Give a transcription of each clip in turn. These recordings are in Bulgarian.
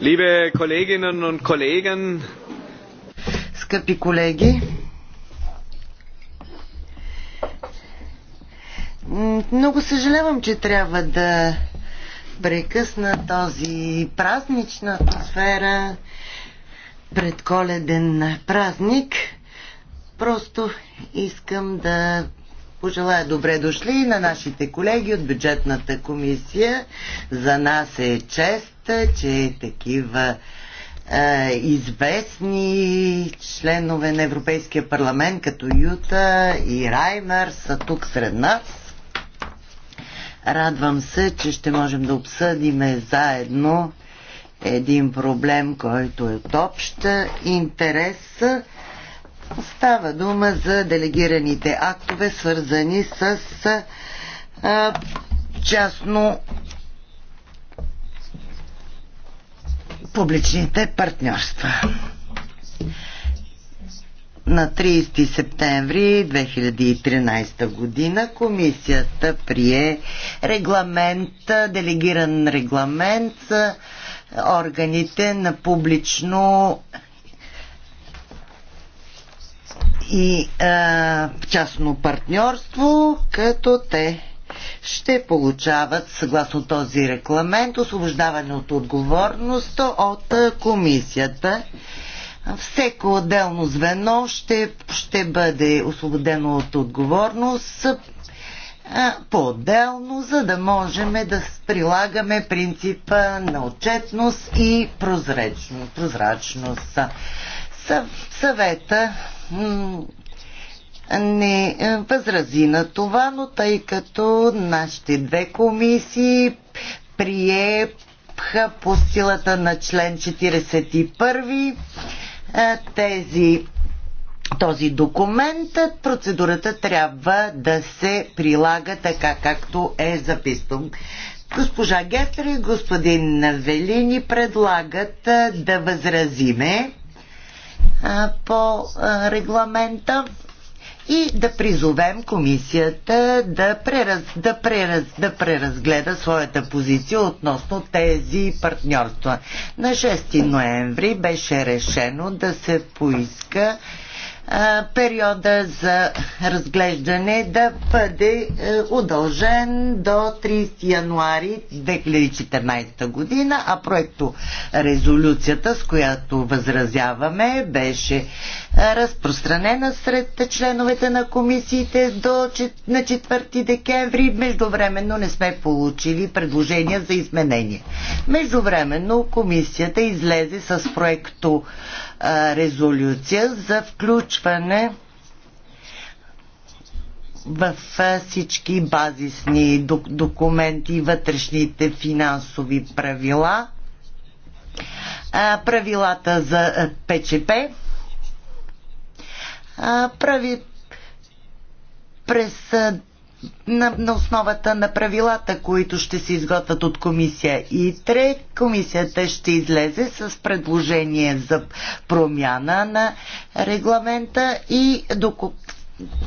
Liebe Kolleginnen und Kollegen, скъпи колеги, много съжалявам, че трябва да прекъсна този празнична атмосфера пред коледен празник. Просто искам да пожелая добре дошли на нашите колеги от бюджетната комисия. За нас е чест, че такива е, известни членове на Европейския парламент, като Юта и Раймер, са тук сред нас. Радвам се, че ще можем да обсъдим заедно един проблем, който е от общ интерес Става дума за делегираните актове, свързани с а, частно публичните партньорства. На 30 септември 2013 година комисията прие регламент, делегиран регламент за органите на публично и а, частно партньорство, като те ще получават, съгласно този рекламент, освобождаване от отговорност от комисията. Всеко отделно звено ще, ще бъде освободено от отговорност по-отделно, за да можем да прилагаме принципа на отчетност и прозрачност. Съвета не е, възрази на това, но тъй като нашите две комисии приеха по силата на член 41 е, тези този документ, процедурата трябва да се прилага така, както е записано. Госпожа Гетри и господин Велини предлагат е, да възразиме по регламента и да призовем комисията да, прераз, да, прераз, да преразгледа своята позиция относно тези партньорства. На 6 ноември беше решено да се поиска периода за разглеждане да бъде е, удължен до 30 януари 2014 година, а проекто резолюцията, с която възразяваме, беше е, разпространена сред членовете на комисиите до, на 4 декември. Междувременно не сме получили предложения за изменение. Междувременно комисията излезе с проекто резолюция за включване в всички базисни документи вътрешните финансови правила, правилата за ПЧП, прави през на, на основата на правилата, които ще се изготвят от комисия ИТРЕ. Комисията ще излезе с предложение за промяна на регламента и доку,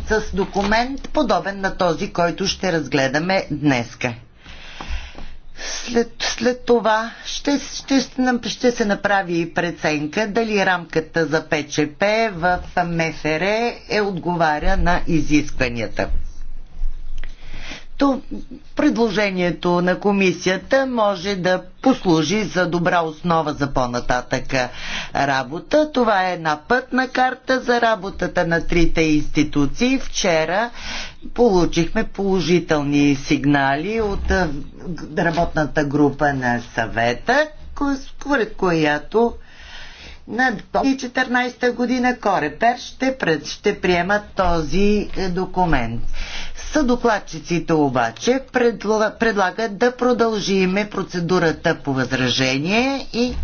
с документ подобен на този, който ще разгледаме днеска. След, след това ще, ще, ще се направи и преценка дали рамката за ПЧП в МФР е отговаря на изискванията. То предложението на комисията може да послужи за добра основа за по-нататъка работа. Това е една пътна карта за работата на трите институции. Вчера получихме положителни сигнали от работната група на съвета, според която на 2014 година Корепер ще, пред, ще приема този е, документ. Съдокладчиците обаче предлагат да продължиме процедурата по възражение и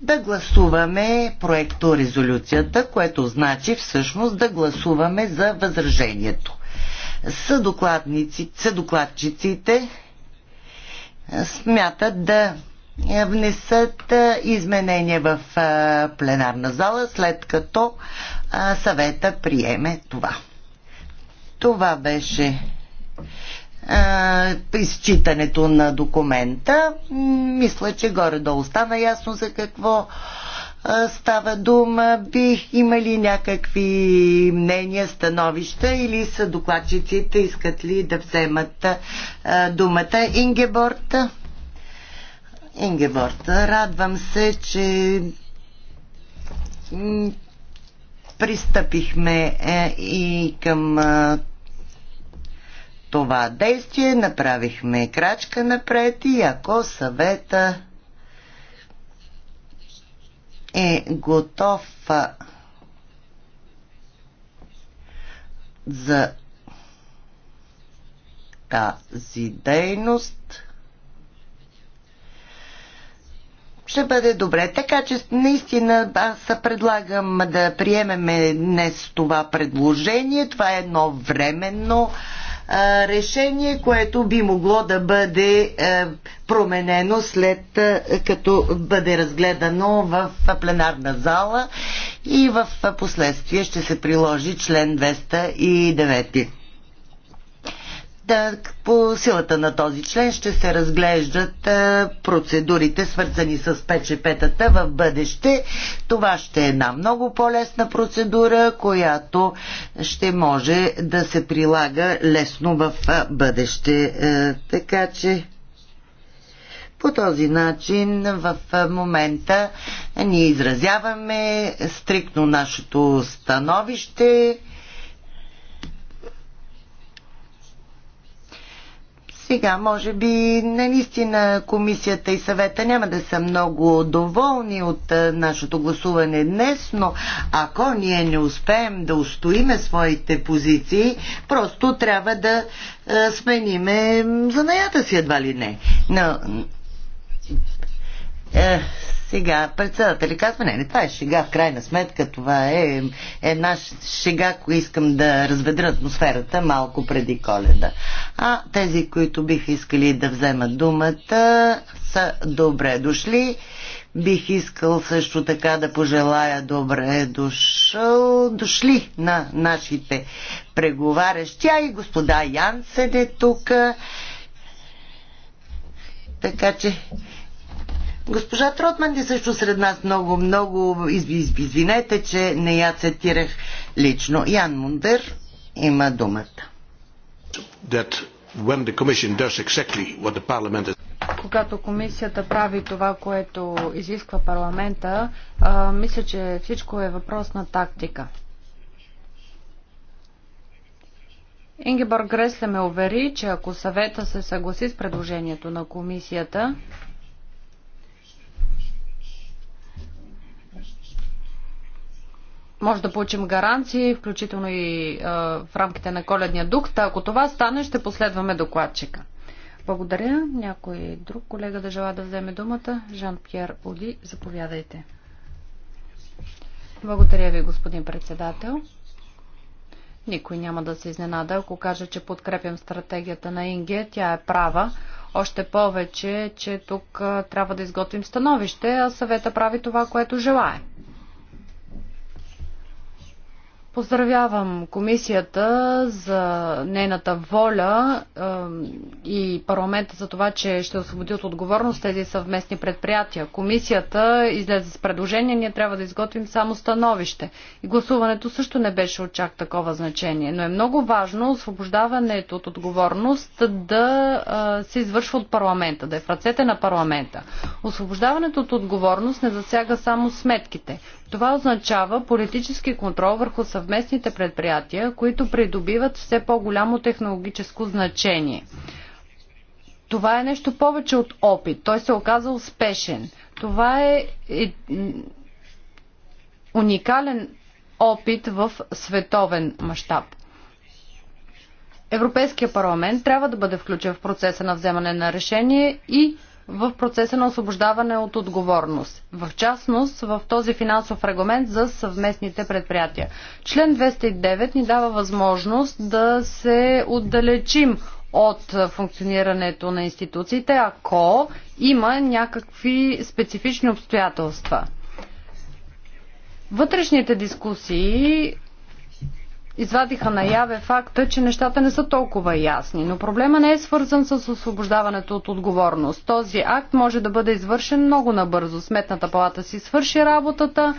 да гласуваме проекто резолюцията, което значи всъщност да гласуваме за възражението. Съдокладчиците смятат да внесат изменения в пленарна зала, след като съвета приеме това. Това беше изчитането на документа. Мисля, че горе-долу стана ясно за какво става дума. Бих имали някакви мнения, становища или са докладчиците искат ли да вземат думата Ингеборт? Ингеборт, радвам се, че пристъпихме е, и към това действие направихме крачка напред и ако съвета е готов за тази дейност, ще бъде добре. Така че наистина аз предлагам да приемеме днес това предложение. Това е едно временно решение, което би могло да бъде променено след като бъде разгледано в пленарна зала и в последствие ще се приложи член 209 да, по силата на този член ще се разглеждат процедурите, свързани с ПЧП-тата в бъдеще. Това ще е една много по-лесна процедура, която ще може да се прилага лесно в бъдеще. Така че по този начин в момента ние изразяваме стриктно нашето становище Сега, може би, наистина комисията и съвета няма да са много доволни от нашето гласуване днес, но ако ние не успеем да устоиме своите позиции, просто трябва да е, смениме занаята си едва ли не. Но, е, сега председателя казва, не, не, това е шега, в крайна сметка това е една шега, ако искам да разведра атмосферата малко преди коледа. А тези, които биха искали да вземат думата, са добре дошли. Бих искал също така да пожелая добре дошъл, дошли на нашите преговарящи, а и господа Янсен е тук. Така че Госпожа Тротман е също сред нас много, много. Из, извинете, че не я цитирах лично. Ян Мундер има думата. Exactly Когато комисията прави това, което изисква парламента, а, мисля, че всичко е въпрос на тактика. Ингеборг Гресле ме увери, че ако съвета се съгласи с предложението на комисията, може да получим гаранции, включително и в рамките на коледния дух. Та, ако това стане, ще последваме докладчика. Благодаря. Някой друг колега да желая да вземе думата? Жан-Пьер Оди, заповядайте. Благодаря ви, господин председател. Никой няма да се изненада, ако кажа, че подкрепям стратегията на Инге. Тя е права. Още повече, че тук трябва да изготвим становище, а съвета прави това, което желае. Поздравявам комисията за нейната воля е, и парламента за това, че ще освободи от отговорност тези съвместни предприятия. Комисията излезе с предложение, ние трябва да изготвим само становище. И гласуването също не беше от чак такова значение. Но е много важно освобождаването от отговорност да е, се извършва от парламента, да е в ръцете на парламента. Освобождаването от отговорност не засяга само сметките. Това означава политически контрол върху съвместните предприятия, които придобиват все по-голямо технологическо значение. Това е нещо повече от опит. Той се е оказа успешен. Това е уникален опит в световен мащаб. Европейския парламент трябва да бъде включен в процеса на вземане на решение и в процеса на освобождаване от отговорност. В частност, в този финансов регламент за съвместните предприятия. Член 209 ни дава възможност да се отдалечим от функционирането на институциите, ако има някакви специфични обстоятелства. Вътрешните дискусии извадиха наяве факта, че нещата не са толкова ясни. Но проблема не е свързан с освобождаването от отговорност. Този акт може да бъде извършен много набързо. Сметната палата си свърши работата.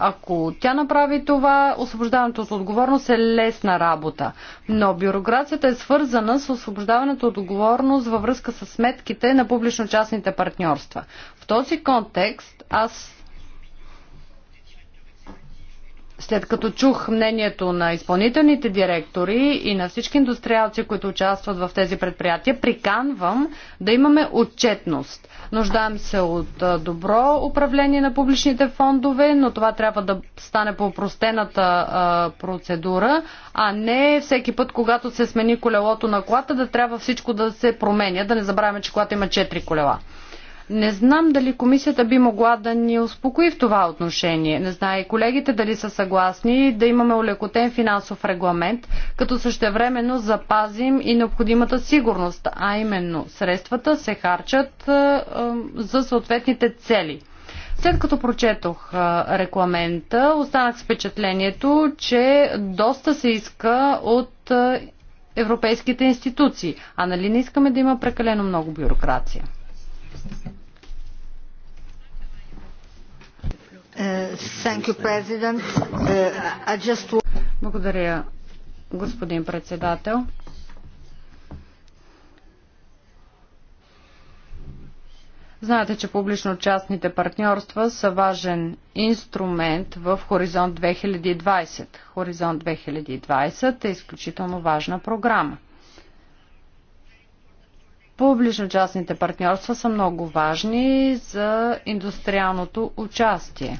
Ако тя направи това, освобождаването от отговорност е лесна работа. Но бюрокрацията е свързана с освобождаването от отговорност във връзка с сметките на публично-частните партньорства. В този контекст аз след като чух мнението на изпълнителните директори и на всички индустриалци, които участват в тези предприятия, приканвам да имаме отчетност. Нуждаем се от добро управление на публичните фондове, но това трябва да стане по простената процедура, а не всеки път, когато се смени колелото на колата, да трябва всичко да се променя. Да не забравяме, че колата има 4 колела. Не знам дали комисията би могла да ни успокои в това отношение. Не знае и колегите дали са съгласни да имаме улекотен финансов регламент, като същевременно запазим и необходимата сигурност, а именно средствата се харчат е, е, за съответните цели. След като прочетох е, рекламента, останах с впечатлението, че доста се иска от европейските институции. А нали не искаме да има прекалено много бюрокрация? Uh, uh, Благодаря, господин председател. Знаете, че публично-частните партньорства са важен инструмент в Хоризонт 2020. Хоризонт 2020 е изключително важна програма. Публично-частните партньорства са много важни за индустриалното участие,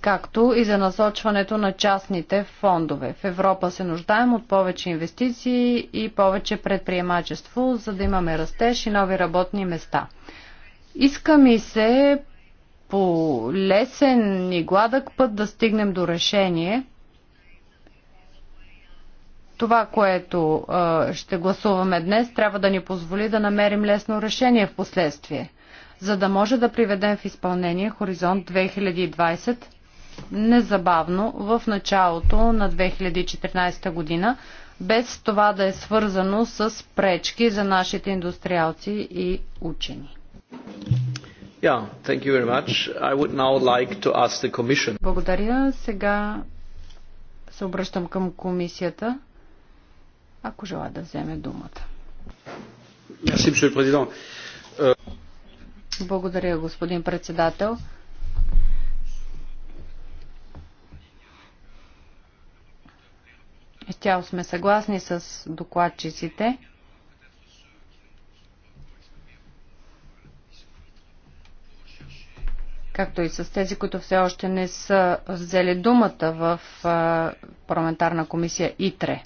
както и за насочването на частните фондове. В Европа се нуждаем от повече инвестиции и повече предприемачество, за да имаме растеж и нови работни места. Иска ми се по лесен и гладък път да стигнем до решение – това, което а, ще гласуваме днес, трябва да ни позволи да намерим лесно решение в последствие, за да може да приведем в изпълнение Хоризонт 2020 незабавно в началото на 2014 година, без това да е свързано с пречки за нашите индустриалци и учени. Yeah, thank you very much. I would now like to ask the commission. Благодаря. Сега се обръщам към комисията ако желая да вземе думата. Е, благодаря, господин председател. Изцяло сме съгласни с докладчиците. както и с тези, които все още не са взели думата в е, парламентарна комисия ИТРЕ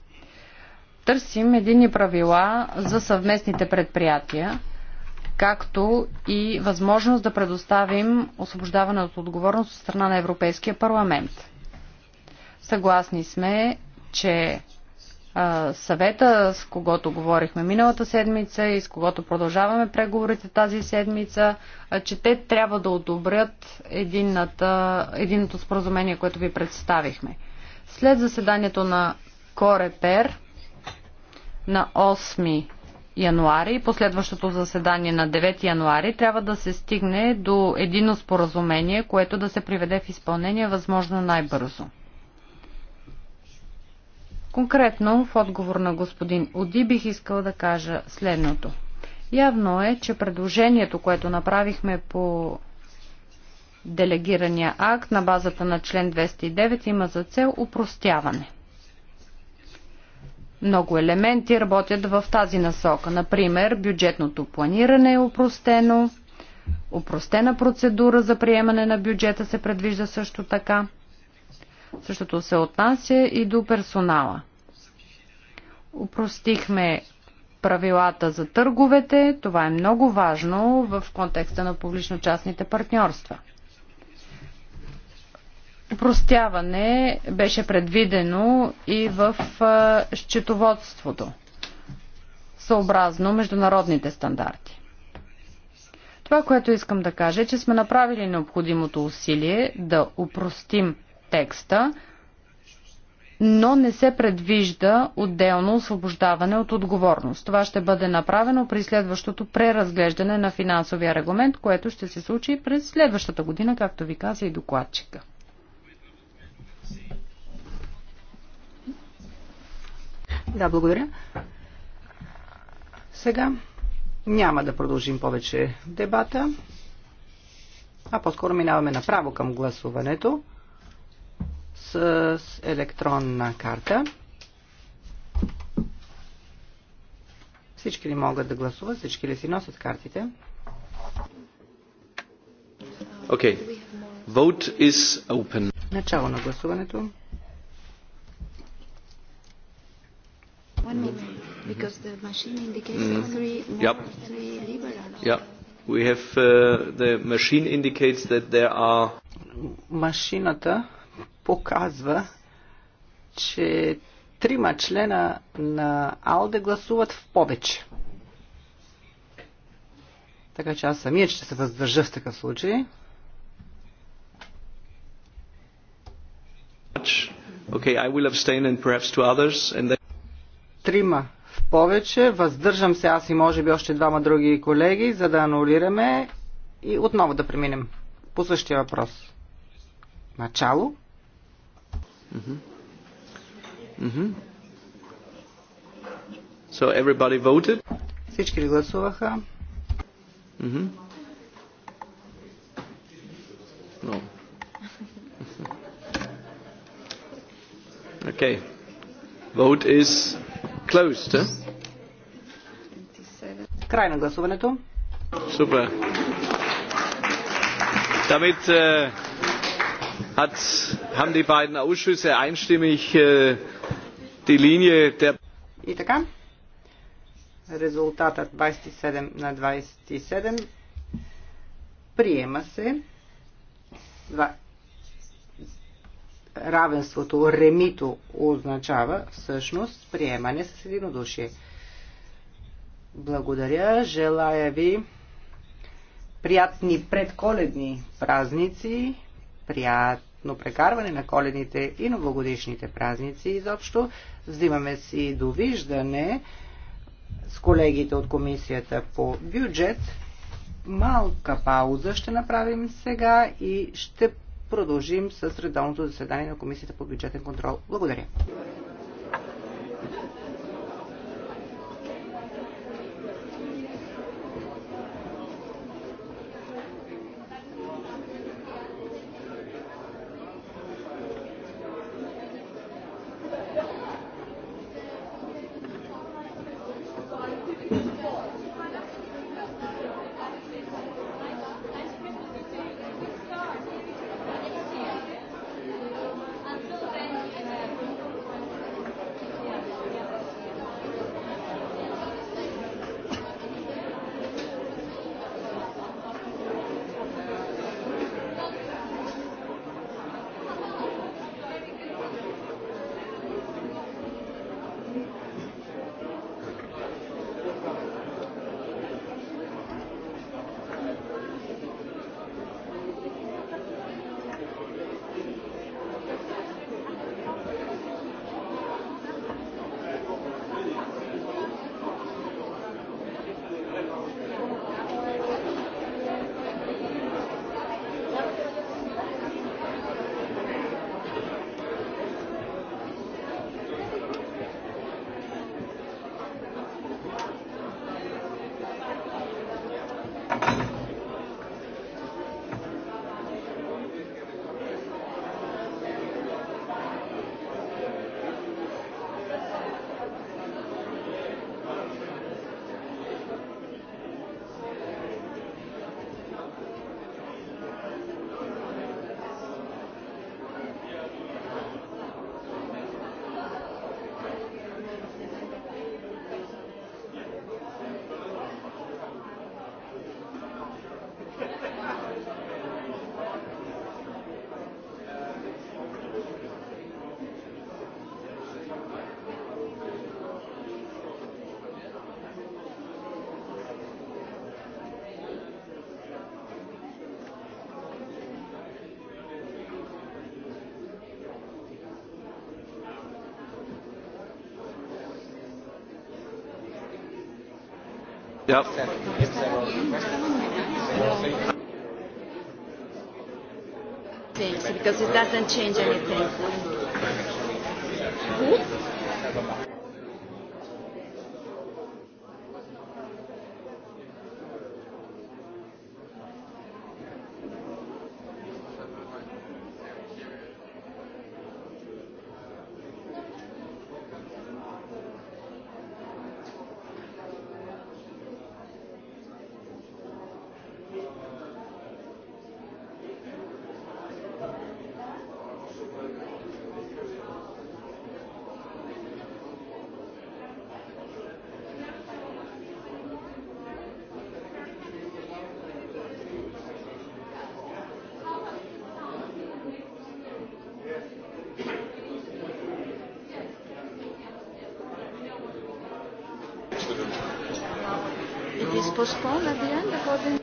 търсим едини правила за съвместните предприятия, както и възможност да предоставим освобождаване от отговорност от страна на Европейския парламент. Съгласни сме, че съвета, с когото говорихме миналата седмица и с когото продължаваме преговорите тази седмица, че те трябва да одобрят единната, единното споразумение, което ви представихме. След заседанието на Корепер на 8 януари и последващото заседание на 9 януари трябва да се стигне до едино споразумение, което да се приведе в изпълнение възможно най-бързо. Конкретно в отговор на господин Оди бих искал да кажа следното. Явно е, че предложението, което направихме по делегирания акт на базата на член 209 има за цел упростяване – много елементи работят в тази насока. Например, бюджетното планиране е упростено, упростена процедура за приемане на бюджета се предвижда също така. Същото се отнася и до персонала. Упростихме правилата за търговете. Това е много важно в контекста на публично-частните партньорства. Простяване беше предвидено и в счетоводството, съобразно международните стандарти. Това, което искам да кажа е, че сме направили необходимото усилие да упростим текста, но не се предвижда отделно освобождаване от отговорност. Това ще бъде направено при следващото преразглеждане на финансовия регламент, което ще се случи през следващата година, както ви каза и докладчика. Да, благодаря. Сега няма да продължим повече дебата, а по-скоро минаваме направо към гласуването с електронна карта. Всички ли могат да гласуват? Всички ли си носят картите? Okay. Vote is open. Начало на гласуването. One moment, because the machine indicates mm. three, more, yep. three liberal. Yep. We have, uh, the machine indicates that there are... Машината показва, че трима члена на АЛДЕ гласуват в повече. Така че аз самия ще се въздържа в такъв случай. Okay, I will abstain and perhaps to others and then трима в повече. Въздържам се аз и може би още двама други колеги, за да анулираме и отново да преминем по същия въпрос. Начало. So everybody voted? Всички ли гласуваха? Mm-hmm. No. Okay. Vote is Closed. Край на гласуването. Супер. Damit äh, hat, haben die beiden Ausschüsse einstimmig äh, die Linie der. И така, резултатът 27 на 27 приема се равенството, ремито означава всъщност приемане с единодушие. Благодаря, желая ви приятни предколедни празници, приятно прекарване на коледните и новогодишните празници изобщо. Взимаме си довиждане с колегите от комисията по бюджет. Малка пауза ще направим сега и ще продължим с редовното заседание на Комисията по бюджетен контрол. Благодаря. Yep. Because it doesn't change anything. Mm -hmm. postpone at the end according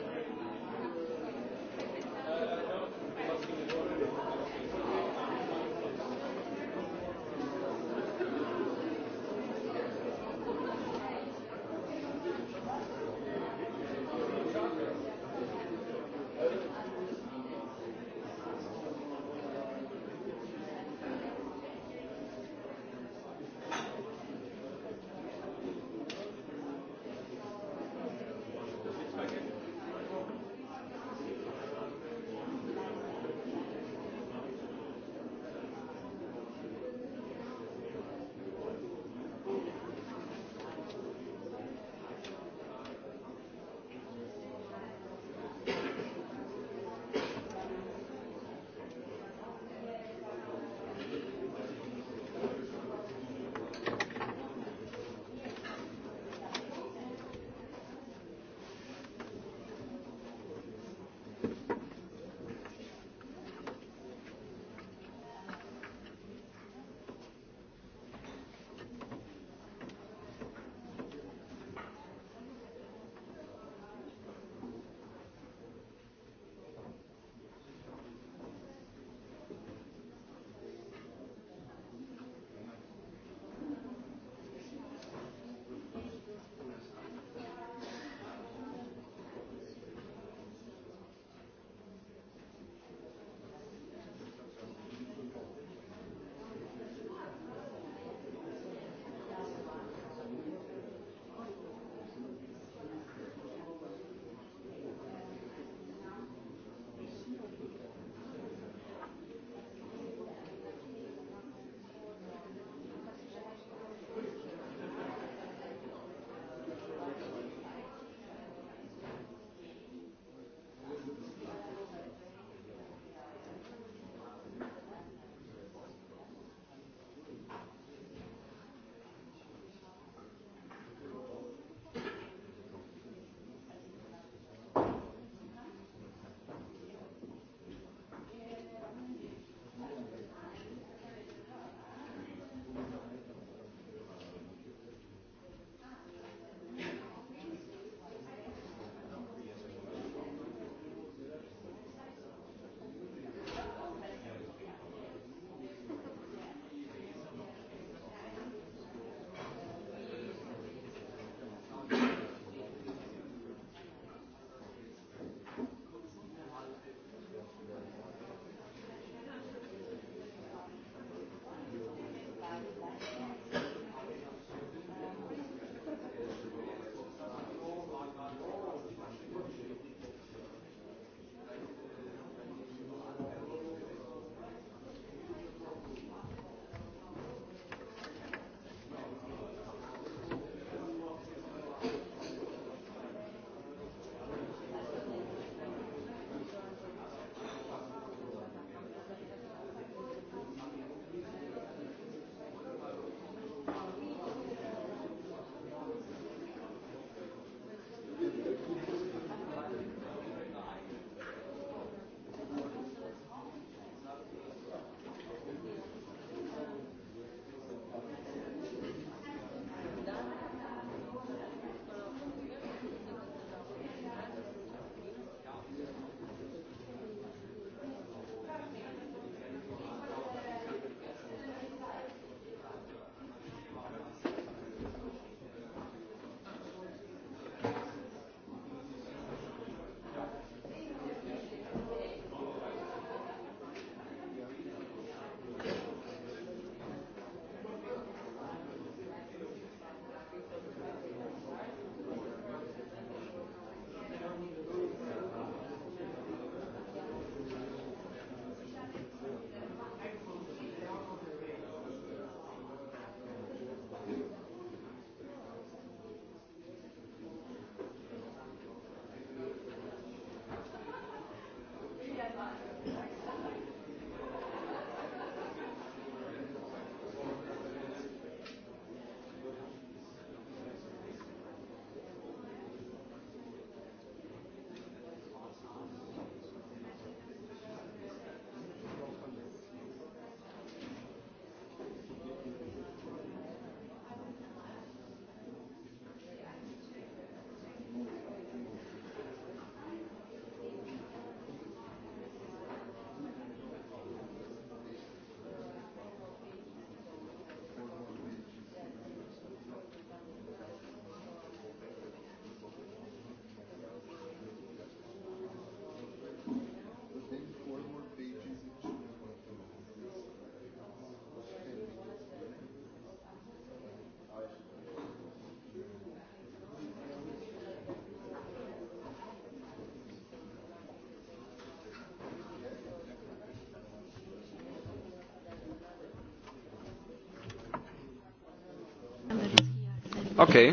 Okay.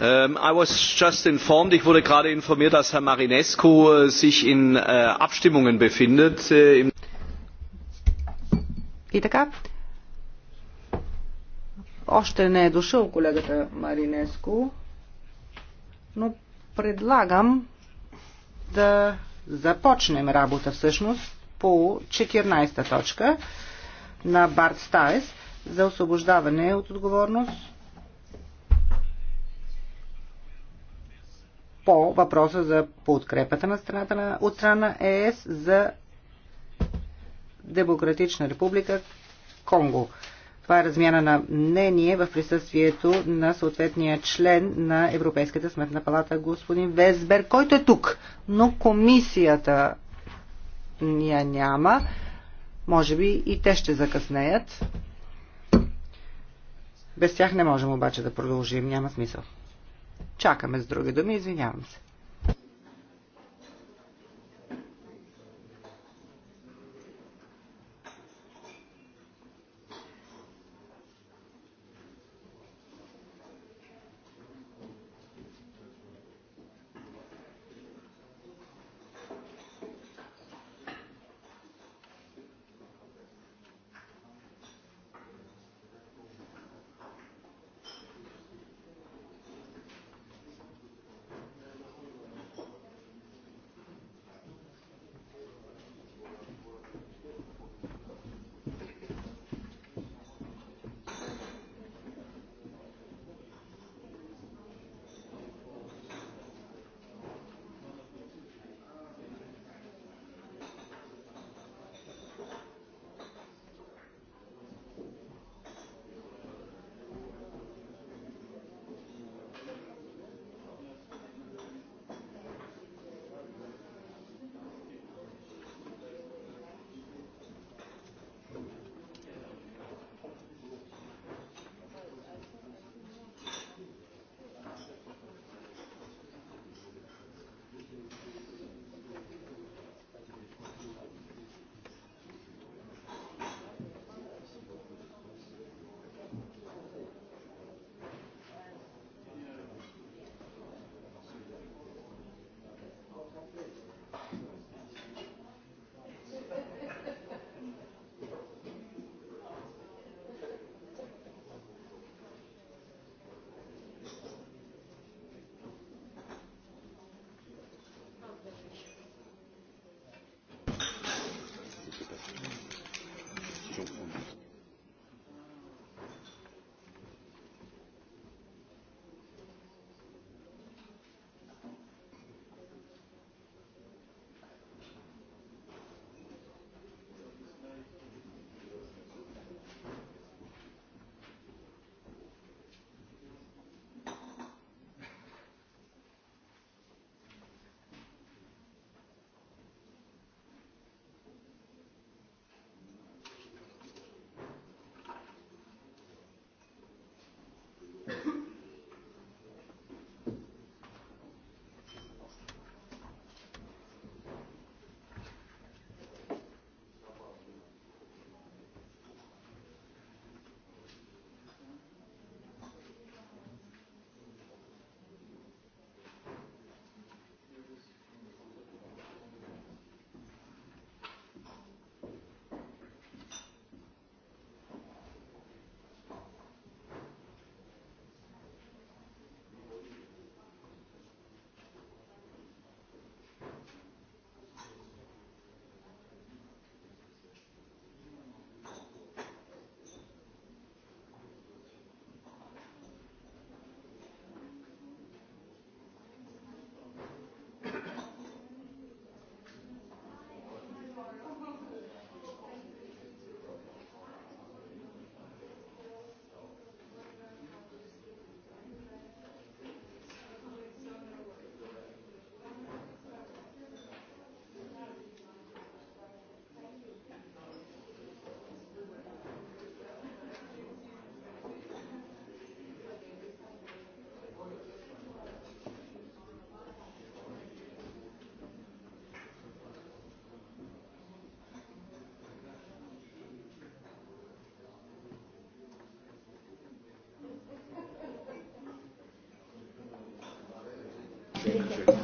Ähm, I was just informed, ich wurde gerade informiert, dass Herr Marinescu äh, sich in äh, Abstimmungen befindet. Äh, И така, още не е дошъл колегата Маринеско, но предлагам да започнем работа всъщност по 14-та точка на Барт Стаес за освобождаване от отговорност въпроса за подкрепата на страната от страна ЕС за Демократична република Конго. Това е размяна на мнение в присъствието на съответния член на Европейската сметна палата, господин Везбер, който е тук, но комисията ния няма. Може би и те ще закъснеят. Без тях не можем обаче да продължим, няма смисъл. Чакаме с други думи, извинявам се. Thank you.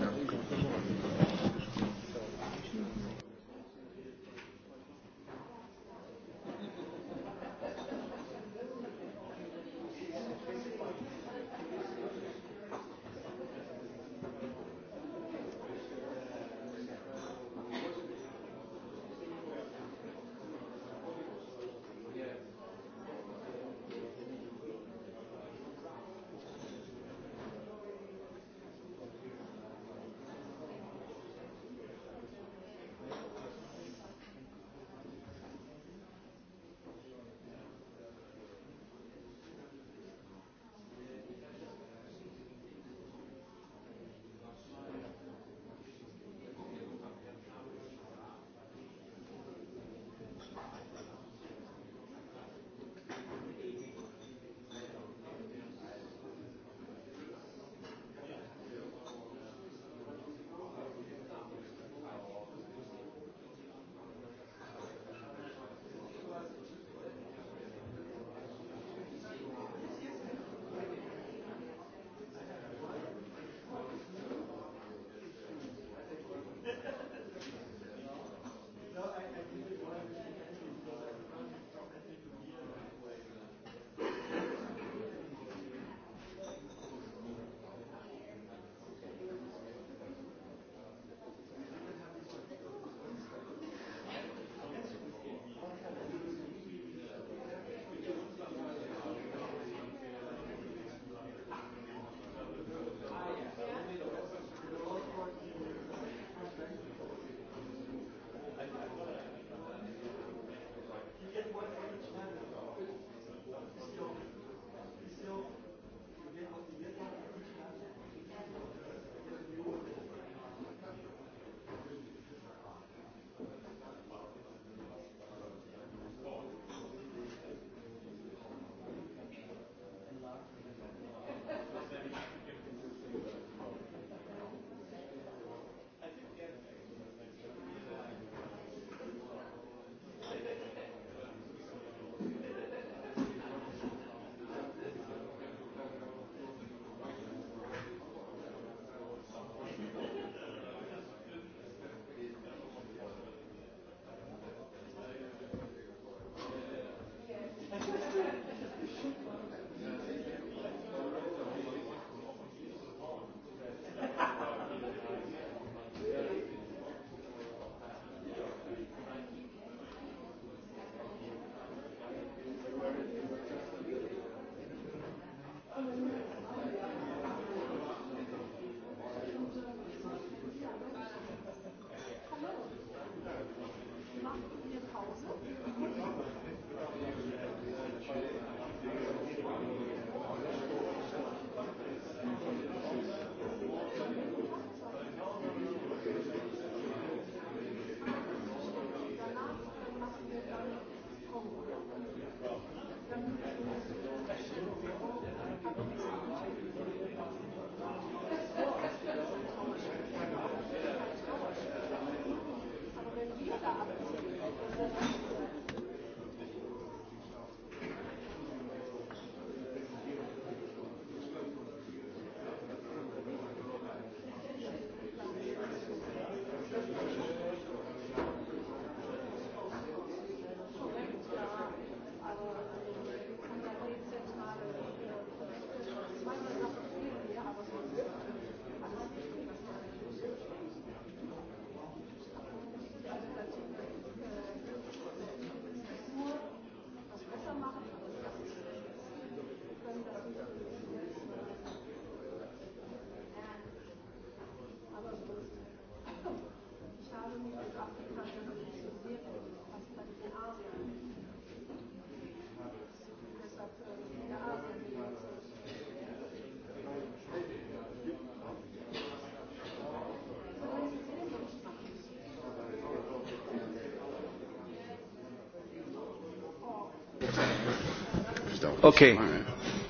Okay.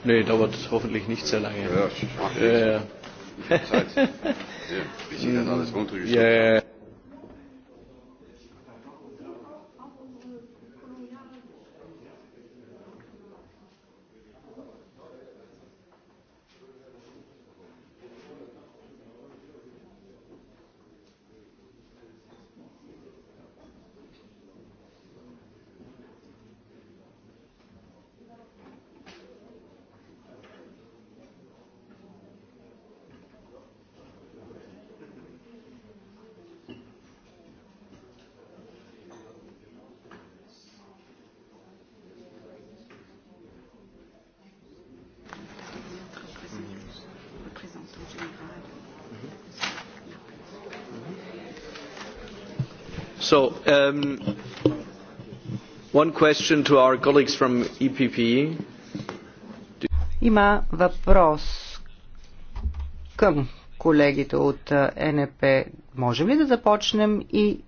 Nee, dauert hoffentlich nicht sehr lange. Ja, ich, ich, ich, ich, ich, ich, ich, ich, ich, ich, So, um, one question to our colleagues from EPP. Има въпрос към колегите от е, НП. Можем ли да започнем и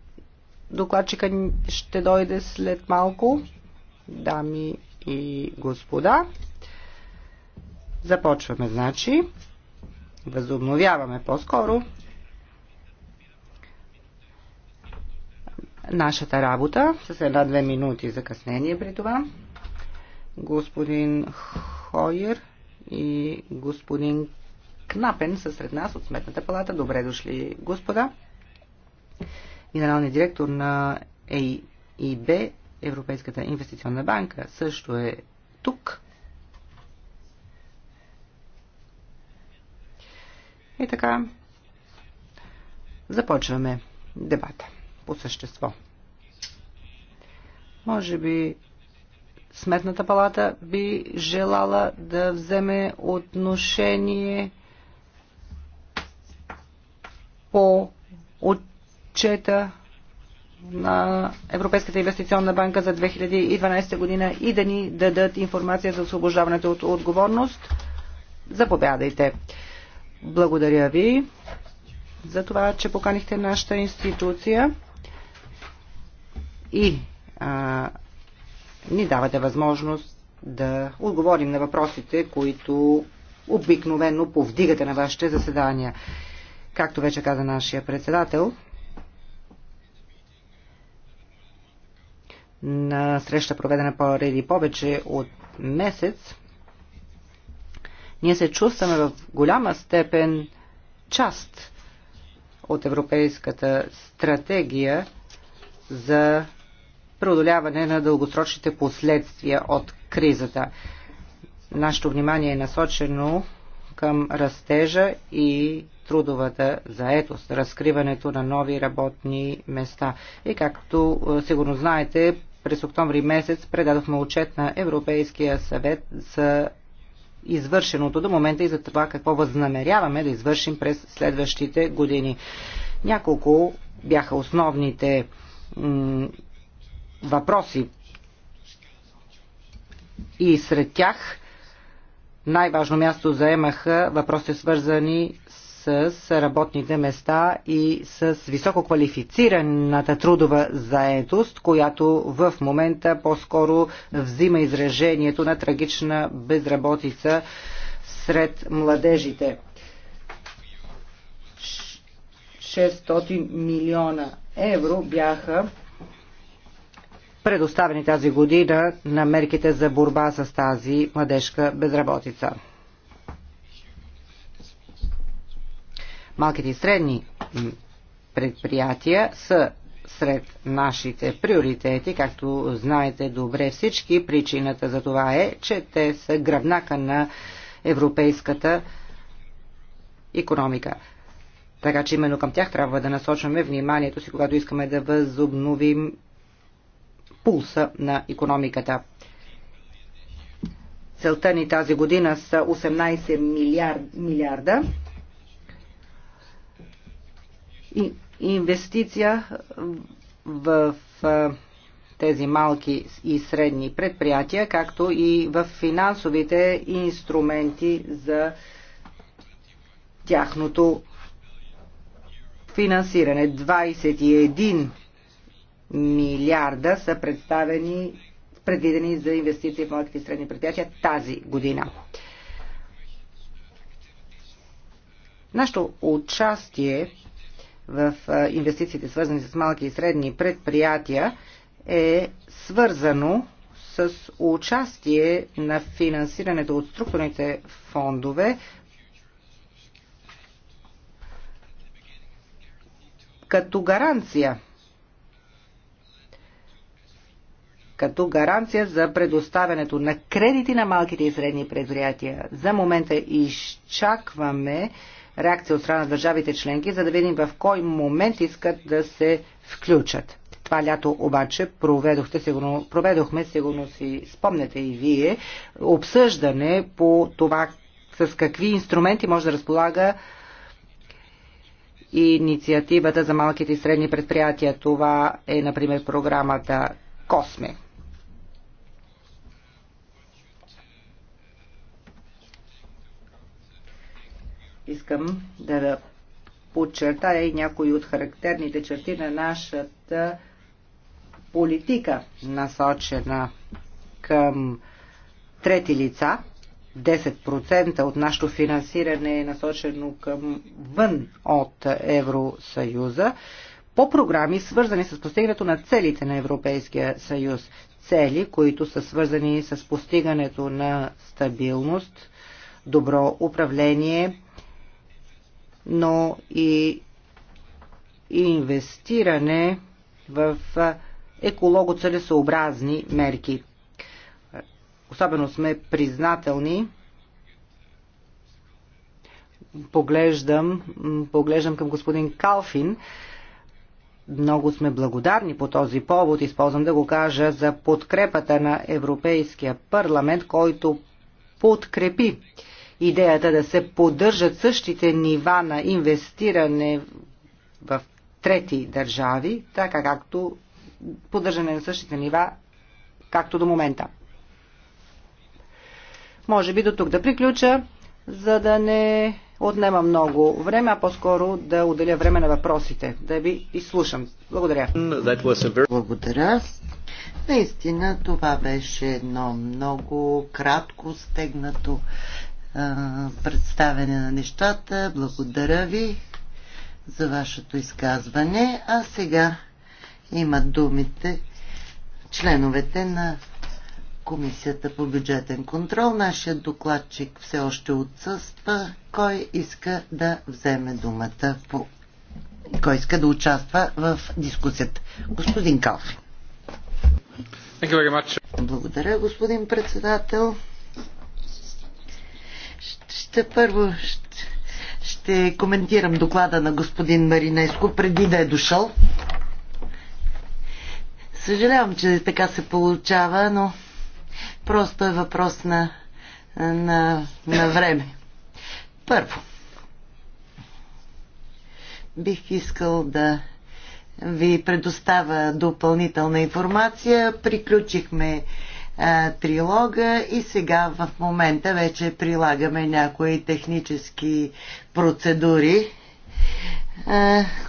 докладчика ще дойде след малко? Дами и господа, започваме значи. Възобновяваме по-скоро нашата работа с една-две минути закъснение при това. Господин Хойер и господин Кнапен са сред нас от Сметната палата. Добре дошли, господа. Генералният директор на ЕИБ, Европейската инвестиционна банка, също е тук. И така, започваме дебата по същество. Може би Сметната палата би желала да вземе отношение по отчета на Европейската инвестиционна банка за 2012 година и да ни дадат информация за освобождаването от отговорност. Заповядайте. Благодаря ви за това, че поканихте нашата институция и а, ни давате възможност да отговорим на въпросите, които обикновено повдигате на вашите заседания. Както вече каза нашия председател, на среща проведена преди повече от месец, ние се чувстваме в голяма степен част от Европейската стратегия за преодоляване на дългосрочните последствия от кризата. Нашето внимание е насочено към растежа и трудовата заетост, разкриването на нови работни места. И както е, сигурно знаете, през октомври месец предадохме отчет на Европейския съвет за извършеното до момента и за това какво възнамеряваме да извършим през следващите години. Няколко бяха основните въпроси. И сред тях най-важно място заемаха въпроси свързани с работните места и с високо квалифицираната трудова заетост, която в момента по-скоро взима изражението на трагична безработица сред младежите. 600 милиона евро бяха предоставени тази година на мерките за борба с тази младежка безработица. Малките и средни предприятия са сред нашите приоритети, както знаете добре всички, причината за това е, че те са гръбнака на европейската економика. Така че именно към тях трябва да насочваме вниманието си, когато искаме да възобновим пулса на економиката. Целта ни тази година са 18 милиард, милиарда и инвестиция в тези малки и средни предприятия, както и в финансовите инструменти за тяхното финансиране. 21 милиарда са представени, предвидени за инвестиции в малките и средни предприятия тази година. Нашето участие в инвестициите, свързани с малки и средни предприятия, е свързано с участие на финансирането от структурните фондове, като гаранция като гаранция за предоставянето на кредити на малките и средни предприятия. За момента изчакваме реакция от страна на държавите членки, за да видим в кой момент искат да се включат. Това лято обаче проведохте, сигурно, проведохме, сигурно си спомнете и вие, обсъждане по това с какви инструменти може да разполага инициативата за малките и средни предприятия. Това е, например, програмата Косме. искам да подчертая и някои от характерните черти на нашата политика, насочена към трети лица. 10% от нашето финансиране е насочено към вън от Евросъюза по програми, свързани с постигането на целите на Европейския съюз. Цели, които са свързани с постигането на стабилност, добро управление, но и инвестиране в екологоцелесообразни мерки. Особено сме признателни. Поглеждам, поглеждам към господин Калфин. Много сме благодарни по този повод, използвам да го кажа, за подкрепата на Европейския парламент, който подкрепи идеята да се поддържат същите нива на инвестиране в трети държави, така както поддържане на същите нива, както до момента. Може би до тук да приключа, за да не отнема много време, а по-скоро да отделя време на въпросите, да ви изслушам. Благодаря. Благодаря. Наистина това беше едно много кратко стегнато представяне на нещата. Благодаря ви за вашето изказване. А сега имат думите членовете на Комисията по бюджетен контрол. Нашия докладчик все още отсъства. Кой иска да вземе думата? По... Кой иска да участва в дискусията? Господин Калфин. Благодаря, господин председател. Ще първо ще, ще коментирам доклада на господин Маринеско преди да е дошъл. Съжалявам, че така се получава, но просто е въпрос на, на, на време. Първо, бих искал да ви предоставя допълнителна информация. Приключихме трилога и сега в момента вече прилагаме някои технически процедури,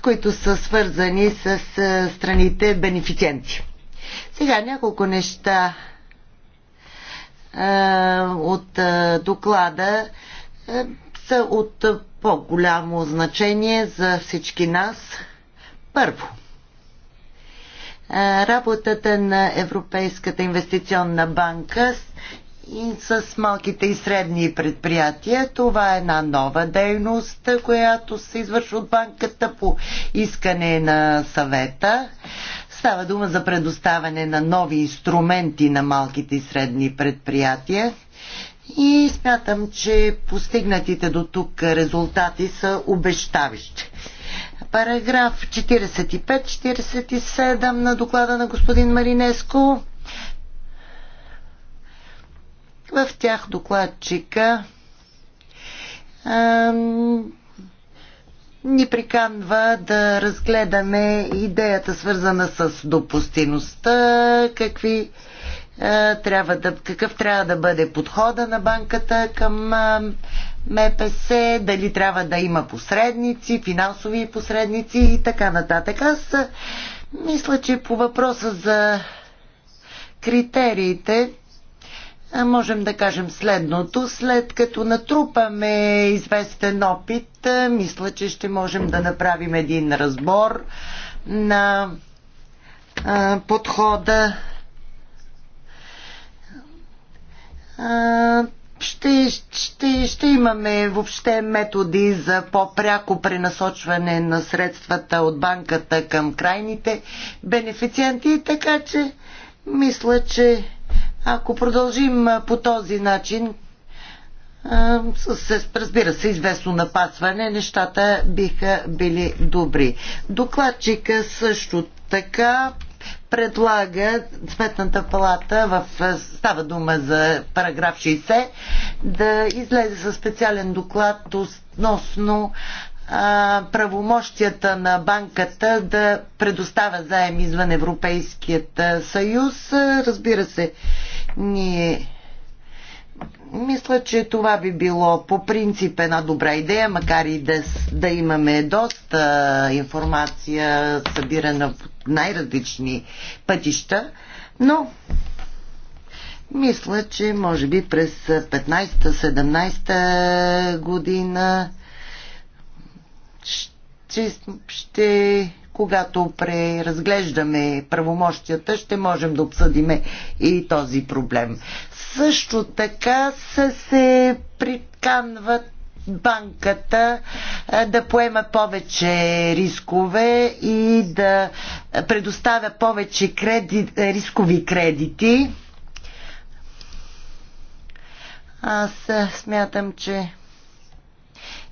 които са свързани с страните бенефициенти. Сега няколко неща от доклада са от по-голямо значение за всички нас. Първо, работата на Европейската инвестиционна банка и с малките и средни предприятия. Това е една нова дейност, която се извършва от банката по искане на съвета. Става дума за предоставяне на нови инструменти на малките и средни предприятия. И смятам, че постигнатите до тук резултати са обещаващи. Параграф 45-47 на доклада на господин Маринеско. В тях докладчика ни приканва да разгледаме идеята свързана с допустимостта, какви трябва да, какъв трябва да бъде подхода на банката към МПС, дали трябва да има посредници, финансови посредници и така нататък. Аз мисля, че по въпроса за критериите можем да кажем следното. След като натрупаме известен опит, мисля, че ще можем да направим един разбор на подхода ще, ще, ще имаме въобще методи за по-пряко пренасочване на средствата от банката към крайните бенефициенти, така че мисля, че ако продължим по този начин, с, разбира се, известно напасване, нещата биха били добри. Докладчика също така предлага Сметната палата в става дума за параграф 60 да излезе със специален доклад относно а, правомощията на банката да предоставя заем извън Европейският съюз. Разбира се, ние мисля, че това би било по принцип една добра идея, макар и да, да имаме доста информация събирана в най-различни пътища, но мисля, че може би през 15-17 година ще, ще когато преразглеждаме правомощията, ще можем да обсъдиме и този проблем. Също така се се приканват банката да поема повече рискове и да предоставя повече кредит, е, рискови кредити. Аз е, смятам, че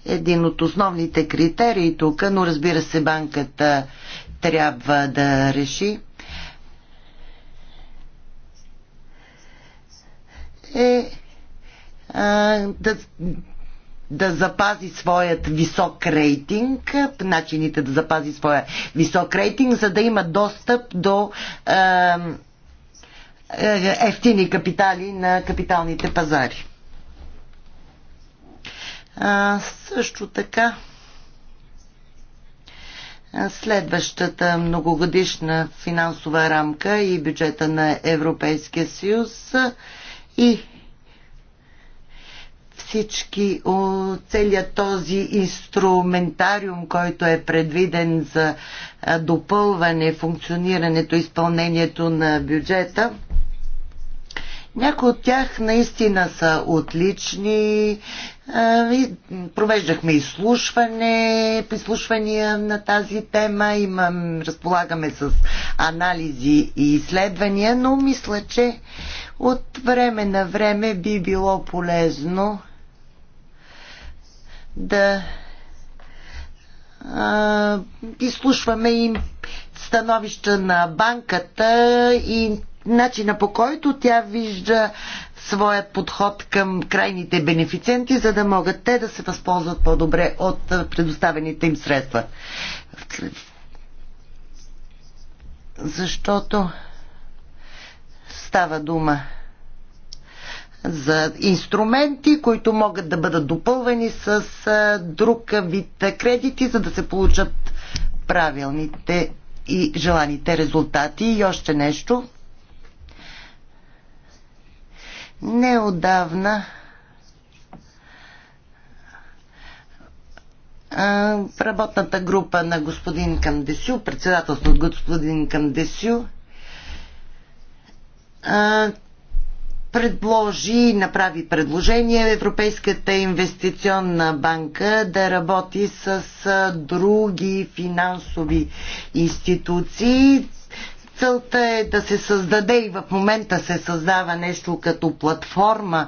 един от основните критерии тук, но разбира се, банката трябва да реши, е а, да да запази своят висок рейтинг, начините да запази своя висок рейтинг, за да има достъп до е, ефтини капитали на капиталните пазари. А, също така следващата многогодишна финансова рамка и бюджета на Европейския съюз и всички, целият този инструментариум, който е предвиден за допълване, функционирането, изпълнението на бюджета. Някои от тях наистина са отлични. Провеждахме изслушване, прислушвания на тази тема. Имам, разполагаме с анализи и изследвания, но мисля, че от време на време би било полезно да а, изслушваме им становища на банката и начина по който тя вижда своя подход към крайните бенефициенти, за да могат те да се възползват по-добре от предоставените им средства. Защото става дума за инструменти, които могат да бъдат допълвани с друг вид кредити, за да се получат правилните и желаните резултати. И още нещо. Неодавна работната група на господин Камдесю, председателството от господин Камдесю, предложи, и направи предложение Европейската инвестиционна банка да работи с други финансови институции. Целта е да се създаде и в момента се създава нещо като платформа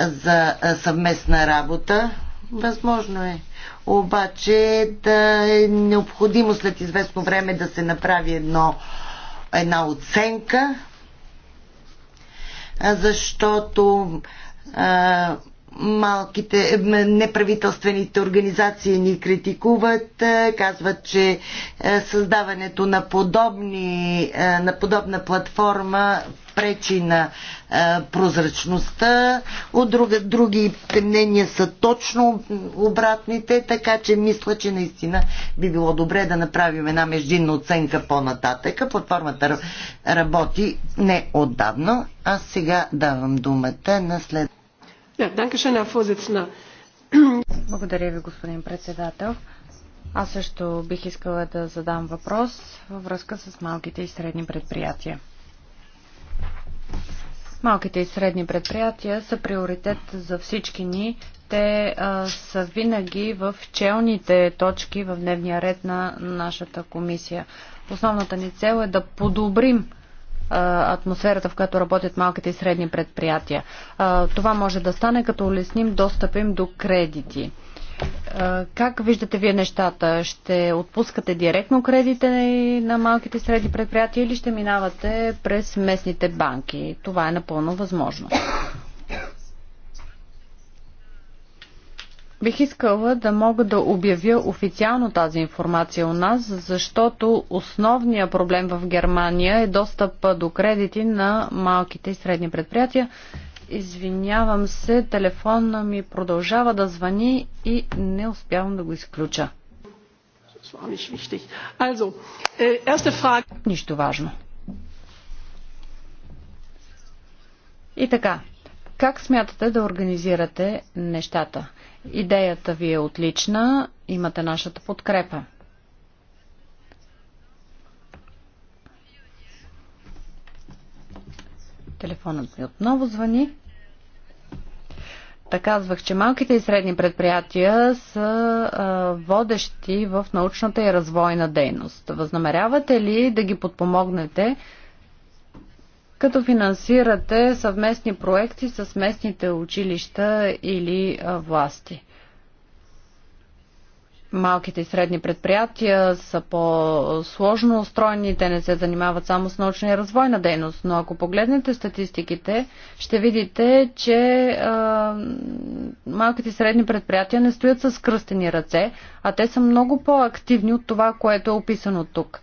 за съвместна работа. Възможно е. Обаче да е необходимо след известно време да се направи едно, една оценка защото а, малките неправителствените организации ни критикуват, е, казват, че е, създаването на, подобни, е, на подобна платформа пречи на прозрачността. От друга, други мнения са точно обратните, така че мисля, че наистина би било добре да направим една междинна оценка по-нататък. Платформата работи не отдавна. Аз сега давам думата на след благодаря ви, господин председател. Аз също бих искала да задам въпрос във връзка с малките и средни предприятия. Малките и средни предприятия са приоритет за всички ни. Те а, са винаги в челните точки в дневния ред на нашата комисия. Основната ни цел е да подобрим атмосферата, в която работят малките и средни предприятия. Това може да стане, като улесним достъп им до кредити. Как виждате вие нещата? Ще отпускате директно кредите на малките и средни предприятия или ще минавате през местните банки? Това е напълно възможно. Бих искала да мога да обявя официално тази информация у нас, защото основният проблем в Германия е достъп до кредити на малките и средни предприятия. Извинявам се, телефона ми продължава да звъни и не успявам да го изключа. Äh, Нищо важно. И така, как смятате да организирате нещата? Идеята ви е отлична, имате нашата подкрепа. Телефонът ми отново звъни. Така казвах, че малките и средни предприятия са а, водещи в научната и развойна дейност. Възнамерявате ли да ги подпомогнете? като финансирате съвместни проекти с местните училища или власти. Малките и средни предприятия са по-сложно устроени, те не се занимават само с научна и развойна дейност, но ако погледнете статистиките, ще видите, че а, малките и средни предприятия не стоят с кръстени ръце, а те са много по-активни от това, което е описано тук.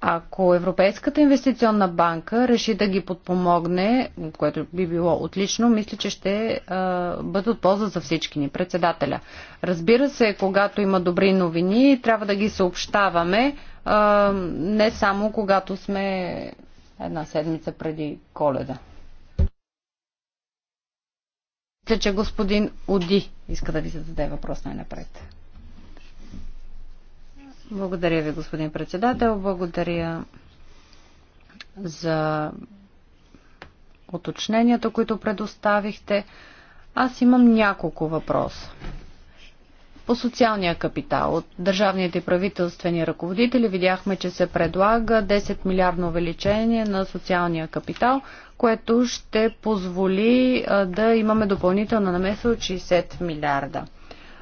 Ако Европейската инвестиционна банка реши да ги подпомогне, което би било отлично, мисля, че ще а, бъде от полза за всички ни, председателя. Разбира се, когато има добри новини, трябва да ги съобщаваме, а, не само когато сме една седмица преди коледа. Мисля, че господин Оди иска да ви зададе въпрос най-напред. Благодаря ви, господин председател. Благодаря за уточненията, които предоставихте. Аз имам няколко въпроса. По социалния капитал от държавните и правителствени ръководители видяхме, че се предлага 10 милиардно увеличение на социалния капитал, което ще позволи да имаме допълнителна намеса от 60 милиарда.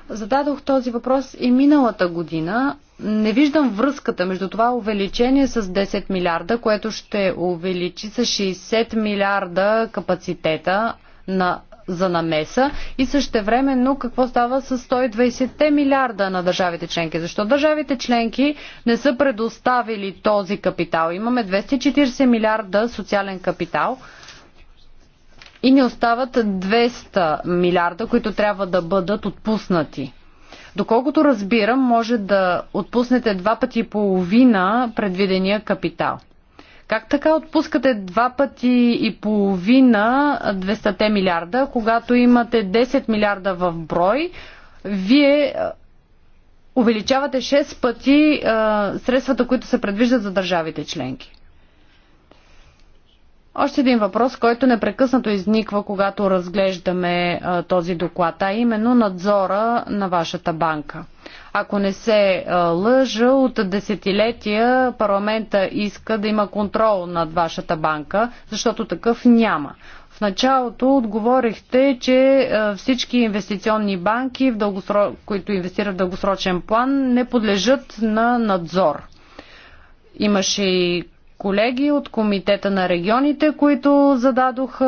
Зададох този въпрос и миналата година, не виждам връзката между това увеличение с 10 милиарда, което ще увеличи с 60 милиарда капацитета на за намеса и същевременно какво става с 120 милиарда на държавите членки. Защо държавите членки не са предоставили този капитал? Имаме 240 милиарда социален капитал и ни остават 200 милиарда, които трябва да бъдат отпуснати. Доколкото разбирам, може да отпуснете два пъти и половина предвидения капитал. Как така отпускате два пъти и половина 200 милиарда, когато имате 10 милиарда в брой, вие увеличавате 6 пъти а, средствата, които се предвиждат за държавите членки? Още един въпрос, който непрекъснато изниква, когато разглеждаме а, този доклад, а именно надзора на вашата банка. Ако не се а, лъжа, от десетилетия парламента иска да има контрол над вашата банка, защото такъв няма. В началото отговорихте, че всички инвестиционни банки, в които инвестират в дългосрочен план, не подлежат на надзор. Имаше и колеги от Комитета на регионите, които зададоха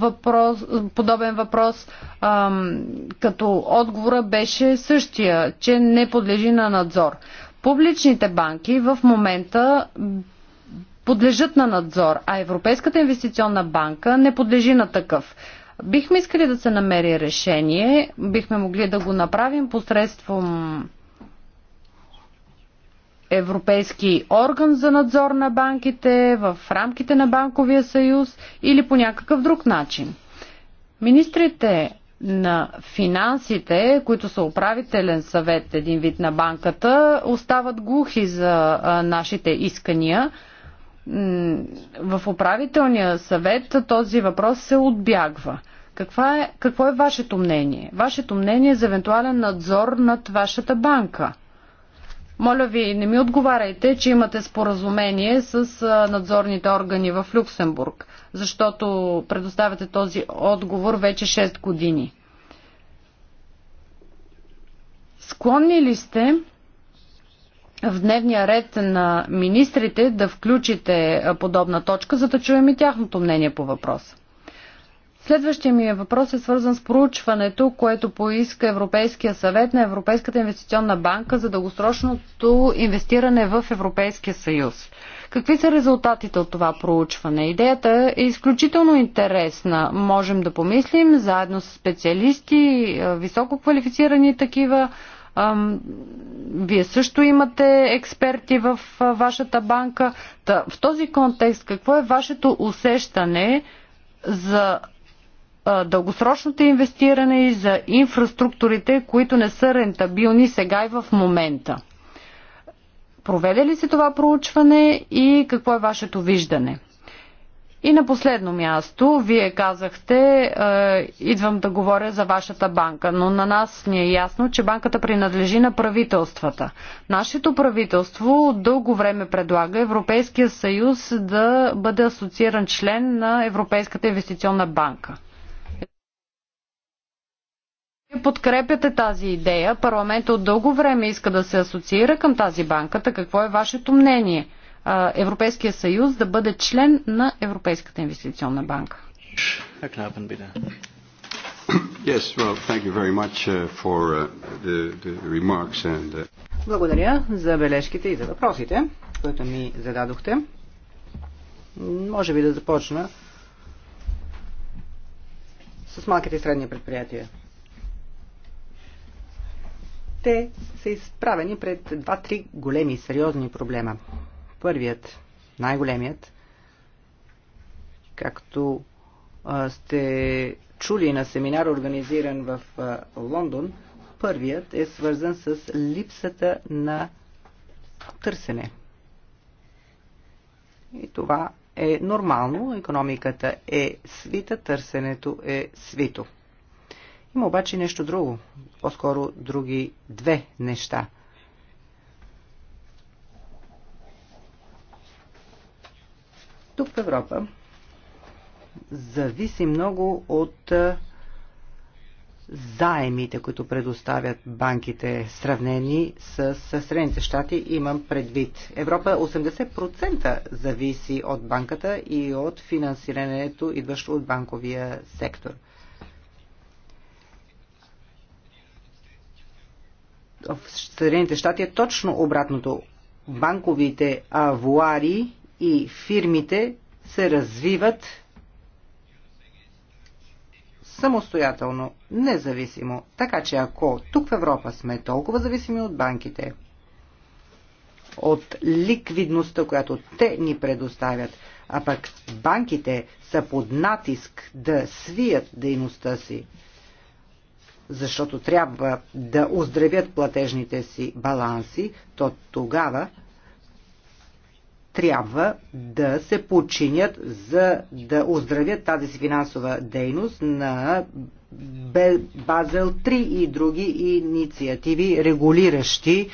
въпрос, подобен въпрос, като отговора беше същия, че не подлежи на надзор. Публичните банки в момента подлежат на надзор, а Европейската инвестиционна банка не подлежи на такъв. Бихме искали да се намери решение, бихме могли да го направим посредством европейски орган за надзор на банките в рамките на Банковия съюз или по някакъв друг начин. Министрите на финансите, които са управителен съвет един вид на банката, остават глухи за нашите искания. В управителния съвет този въпрос се отбягва. Каква е, какво е вашето мнение? Вашето мнение за евентуален надзор над вашата банка – моля ви, не ми отговаряйте, че имате споразумение с надзорните органи в Люксембург, защото предоставяте този отговор вече 6 години. Склонни ли сте в дневния ред на министрите да включите подобна точка, за да чуем и тяхното мнение по въпроса? Следващия ми е въпрос е свързан с проучването, което поиска Европейския съвет на Европейската инвестиционна банка за дългосрочното инвестиране в Европейския съюз. Какви са резултатите от това проучване? Идеята е изключително интересна. Можем да помислим заедно с специалисти, високо квалифицирани такива. Вие също имате експерти в вашата банка. В този контекст, какво е вашето усещане за дългосрочното инвестиране и за инфраструктурите, които не са рентабилни сега и в момента. Проведе ли се това проучване и какво е вашето виждане? И на последно място, вие казахте, е, идвам да говоря за вашата банка, но на нас ни е ясно, че банката принадлежи на правителствата. Нашето правителство дълго време предлага Европейския съюз да бъде асоцииран член на Европейската инвестиционна банка. Вие подкрепяте тази идея. Парламентът от дълго време иска да се асоциира към тази банка. Какво е вашето мнение? Европейския съюз да бъде член на Европейската инвестиционна банка. Благодаря за бележките и за въпросите, които ми зададохте. Може би да започна с малките и средни предприятия те са изправени пред два-три големи, сериозни проблема. Първият, най-големият, както а, сте чули на семинар, организиран в а, Лондон, първият е свързан с липсата на търсене. И това е нормално. Економиката е свита, търсенето е свито. Има обаче нещо друго, по-скоро други две неща. Тук в Европа зависи много от заемите, които предоставят банките, сравнени с Средните щати, имам предвид. Европа 80% зависи от банката и от финансирането, идващо от банковия сектор – в Съединените щати е точно обратното. Банковите авуари и фирмите се развиват самостоятелно, независимо. Така че ако тук в Европа сме толкова зависими от банките, от ликвидността, която те ни предоставят, а пък банките са под натиск да свият дейността си, защото трябва да оздравят платежните си баланси, то тогава трябва да се починят за да оздравят тази си финансова дейност на Базел 3 и други инициативи, регулиращи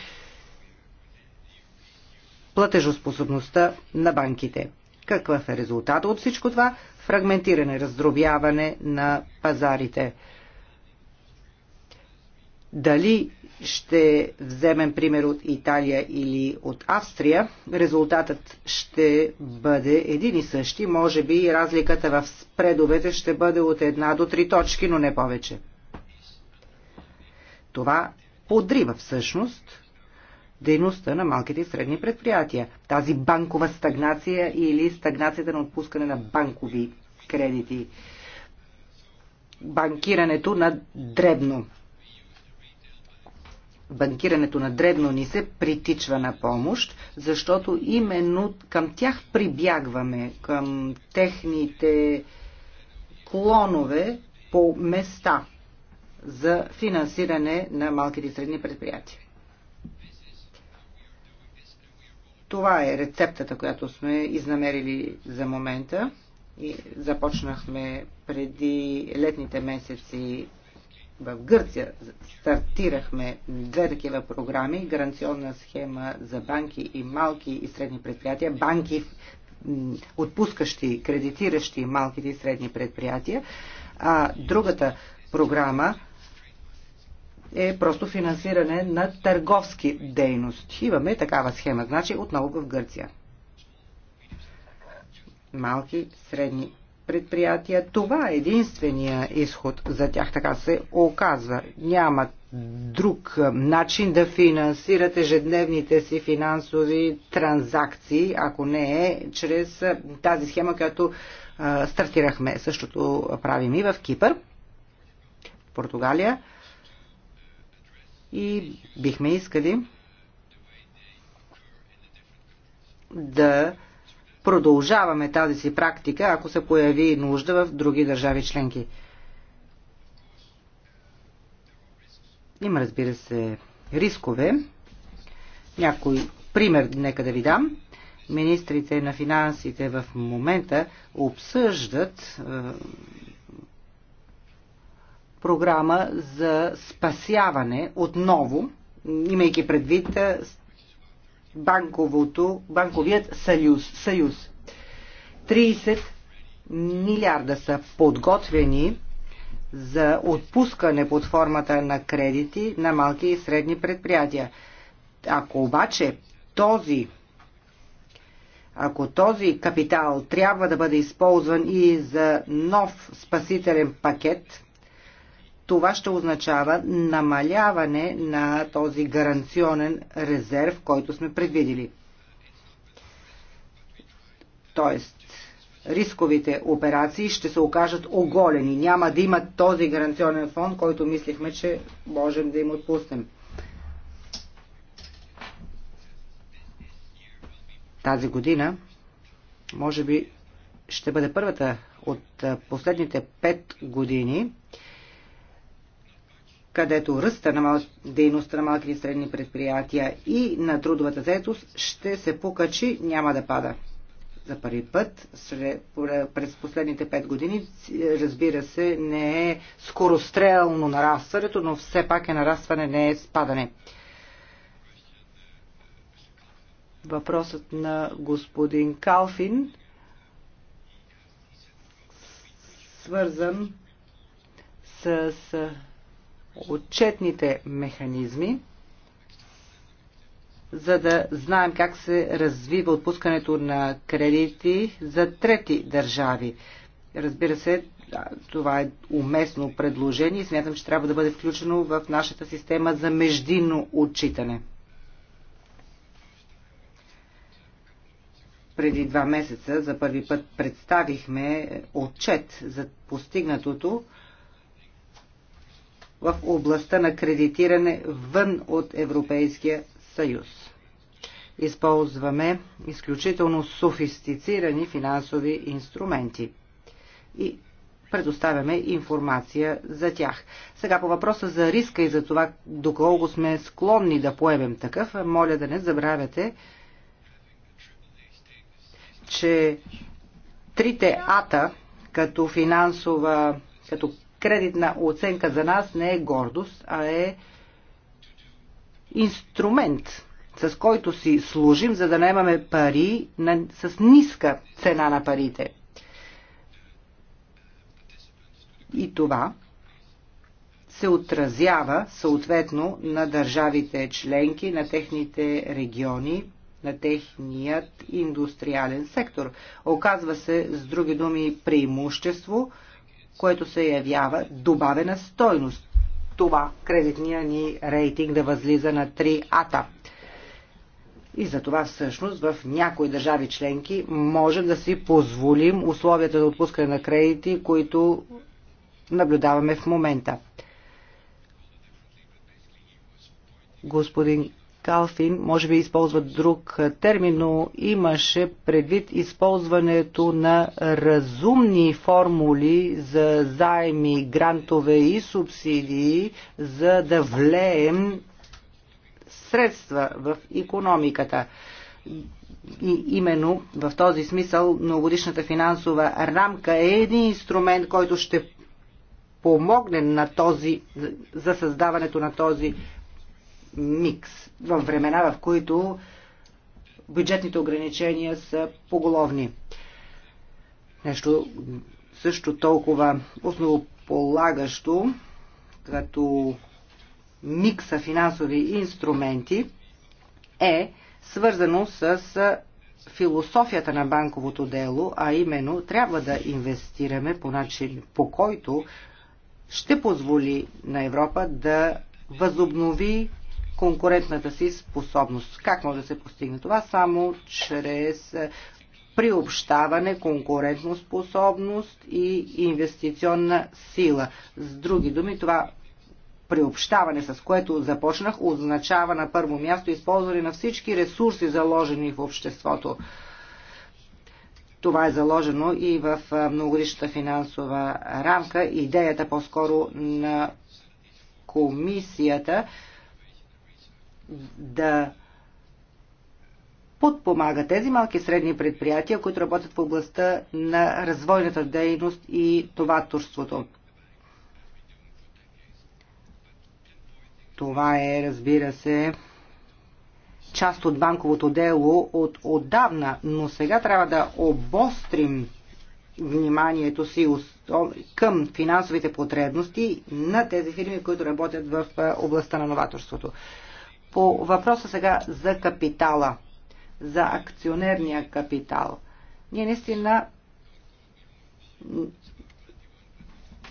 платежоспособността на банките. Какъв е резултат от всичко това? Фрагментиране, раздробяване на пазарите – дали ще вземем пример от Италия или от Австрия, резултатът ще бъде един и същи. Може би разликата в спредовете ще бъде от една до три точки, но не повече. Това подрива всъщност дейността на малките и средни предприятия. Тази банкова стагнация или стагнацията на отпускане на банкови кредити. Банкирането на дребно банкирането на дребно ни се притичва на помощ, защото именно към тях прибягваме, към техните клонове по места за финансиране на малките и средни предприятия. Това е рецептата, която сме изнамерили за момента. И започнахме преди летните месеци в Гърция стартирахме две такива програми, гаранционна схема за банки и малки и средни предприятия, банки отпускащи, кредитиращи малките и средни предприятия, а другата програма е просто финансиране на търговски дейности. Имаме такава схема, значи отново в Гърция. Малки, средни предприятия, това е единствения изход за тях. Така се оказва. Няма друг е, начин да финансират ежедневните си финансови транзакции, ако не е чрез е, тази схема, която а, е, стартирахме. Същото правим и в Кипър, Португалия. И бихме искали да продължаваме тази си практика, ако се появи нужда в други държави членки. Има, разбира се, рискове. Някой пример нека да ви дам. Министрите на финансите в момента обсъждат е, програма за спасяване отново, имайки предвид е, банковото, банковият съюз. съюз. 30 милиарда са подготвени за отпускане под формата на кредити на малки и средни предприятия. Ако обаче този ако този капитал трябва да бъде използван и за нов спасителен пакет, това ще означава намаляване на този гаранционен резерв, който сме предвидили. Тоест, рисковите операции ще се окажат оголени. Няма да има този гаранционен фонд, който мислихме, че можем да им отпуснем. Тази година, може би, ще бъде първата от последните пет години, където ръста на мал... дейността на малките и средни предприятия и на трудовата заетост ще се покачи, няма да пада. За първи път през последните 5 години, разбира се, не е скорострелно нарастването, но все пак е нарастване, не е спадане. Въпросът на господин Калфин свързан с отчетните механизми, за да знаем как се развива отпускането на кредити за трети държави. Разбира се, това е уместно предложение и смятам, че трябва да бъде включено в нашата система за междинно отчитане. Преди два месеца за първи път представихме отчет за постигнатото в областта на кредитиране вън от Европейския съюз. Използваме изключително софистицирани финансови инструменти и предоставяме информация за тях. Сега по въпроса за риска и за това доколко сме склонни да поемем такъв, моля да не забравяте, че трите ата като финансова, като кредитна оценка за нас не е гордост, а е инструмент, с който си служим, за да наемаме пари на, с ниска цена на парите. И това се отразява съответно на държавите членки, на техните региони, на техният индустриален сектор. Оказва се, с други думи, преимущество – което се явява добавена стойност. Това кредитния ни рейтинг да възлиза на 3 ата. И за това всъщност в някои държави членки може да си позволим условията за отпускане на кредити, които наблюдаваме в момента. Господин Калфин, може би използва друг термин, но имаше предвид използването на разумни формули за заеми, грантове и субсидии, за да влеем средства в економиката. И именно в този смисъл многодишната финансова рамка е един инструмент, който ще помогне на този, за създаването на този микс, в времена в които бюджетните ограничения са поголовни. Нещо също толкова основополагащо, като микса финансови инструменти, е свързано с философията на банковото дело, а именно трябва да инвестираме по начин, по който ще позволи на Европа да възобнови конкурентната си способност. Как може да се постигне това? Само чрез приобщаване, конкурентна способност и инвестиционна сила. С други думи, това приобщаване, с което започнах, означава на първо място използване на всички ресурси, заложени в обществото. Това е заложено и в многогодишната финансова рамка. Идеята по-скоро на комисията да подпомага тези малки и средни предприятия, които работят в областта на развойната дейност и турството. Това е, разбира се, част от банковото дело от отдавна, но сега трябва да обострим вниманието си към финансовите потребности на тези фирми, които работят в областта на новаторството. По въпроса сега за капитала, за акционерния капитал. Ние наистина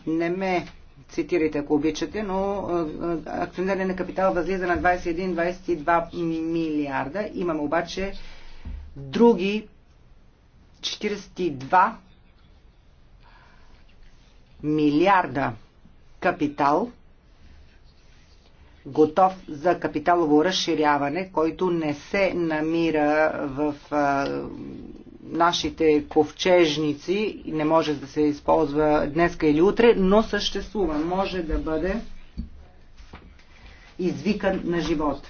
не ме цитирайте, ако обичате, но акционерния капитал възлиза на 21-22 милиарда. Имаме обаче други 42 милиарда капитал – готов за капиталово разширяване, който не се намира в нашите ковчежници, не може да се използва днеска или утре, но съществува. Може да бъде извикан на живот.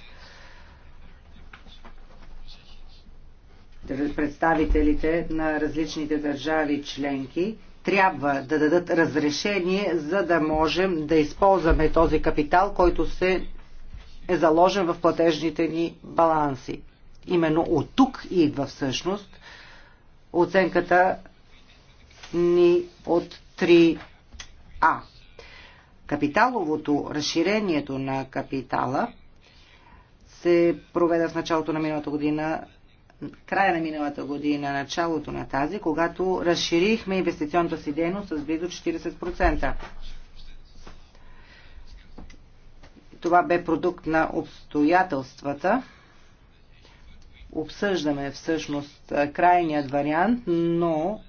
Представителите на различните държави членки трябва да дадат разрешение, за да можем да използваме този капитал, който се е заложен в платежните ни баланси. Именно от тук идва всъщност оценката ни от 3А. Капиталовото разширението на капитала се проведе в началото на миналата година края на миналата година, началото на тази, когато разширихме инвестиционната си дейност с близо 40%. Това бе продукт на обстоятелствата. Обсъждаме всъщност крайният вариант, но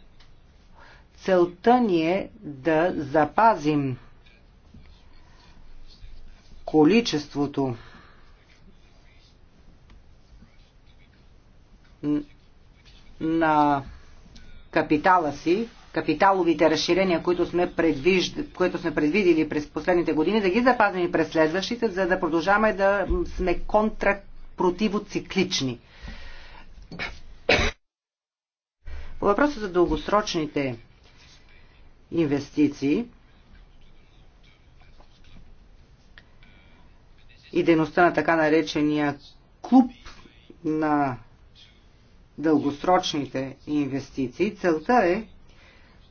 целта ни е да запазим количеството на капитала си, капиталовите разширения, които сме, предвижд... които сме предвидили през последните години, да ги запазим и през следващите, за да продължаваме да сме контрапротивоциклични. По въпроса за дългосрочните инвестиции и дейността на така наречения клуб на дългосрочните инвестиции. Целта е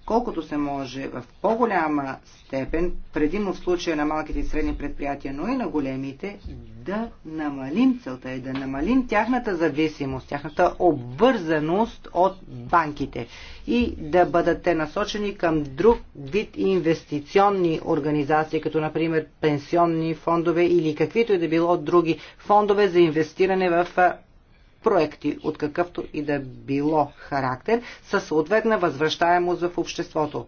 колкото се може в по-голяма степен, предимно в случая на малките и средни предприятия, но и на големите, да намалим целта и е да намалим тяхната зависимост, тяхната обвързаност от банките и да бъдат те насочени към друг вид инвестиционни организации, като например пенсионни фондове или каквито и е да било други фондове за инвестиране в проекти от какъвто и да било характер, със съответна възвръщаемост в обществото.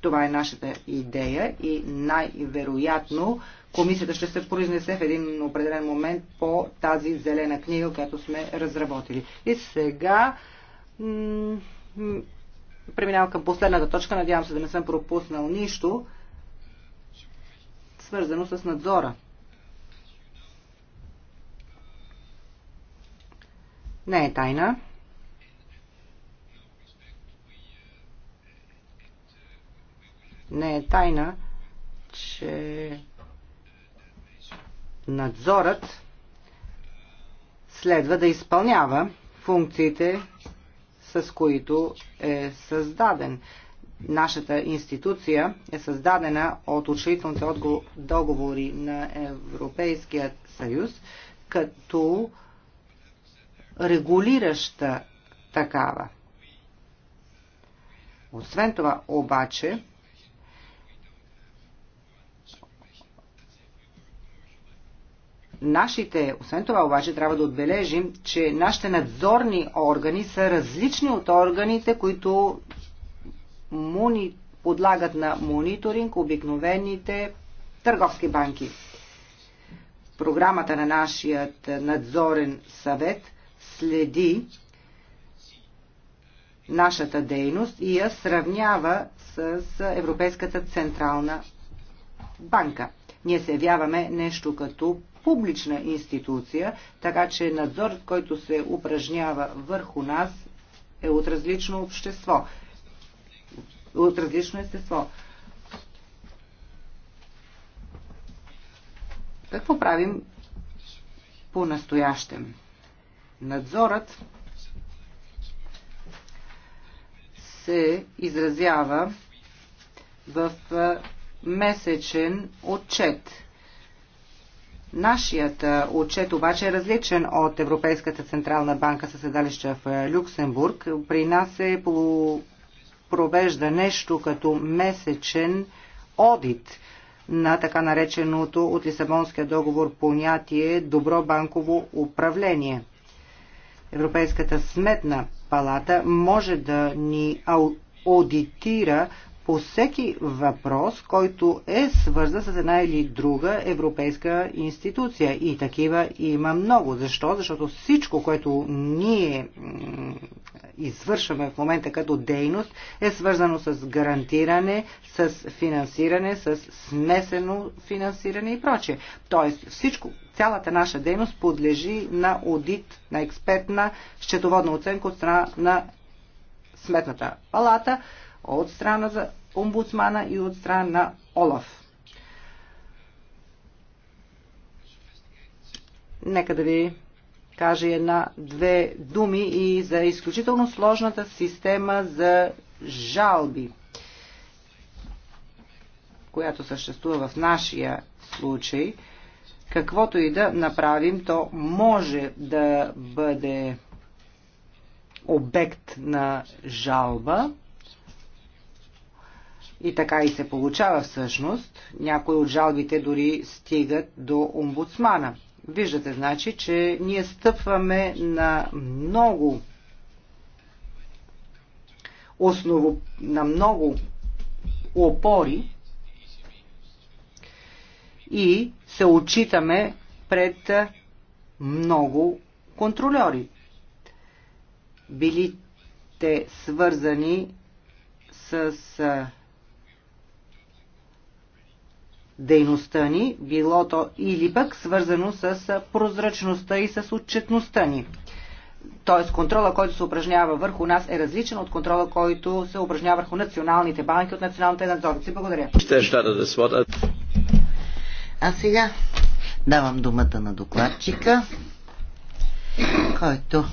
Това е нашата идея и най-вероятно комисията ще се произнесе в един определен момент по тази зелена книга, която сме разработили. И сега преминавам към последната точка. Надявам се да не съм пропуснал нищо, свързано с надзора. не е тайна. Не е тайна, че надзорът следва да изпълнява функциите, с които е създаден. Нашата институция е създадена от учредителните договори на Европейския съюз, като регулираща такава. Освен това, обаче, Нашите, освен това обаче, трябва да отбележим, че нашите надзорни органи са различни от органите, които муни, подлагат на мониторинг обикновените търговски банки. Програмата на нашият надзорен съвет – следи нашата дейност и я сравнява с Европейската централна банка. Ние се явяваме нещо като публична институция, така че надзор, който се упражнява върху нас, е от различно общество. От различно естество. Какво правим по-настоящем? Надзорът се изразява в месечен отчет. Нашият отчет обаче е различен от Европейската централна банка със седалище в Люксембург. При нас се провежда нещо като месечен одит на така нареченото от Лисабонския договор понятие добро банково управление – Европейската сметна палата може да ни аудитира по всеки въпрос, който е свързан с една или друга европейска институция. И такива има много. Защо? Защото всичко, което ние извършваме в момента като дейност, е свързано с гарантиране, с финансиране, с смесено финансиране и прочее. Тоест всичко, цялата наша дейност подлежи на аудит, на експертна счетоводна оценка от страна на Сметната палата, от страна за омбудсмана и от страна на Олаф. Нека да ви кажа една-две думи и за изключително сложната система за жалби, която съществува в нашия случай. Каквото и да направим, то може да бъде обект на жалба и така и се получава всъщност. Някои от жалбите дори стигат до омбудсмана. Виждате, значи, че ние стъпваме на много осново, на много опори и се отчитаме пред много контролери. Били те свързани с дейността ни, било то или пък свързано с прозрачността и с отчетността ни. Тоест контрола, който се упражнява върху нас е различен от контрола, който се упражнява върху националните банки от националните надзорници. Благодаря. А сега давам думата на докладчика, който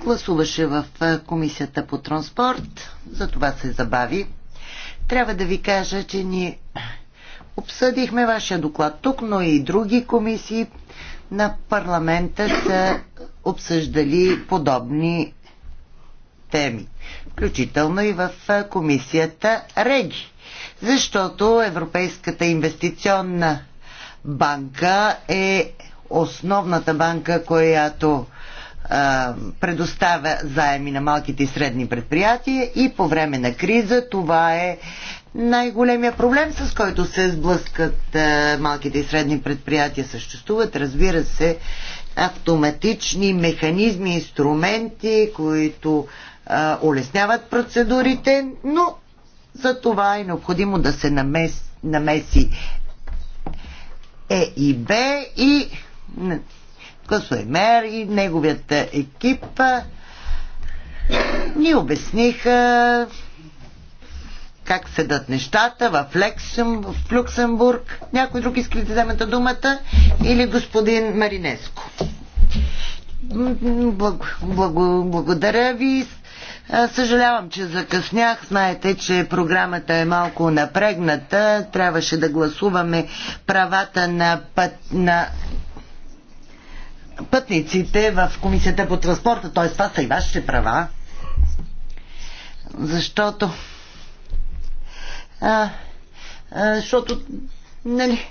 гласуваше в комисията по транспорт, за това се забави. Трябва да ви кажа, че ние обсъдихме вашия доклад тук, но и други комисии на парламента са обсъждали подобни теми, включително и в комисията Реги, защото Европейската инвестиционна банка е основната банка, която предоставя заеми на малките и средни предприятия и по време на криза това е най-големия проблем, с който се сблъскат малките и средни предприятия. Съществуват, разбира се, автоматични механизми, инструменти, които а, улесняват процедурите, но за това е необходимо да се намес, намеси Е и Б и Косоемер и неговият екип ни обясниха как седат нещата в, Лексем, в Люксембург. Някой друг иска ли да вземете думата? Или господин Маринеско? Благ, благ, благодаря ви. Съжалявам, че закъснях. Знаете, че програмата е малко напрегната. Трябваше да гласуваме правата на, път, на пътниците в Комисията по транспорта, т.е. това са и вашите права, защото а, а, защото нали,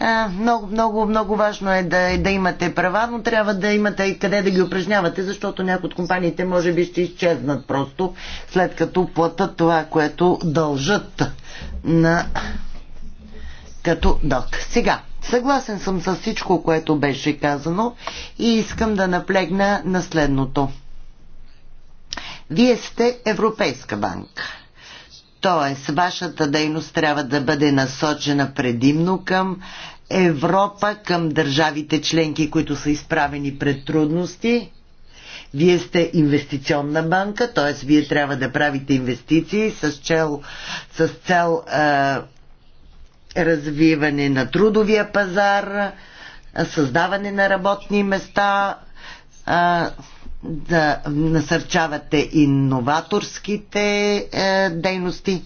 а, много, много, много важно е да, е да имате права, но трябва да имате и къде да ги упражнявате, защото някои от компаниите може би ще изчезнат просто след като платят това, което дължат на като док. Сега, Съгласен съм с всичко, което беше казано и искам да наплегна на следното. Вие сте Европейска банка. Тоест, вашата дейност трябва да бъде насочена предимно към Европа, към държавите членки, които са изправени пред трудности. Вие сте инвестиционна банка, т.е. вие трябва да правите инвестиции с чел, с цел е, развиване на трудовия пазар, създаване на работни места, да насърчавате иноваторските е, дейности.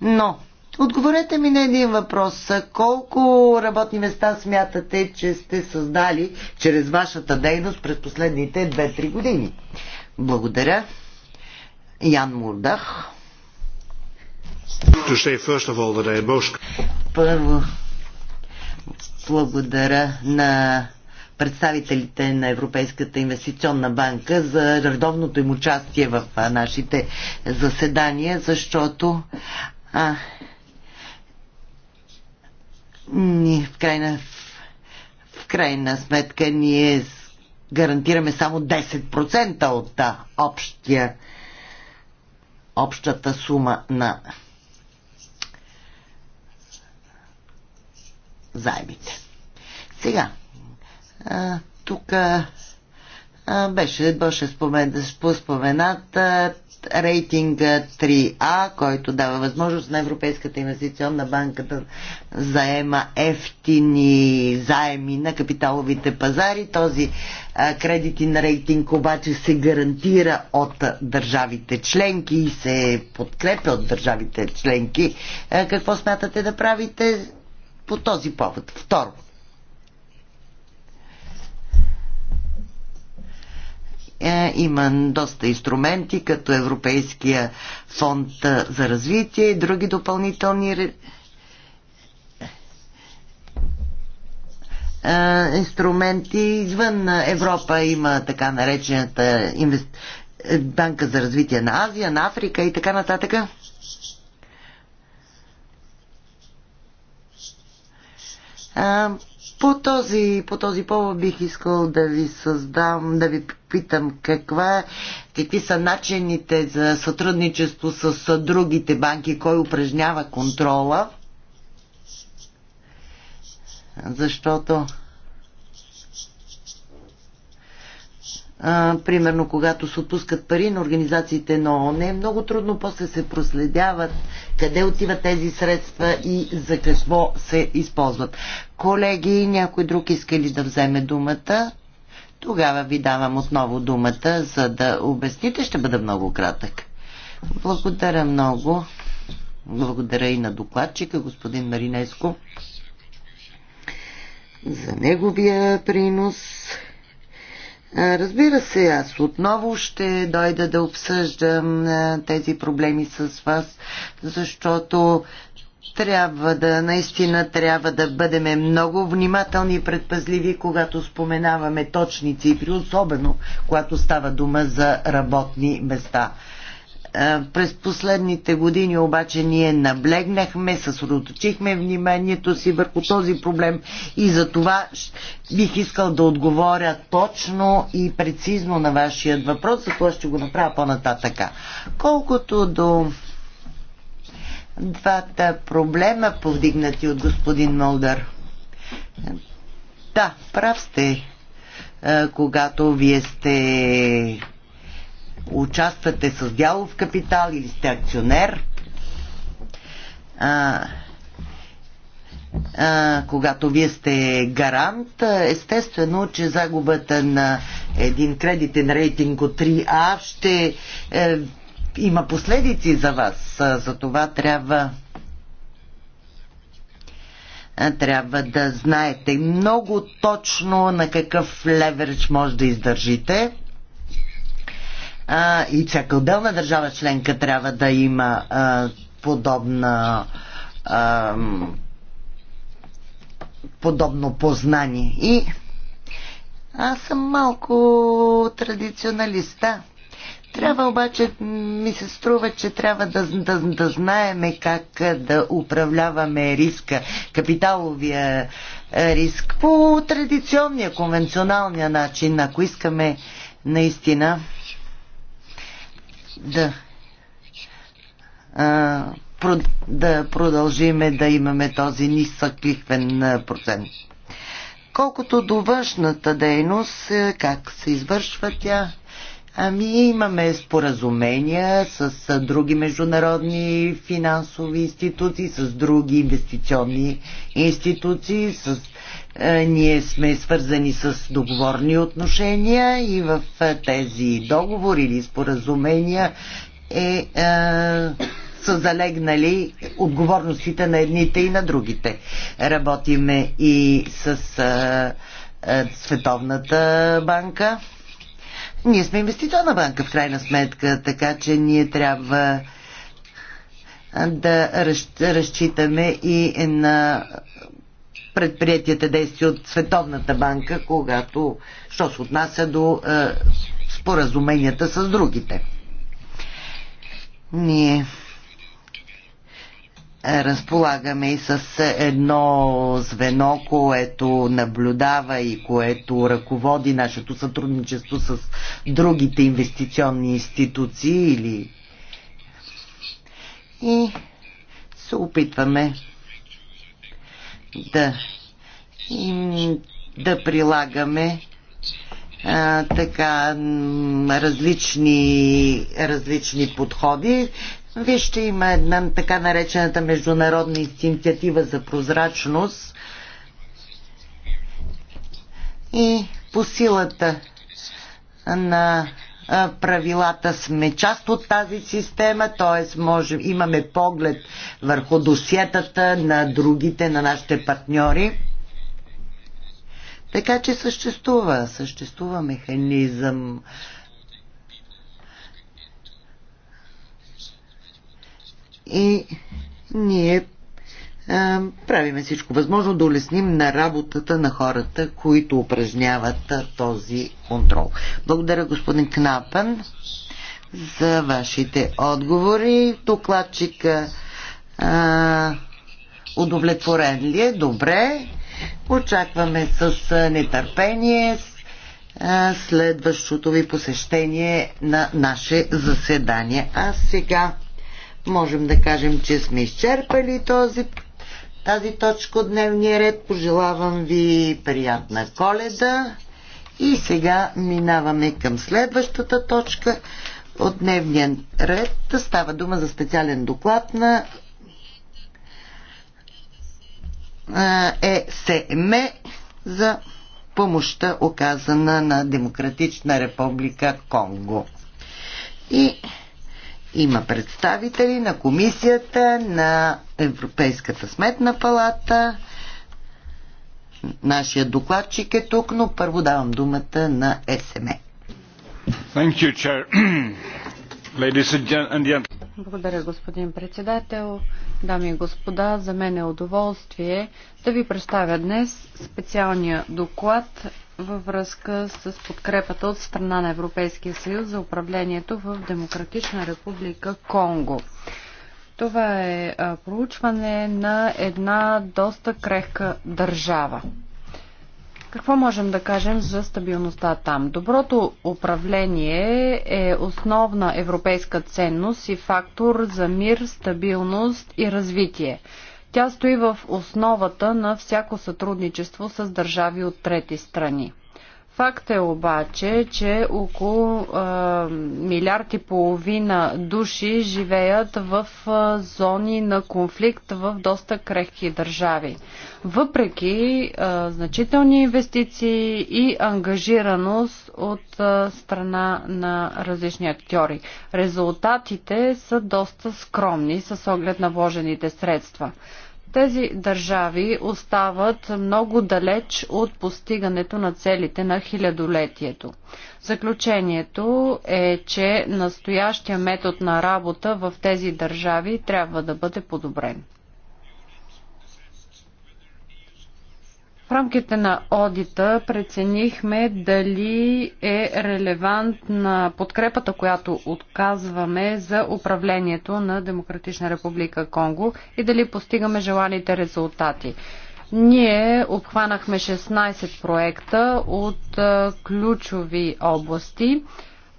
Но Отговорете ми на един въпрос. Колко работни места смятате, че сте създали чрез вашата дейност през последните 2-3 години? Благодаря. Ян Мурдах. Първо, благодаря на представителите на Европейската инвестиционна банка за редовното им участие в нашите заседания, защото а, ни, в, крайна, в крайна сметка ние гарантираме само 10% от общия, общата сума на заемите. Сега, тук беше, беше спомен, споменат рейтинга 3А, който дава възможност на Европейската инвестиционна банка да заема ефтини заеми на капиталовите пазари. Този кредитен рейтинг обаче се гарантира от държавите членки и се подкрепя от държавите членки. Какво смятате да правите по този повод. Второ. Е, има доста инструменти, като Европейския фонд за развитие и други допълнителни е, инструменти. Извън Европа има така наречената инвест... Е, банка за развитие на Азия, на Африка и така нататък. По този, по този повод бих искал да ви създам, да ви питам каква, какви са начините за сътрудничество с другите банки, кой упражнява контрола. Защото а, примерно когато се отпускат пари на организациите на ООН, е много трудно после се проследяват къде отиват тези средства и за какво се използват. Колеги, някой друг иска ли да вземе думата? Тогава ви давам отново думата, за да обясните. Ще бъда много кратък. Благодаря много. Благодаря и на докладчика, господин Маринеско, за неговия принос. Разбира се, аз отново ще дойда да обсъждам тези проблеми с вас, защото трябва да, наистина трябва да бъдем много внимателни и предпазливи, когато споменаваме точни цифри, особено когато става дума за работни места. През последните години обаче ние наблегнахме, съсредоточихме вниманието си върху този проблем и за това бих искал да отговоря точно и прецизно на вашия въпрос, за това ще го направя по-нататъка. Колкото до двата проблема, повдигнати от господин Молдър. Да, прав сте, когато вие сте участвате с дялов капитал или сте акционер. А, а, когато вие сте гарант, естествено, че загубата на един кредитен рейтинг от 3А ще е, има последици за вас. За това трябва трябва да знаете много точно на какъв леверидж може да издържите а, и всяка отделна държава членка трябва да има а, подобна а, подобно познание. И аз съм малко традиционалиста. Трябва обаче, ми се струва, че трябва да, да, да знаеме как да управляваме риска, капиталовия риск по традиционния, конвенционалния начин, ако искаме наистина да да продължиме да имаме този нисък лихвен процент. Колкото до външната дейност, е, как се извършва тя? Ами имаме споразумения с други международни финансови институции, с други инвестиционни институции, с е, ние сме свързани с договорни отношения и в е, тези договори или споразумения е, е, са залегнали отговорностите на едните и на другите. Работиме и с е, е, Световната банка. Ние сме инвестиционна банка, в крайна сметка, така че ние трябва е, да разчитаме и на предприятията действия от Световната банка, когато, що се отнася до е, споразуменията с другите. Ние е, разполагаме и с едно звено, което наблюдава и което ръководи нашето сътрудничество с другите инвестиционни институции или и се опитваме да, да прилагаме а, така различни, различни подходи. Вижте, има една така наречената международна инициатива за прозрачност и по силата на правилата сме част от тази система, т.е. може, имаме поглед върху досиетата на другите, на нашите партньори. Така че съществува, съществува механизъм. И ние е, правиме всичко възможно да улесним на работата на хората, които упражняват този контрол. Благодаря господин Кнапен за вашите отговори. Докладчика а, е, удовлетворен ли е? Добре. Очакваме с е, нетърпение следващото ви посещение на наше заседание. А сега можем да кажем, че сме изчерпали този тази точка от дневния ред. Пожелавам ви приятна коледа. И сега минаваме към следващата точка от дневния ред. Става дума за специален доклад на ЕСМ за помощта оказана на Демократична република Конго. И има представители на комисията, на Европейската сметна палата. Нашия докладчик е тук, но първо давам думата на СМЕ. Благодаря, господин председател. Дами и господа, за мен е удоволствие да ви представя днес специалния доклад във връзка с подкрепата от страна на Европейския съюз за управлението в Демократична република Конго. Това е проучване на една доста крехка държава. Какво можем да кажем за стабилността там? Доброто управление е основна европейска ценност и фактор за мир, стабилност и развитие. Тя стои в основата на всяко сътрудничество с държави от трети страни. Факт е обаче, че около а, милиард и половина души живеят в а, зони на конфликт в доста крехки държави. Въпреки а, значителни инвестиции и ангажираност от а, страна на различни актьори, резултатите са доста скромни с оглед на вложените средства. Тези държави остават много далеч от постигането на целите на хилядолетието. Заключението е, че настоящия метод на работа в тези държави трябва да бъде подобрен. В рамките на одита преценихме дали е релевантна подкрепата, която отказваме за управлението на Демократична република Конго и дали постигаме желаните резултати. Ние обхванахме 16 проекта от ключови области.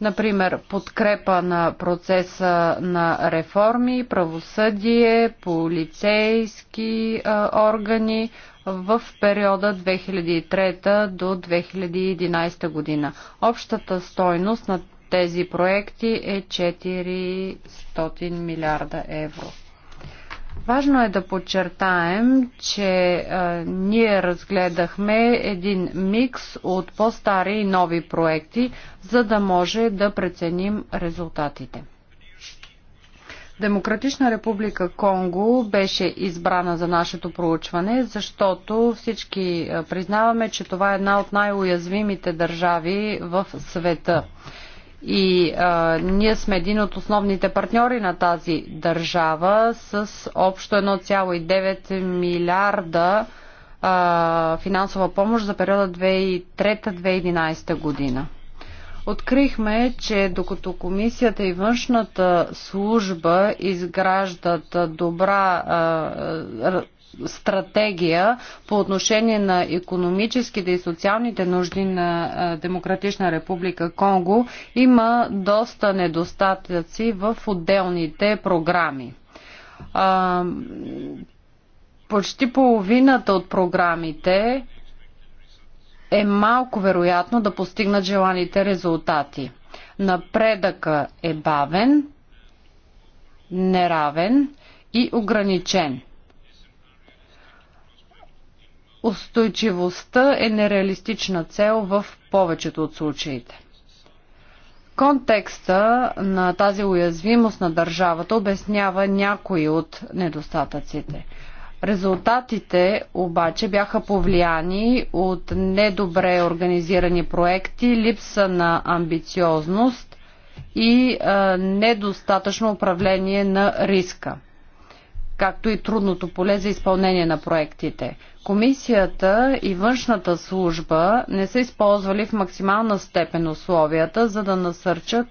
Например, подкрепа на процеса на реформи, правосъдие, полицейски органи в периода 2003 до 2011 година. Общата стойност на тези проекти е 400 милиарда евро. Важно е да подчертаем, че а, ние разгледахме един микс от по-стари и нови проекти, за да може да преценим резултатите. Демократична република Конго беше избрана за нашето проучване, защото всички признаваме, че това е една от най-уязвимите държави в света. И а, ние сме един от основните партньори на тази държава с общо 1,9 милиарда а, финансова помощ за периода 2003-2011 година. Открихме, че докато комисията и външната служба изграждат добра а, стратегия по отношение на економическите и социалните нужди на Демократична република Конго има доста недостатъци в отделните програми. Почти половината от програмите е малко вероятно да постигнат желаните резултати. Напредъка е бавен, неравен и ограничен. Устойчивостта е нереалистична цел в повечето от случаите. Контекста на тази уязвимост на държавата обяснява някои от недостатъците. Резултатите обаче бяха повлияни от недобре организирани проекти, липса на амбициозност и а, недостатъчно управление на риска, както и трудното поле за изпълнение на проектите. Комисията и външната служба не са използвали в максимална степен условията, за да насърчат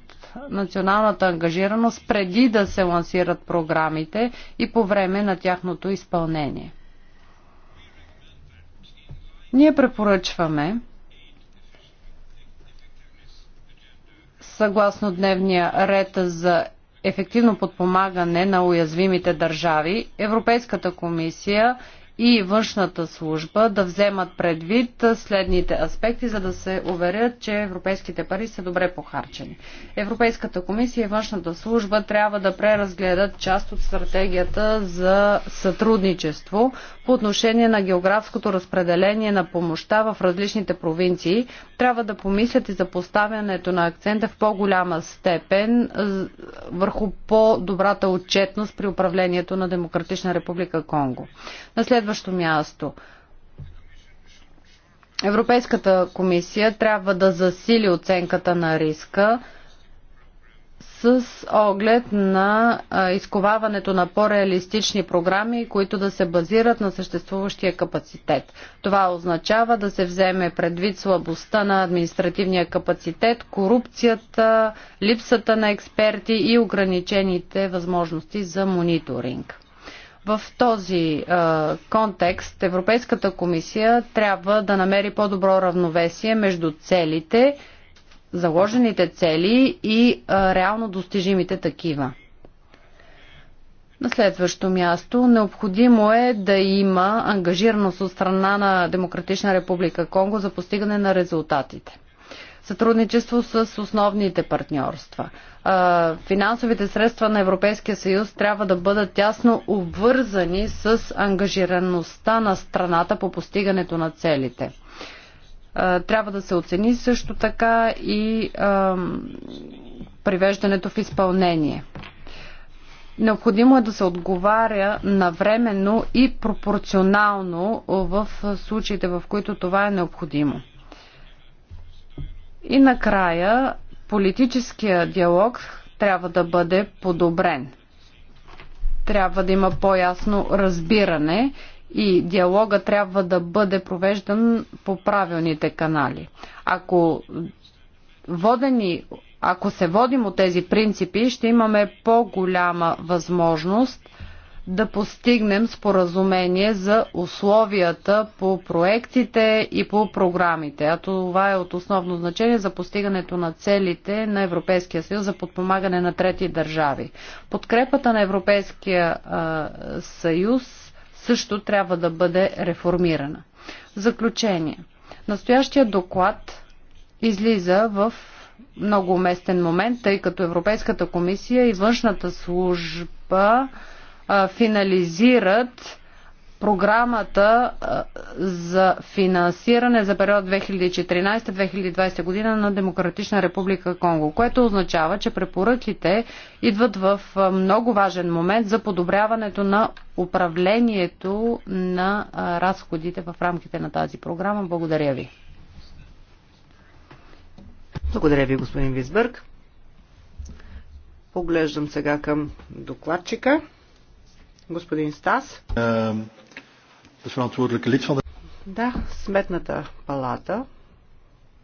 националната ангажираност преди да се лансират програмите и по време на тяхното изпълнение. Ние препоръчваме съгласно дневния ред за ефективно подпомагане на уязвимите държави, Европейската комисия и външната служба да вземат предвид следните аспекти, за да се уверят, че европейските пари са добре похарчени. Европейската комисия и външната служба трябва да преразгледат част от стратегията за сътрудничество по отношение на географското разпределение на помощта в различните провинции, трябва да помислят и за поставянето на акцента в по-голяма степен е, върху по-добрата отчетност при управлението на Демократична република Конго. На следващо място. Европейската комисия трябва да засили оценката на риска, с оглед на изковаването на по-реалистични програми, които да се базират на съществуващия капацитет. Това означава да се вземе предвид слабостта на административния капацитет, корупцията, липсата на експерти и ограничените възможности за мониторинг. В този е, контекст Европейската комисия трябва да намери по-добро равновесие между целите, заложените цели и реално достижимите такива. На следващо място, необходимо е да има ангажираност от страна на Демократична република Конго за постигане на резултатите. Сътрудничество с основните партньорства. Финансовите средства на Европейския съюз трябва да бъдат тясно обвързани с ангажираността на страната по постигането на целите. Трябва да се оцени също така и привеждането в изпълнение. Необходимо е да се отговаря навременно и пропорционално в случаите, в които това е необходимо. И накрая политическия диалог трябва да бъде подобрен. Трябва да има по-ясно разбиране и диалога трябва да бъде провеждан по правилните канали. Ако водени ако се водим от тези принципи, ще имаме по-голяма възможност да постигнем споразумение за условията по проектите и по програмите. А това е от основно значение за постигането на целите на Европейския съюз за подпомагане на трети държави. Подкрепата на Европейския съюз също трябва да бъде реформирана. В заключение, настоящия доклад излиза в много уместен момент, тъй като Европейската комисия и външната служба а, финализират програмата за финансиране за период 2014-2020 година на Демократична република Конго, което означава, че препоръките идват в много важен момент за подобряването на управлението на разходите в рамките на тази програма. Благодаря ви. Благодаря ви, господин Висбърг. Поглеждам сега към докладчика. Господин Стас. Uh... Да, сметната палата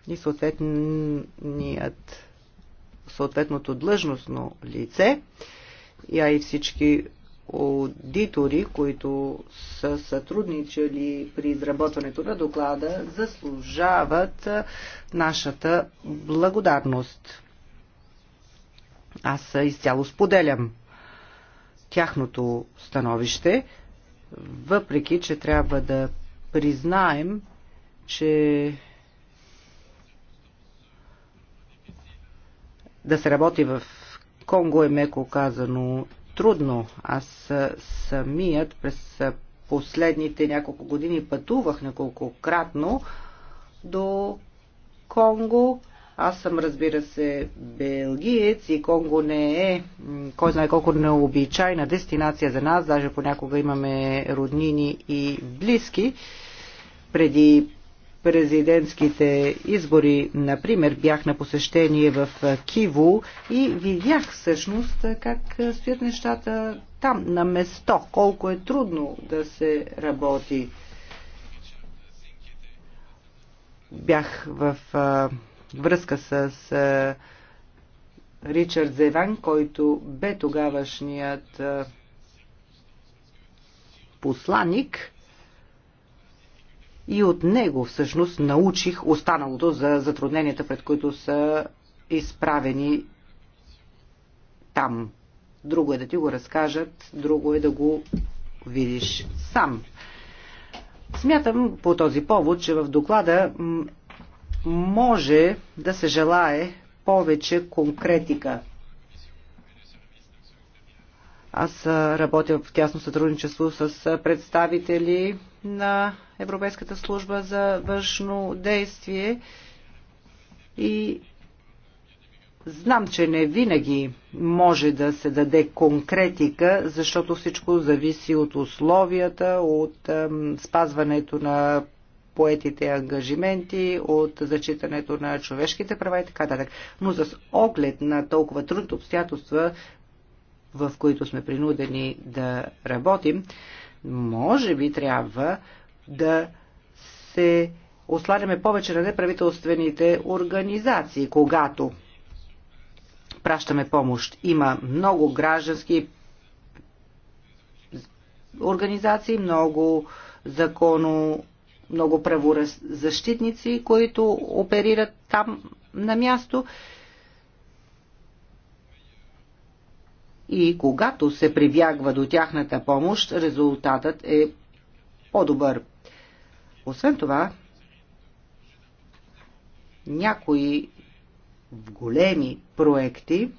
и съответният, съответното длъжностно лице, а и всички аудитори, които са сътрудничали при изработването на доклада, заслужават нашата благодарност. Аз изцяло споделям тяхното становище въпреки че трябва да признаем, че да се работи в Конго е меко казано трудно. Аз самият през последните няколко години пътувах неколкократно до Конго аз съм, разбира се, белгиец и Конго не е, кой знае колко необичайна дестинация за нас, даже понякога имаме роднини и близки. Преди президентските избори, например, бях на посещение в Киво и видях всъщност как стоят нещата там, на место, колко е трудно да се работи. Бях в връзка с Ричард Зеван, който бе тогавашният посланик и от него всъщност научих останалото за затрудненията, пред които са изправени там. Друго е да ти го разкажат, друго е да го видиш сам. Смятам по този повод, че в доклада може да се желае повече конкретика. Аз работя в тясно сътрудничество с представители на Европейската служба за външно действие и знам, че не винаги може да се даде конкретика, защото всичко зависи от условията, от спазването на поетите ангажименти, от зачитането на човешките права и така нататък. Но с оглед на толкова трудните обстоятелства, в които сме принудени да работим, може би трябва да се осладяме повече на неправителствените организации, когато пращаме помощ. Има много граждански организации, много законо много правозащитници, които оперират там на място. И когато се прибягва до тяхната помощ, резултатът е по-добър. Освен това, някои големи проекти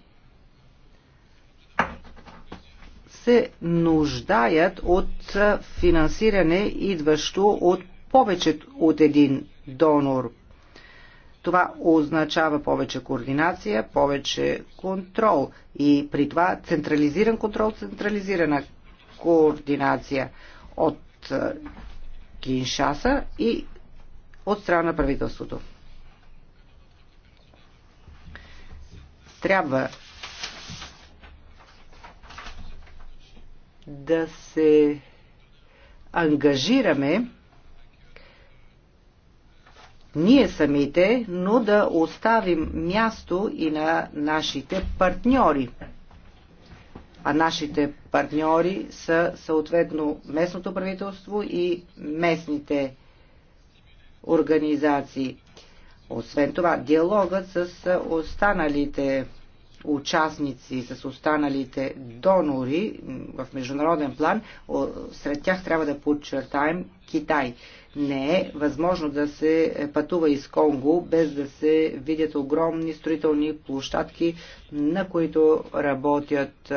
се нуждаят от финансиране, идващо от повече от един донор. Това означава повече координация, повече контрол и при това централизиран контрол, централизирана координация от Киншаса и от страна на правителството. Трябва да се ангажираме ние самите, но да оставим място и на нашите партньори. А нашите партньори са съответно местното правителство и местните организации. Освен това, диалогът с останалите участници, с останалите донори в международен план, сред тях трябва да подчертаем Китай. Не е възможно да се пътува из Конго без да се видят огромни строителни площадки, на които работят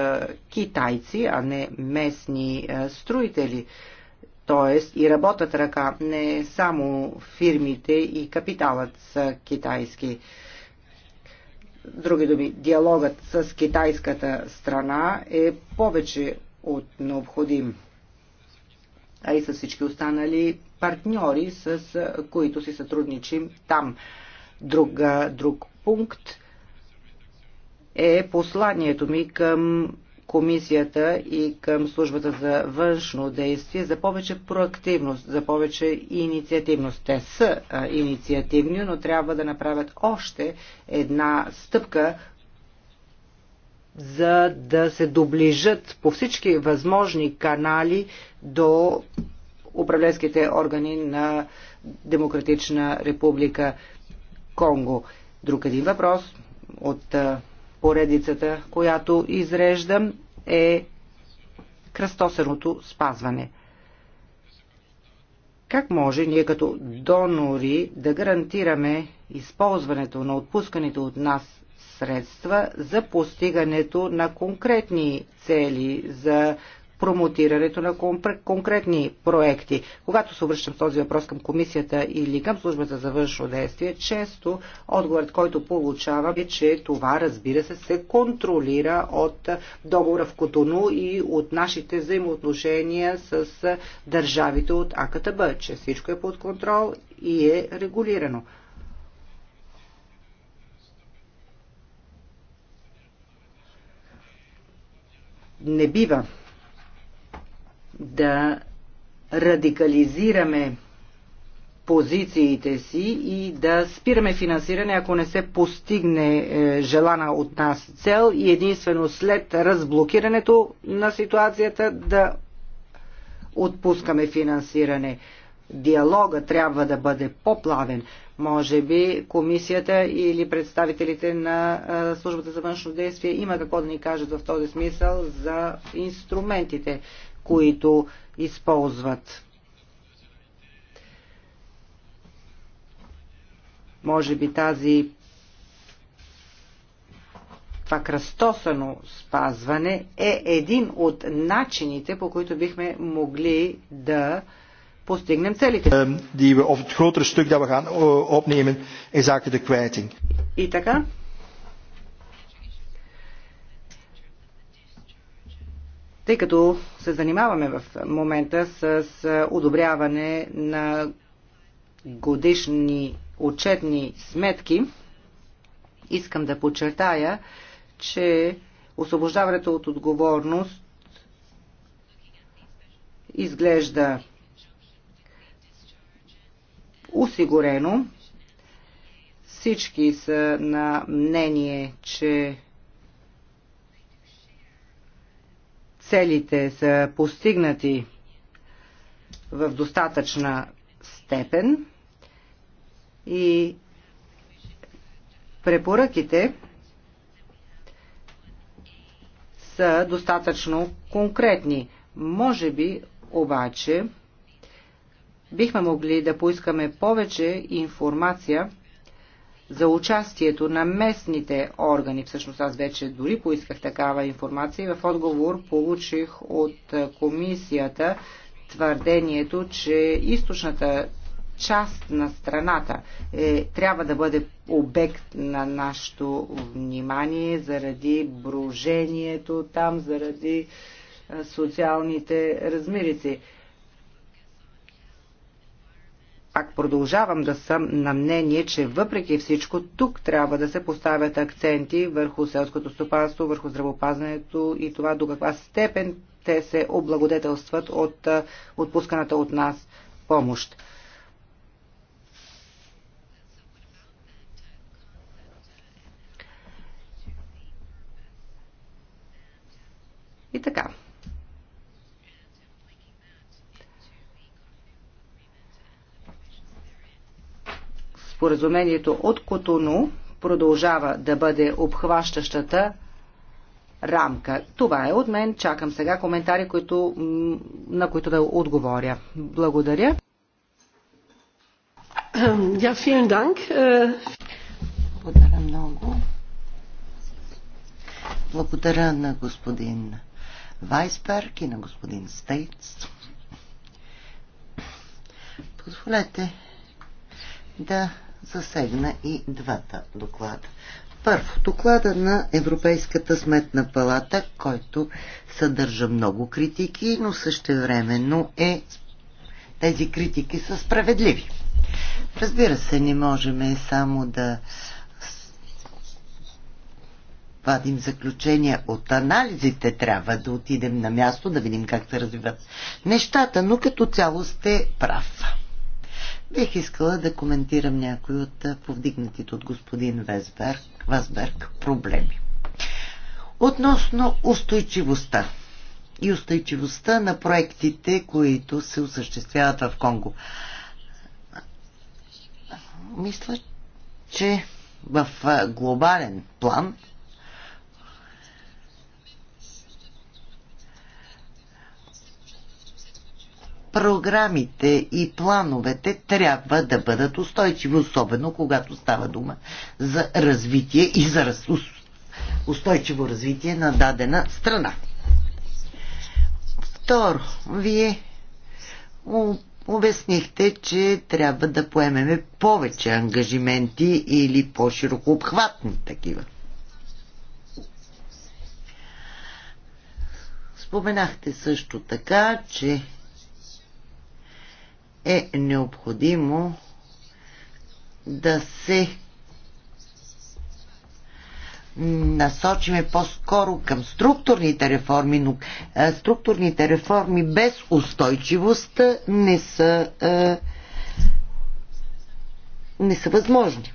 китайци, а не местни строители. Тоест и работят ръка, не само фирмите и капиталът са китайски други думи, диалогът с китайската страна е повече от необходим а и с всички останали партньори, с които си сътрудничим там. Друг, друг пункт е посланието ми към комисията и към службата за външно действие за повече проактивност, за повече инициативност. Те са инициативни, но трябва да направят още една стъпка за да се доближат по всички възможни канали до управленските органи на Демократична република Конго. Друг един въпрос от поредицата, която изреждам, е кръстосеното спазване. Как може ние като донори да гарантираме използването на отпусканите от нас средства за постигането на конкретни цели, за промотирането на конкретни проекти. Когато се обръщам този въпрос към комисията или към службата за външно действие, често отговорът, който получавам е, че това разбира се се контролира от договора в Котону и от нашите взаимоотношения с държавите от АКТБ, че всичко е под контрол и е регулирано. не бива да радикализираме позициите си и да спираме финансиране, ако не се постигне е, желана от нас цел и единствено след разблокирането на ситуацията да отпускаме финансиране. Диалога трябва да бъде по-плавен. Може би комисията или представителите на службата за външно действие има какво да ни кажат в този смисъл за инструментите, които използват. Може би тази това кръстосано спазване е един от начините, по които бихме могли да постигнем целите. И така. Тъй като се занимаваме в момента с одобряване на годишни отчетни сметки, искам да подчертая, че освобождаването от отговорност изглежда осигурено. Всички са на мнение, че целите са постигнати в достатъчна степен и препоръките са достатъчно конкретни. Може би обаче бихме могли да поискаме повече информация за участието на местните органи. Всъщност аз вече дори поисках такава информация и в отговор получих от комисията твърдението, че източната част на страната е, трябва да бъде обект на нашето внимание заради брожението там, заради социалните размирици пак продължавам да съм на мнение, че въпреки всичко тук трябва да се поставят акценти върху селското стопанство, върху здравопазването и това до каква степен те се облагодетелстват от отпусканата от нас помощ. И така. споразумението от Котону продължава да бъде обхващащата рамка. Това е от мен. Чакам сега коментари, които, на които да отговоря. Благодаря. Ja, vielen Dank. Äh, Благодаря много. Благодаря на господин Вайсберг и на господин Стейтс. Позволете да засегна и двата доклада. Първо, доклада на Европейската сметна палата, който съдържа много критики, но същевременно е тези критики са справедливи. Разбира се, не можем само да вадим заключения от анализите, трябва да отидем на място, да видим как се развиват нещата, но като цяло сте прав. Бих искала да коментирам някои от повдигнатите от господин Весберг, Весберг проблеми. Относно устойчивостта и устойчивостта на проектите, които се осъществяват в Конго. Мисля, че в глобален план програмите и плановете трябва да бъдат устойчиви, особено когато става дума за развитие и за устойчиво развитие на дадена страна. Второ, вие обяснихте, че трябва да поемеме повече ангажименти или по-широко обхватни такива. Споменахте също така, че е необходимо да се насочиме по-скоро към структурните реформи, но е, структурните реформи без устойчивост не са, е, не са възможни.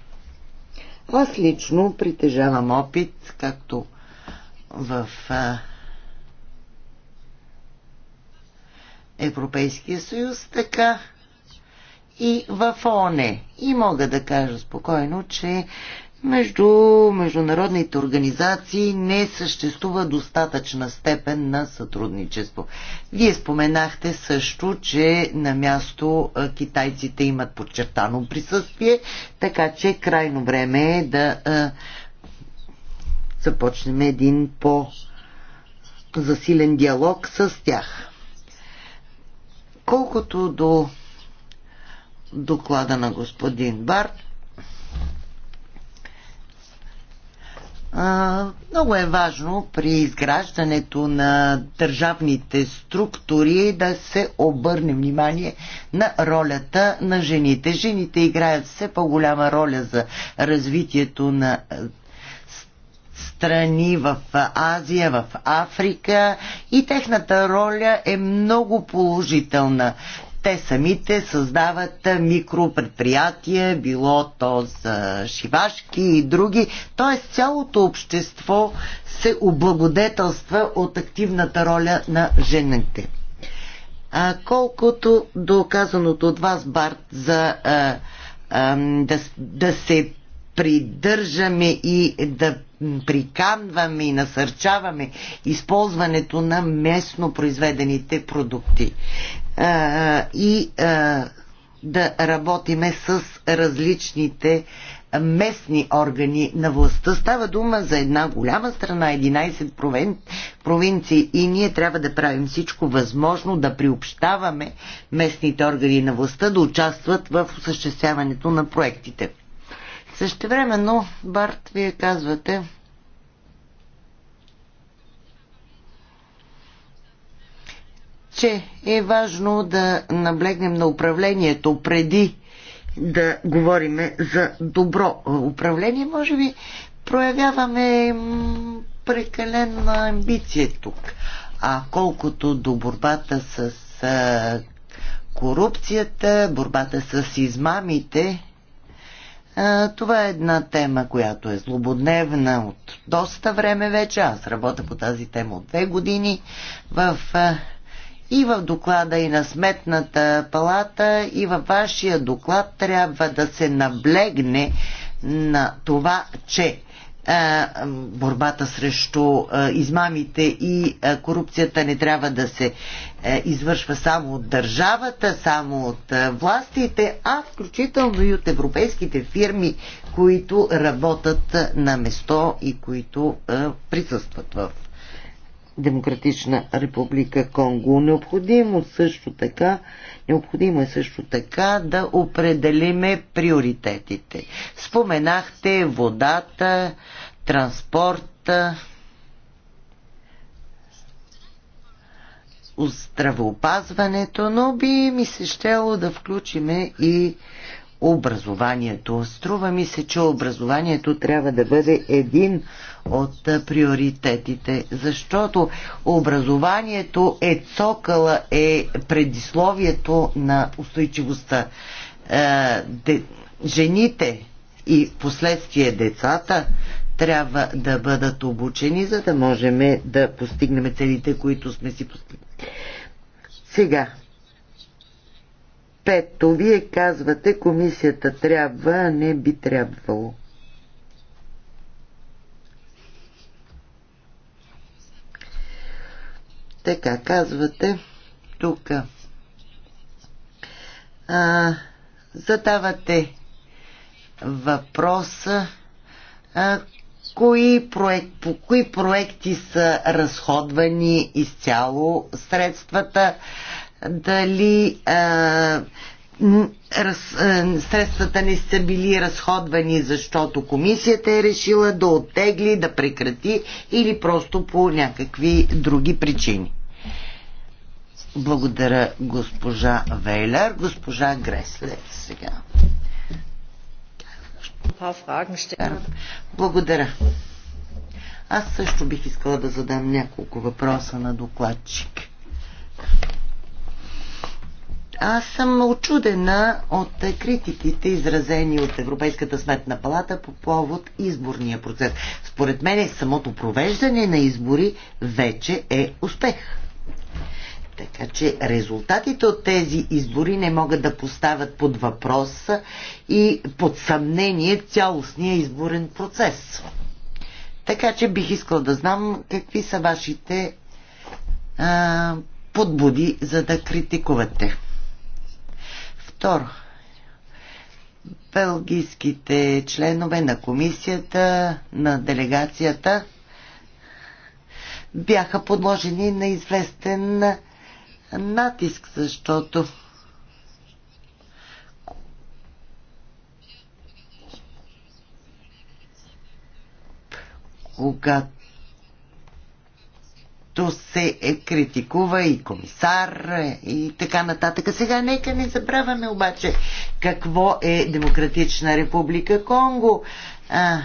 Аз лично притежавам опит, както в е, Европейския съюз, така и в ООН. И мога да кажа спокойно, че между международните организации не съществува достатъчна степен на сътрудничество. Вие споменахте също, че на място китайците имат подчертано присъствие, така че крайно време е да а, започнем един по-засилен диалог с тях. Колкото до доклада на господин Барт. Много е важно при изграждането на държавните структури да се обърне внимание на ролята на жените. Жените играят все по-голяма роля за развитието на страни в Азия, в Африка и техната роля е много положителна те самите създават микропредприятия, било то за шивашки и други. Тоест цялото общество се облагодетелства от активната роля на жените. А, колкото до казаното от вас, Барт, за а, а, да, да се придържаме и да приканваме и насърчаваме използването на местно произведените продукти а, и а, да работиме с различните местни органи на властта. Става дума за една голяма страна, 11 провин... провинции и ние трябва да правим всичко възможно да приобщаваме местните органи на властта да участват в осъществяването на проектите. Същевременно, Барт, вие казвате, че е важно да наблегнем на управлението преди да говориме за добро управление. Може би проявяваме прекалена амбиция тук. А колкото до борбата с корупцията, борбата с измамите, това е една тема, която е злободневна от доста време вече. Аз работя по тази тема от две години в и в доклада и на Сметната палата, и във вашия доклад трябва да се наблегне на това, че борбата срещу измамите и корупцията не трябва да се е, извършва само от държавата, само от властите, а включително и от европейските фирми, които работят на место и които присъстват в Демократична република Конго. Необходимо също така, необходимо е също така да определиме приоритетите. Споменахте водата, транспорта, здравеопазването, но би ми се щело да включиме и образованието. Струва ми се, че образованието трябва да бъде един от приоритетите, защото образованието е цокъла, е предисловието на устойчивостта. Е, жените и последствие децата трябва да бъдат обучени, за да можем да постигнем целите, които сме си постигнали. Сега, Пето, вие казвате, комисията трябва, а не би трябвало. Така, казвате тук. задавате въпроса а, кои, проект, по кои проекти са разходвани изцяло средствата, дали а, раз, а, средствата не са били разходвани, защото комисията е решила да оттегли, да прекрати или просто по някакви други причини. Благодаря госпожа Вейлер, госпожа Гресле сега. Благодаря. Аз също бих искала да задам няколко въпроса на докладчик. Аз съм очудена от критиките, изразени от Европейската сметна палата по повод изборния процес. Според мен самото провеждане на избори вече е успех. Така че резултатите от тези избори не могат да поставят под въпрос и под съмнение цялостния изборен процес. Така че бих искала да знам какви са вашите а, подбуди, за да критикувате. Второ, белгийските членове на комисията, на делегацията бяха подложени на известен натиск, защото когато често се е критикува и комисар и така нататък. Сега нека не забравяме обаче какво е Демократична република Конго. А,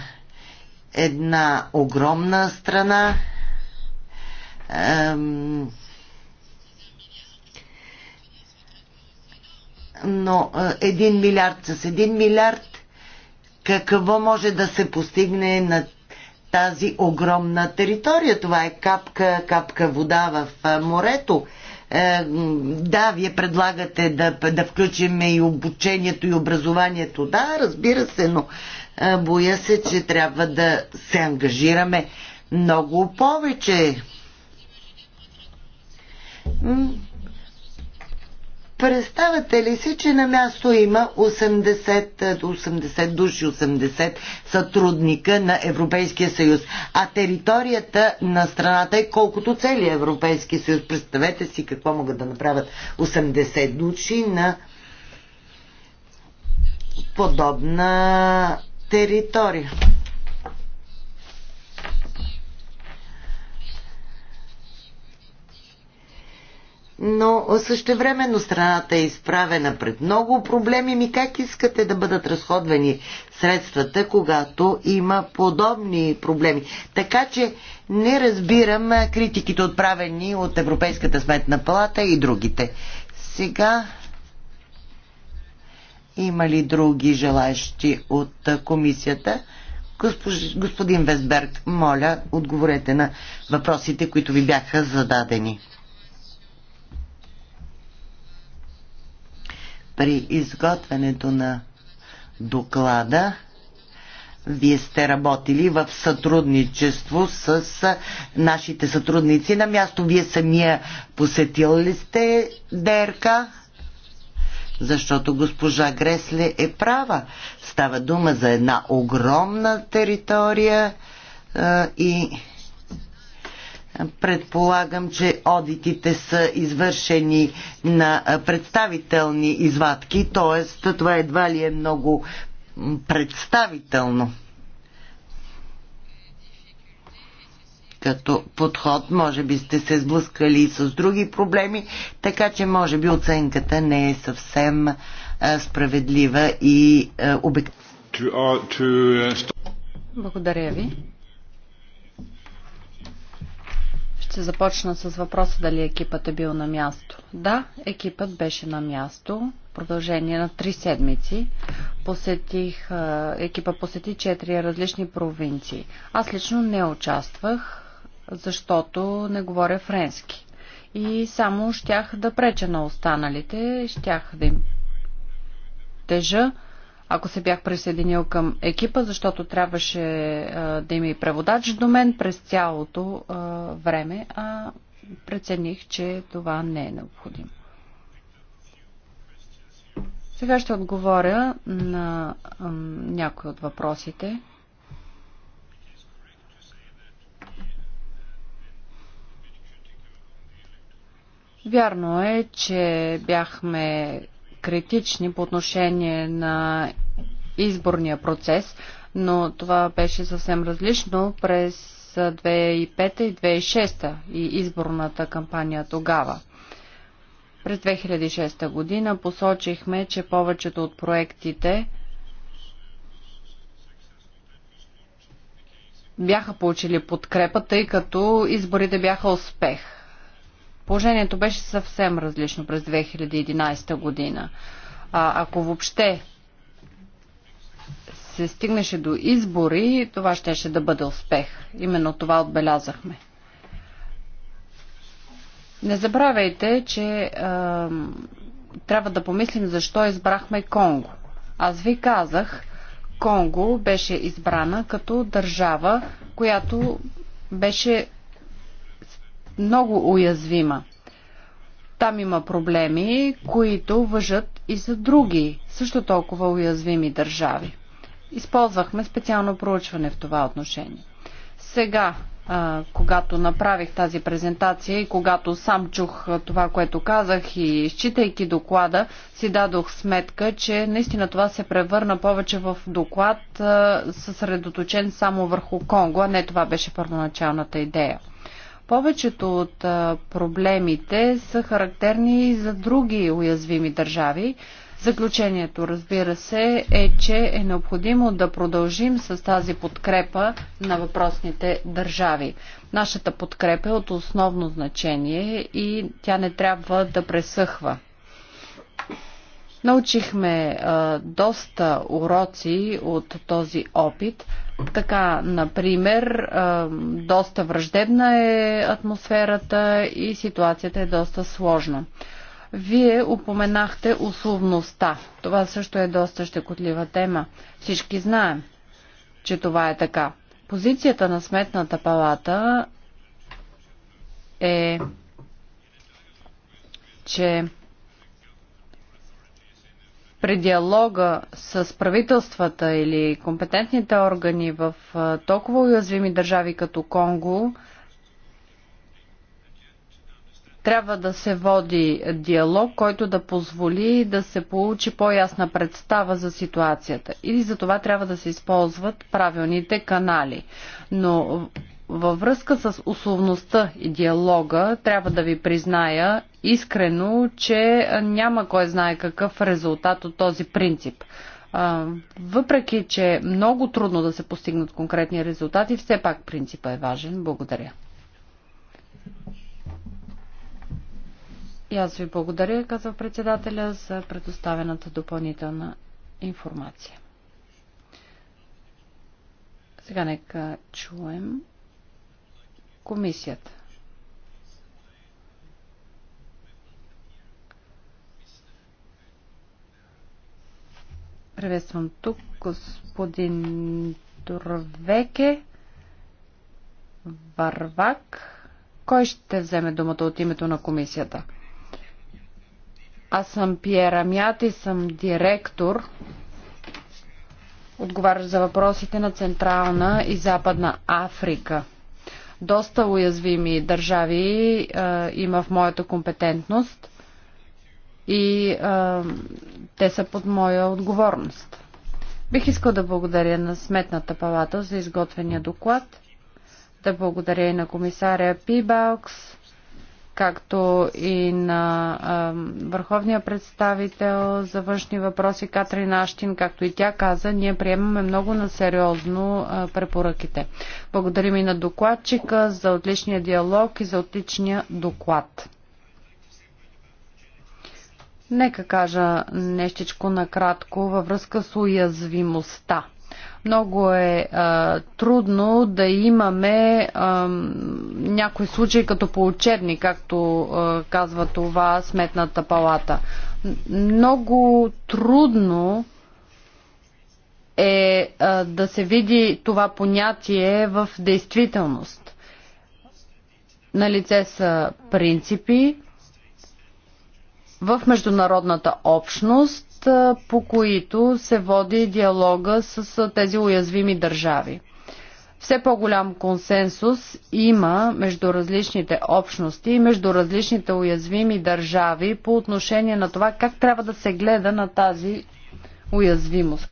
една огромна страна. Ам, но един милиард с един милиард какво може да се постигне на тази огромна територия. Това е капка, капка вода в морето. Е, да, вие предлагате да, да включим и обучението и образованието. Да, разбира се, но боя се, че трябва да се ангажираме много повече. Представате ли си, че на място има 80, 80 е, души, 80 сътрудника на Европейския съюз, а територията на страната е колкото целият Европейски съюз. Представете си какво могат да направят 80 души на подобна територия. но същевременно страната е изправена пред много проблеми. Ми как искате да бъдат разходвани средствата, когато има подобни проблеми? Така че не разбирам критиките отправени от Европейската сметна палата и другите. Сега има ли други желащи от комисията? Господин Весберг, моля, отговорете на въпросите, които ви бяха зададени. при изготвянето на доклада вие сте работили в сътрудничество с нашите сътрудници на място. Вие самия посетил ли сте ДРК? Защото госпожа Гресле е права. Става дума за една огромна територия и Предполагам, че одитите са извършени на представителни извадки, т.е. това едва ли е много представително. като подход. Може би сте се сблъскали и с други проблеми, така че може би оценката не е съвсем справедлива и обективна. Uh, uh, Благодаря ви. Ще започна с въпроса дали екипът е бил на място. Да, екипът беше на място. Продължение на три седмици. Посетих, екипа посети четири различни провинции. Аз лично не участвах, защото не говоря френски. И само щях да преча на останалите, щях да им тежа ако се бях присъединил към екипа, защото трябваше а, да има и преводач до мен през цялото а, време, а прецених, че това не е необходимо. Сега ще отговоря на а, някои от въпросите. Вярно е, че бяхме критични по отношение на изборния процес, но това беше съвсем различно през 2005 и 2006 и изборната кампания тогава. През 2006 година посочихме, че повечето от проектите бяха получили подкрепа, тъй като изборите бяха успех. Положението беше съвсем различно през 2011 година. А, ако въобще се стигнеше до избори, това щеше да бъде успех. Именно това отбелязахме. Не забравяйте, че а, трябва да помислим защо избрахме Конго. Аз ви казах, Конго беше избрана като държава, която беше много уязвима. Там има проблеми, които въжат и за други, също толкова уязвими държави. Използвахме специално проучване в това отношение. Сега, когато направих тази презентация и когато сам чух това, което казах и изчитайки доклада, си дадох сметка, че наистина това се превърна повече в доклад, съсредоточен само върху Конго, а не това беше първоначалната идея. Повечето от проблемите са характерни и за други уязвими държави. Заключението, разбира се, е, че е необходимо да продължим с тази подкрепа на въпросните държави. Нашата подкрепа е от основно значение и тя не трябва да пресъхва. Научихме а, доста уроци от този опит, така, например, доста враждебна е атмосферата и ситуацията е доста сложна. Вие упоменахте условността. Това също е доста щекотлива тема. Всички знаем, че това е така. Позицията на Сметната палата е, че при диалога с правителствата или компетентните органи в толкова уязвими държави като Конго, трябва да се води диалог, който да позволи да се получи по-ясна представа за ситуацията. И за това трябва да се използват правилните канали. Но във връзка с условността и диалога, трябва да ви призная искрено, че няма кой знае какъв резултат от този принцип. Въпреки, че е много трудно да се постигнат конкретни резултати, все пак принципа е важен. Благодаря. И аз ви благодаря, казва председателя, за предоставената допълнителна информация. Сега нека чуем комисията. Приветствам тук господин Турвеке Варвак. Кой ще вземе думата от името на комисията? Аз съм Пьер Амят и съм директор, отговарящ за въпросите на Централна и Западна Африка. Доста уязвими държави а, е, има в моята компетентност и а, е, те са под моя отговорност. Бих искал да благодаря на Сметната палата за изготвения доклад, да благодаря и на комисаря Пибалкс както и на а, върховния представител за външни въпроси Катрин Аштин, както и тя каза, ние приемаме много на сериозно а, препоръките. Благодарим и на докладчика за отличния диалог и за отличния доклад. Нека кажа нещичко накратко във връзка с уязвимостта. Много е а, трудно да имаме а, някои случаи като по учебни, както а, казва това Сметната палата. Много трудно е а, да се види това понятие в действителност. На лице са принципи в международната общност по които се води диалога с тези уязвими държави. Все по-голям консенсус има между различните общности и между различните уязвими държави по отношение на това как трябва да се гледа на тази уязвимост.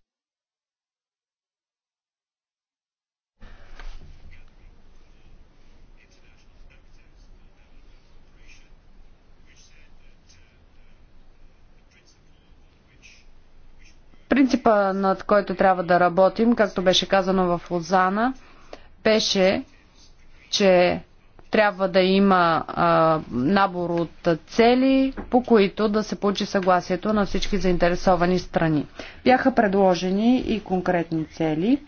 Принципа, над който трябва да работим, както беше казано в Лозана, беше, че трябва да има а, набор от цели, по които да се получи съгласието на всички заинтересовани страни. Бяха предложени и конкретни цели.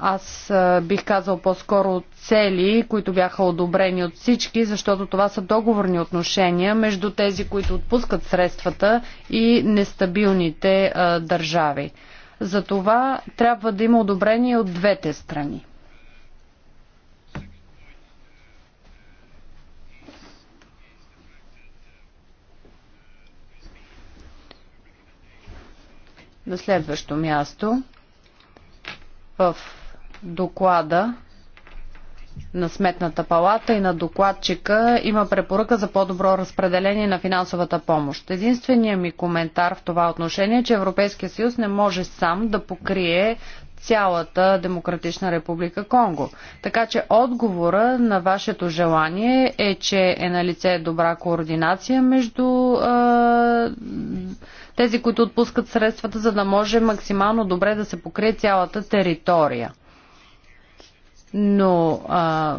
Аз бих казал по-скоро цели, които бяха одобрени от всички, защото това са договорни отношения между тези, които отпускат средствата и нестабилните а, държави. За това трябва да има одобрение от двете страни. На следващо място в доклада на Сметната палата и на докладчика има препоръка за по-добро разпределение на финансовата помощ. Единственият ми коментар в това отношение е, че Европейския съюз не може сам да покрие цялата Демократична република Конго. Така че отговора на вашето желание е, че е на лице добра координация между е, тези, които отпускат средствата, за да може максимално добре да се покрие цялата територия но а,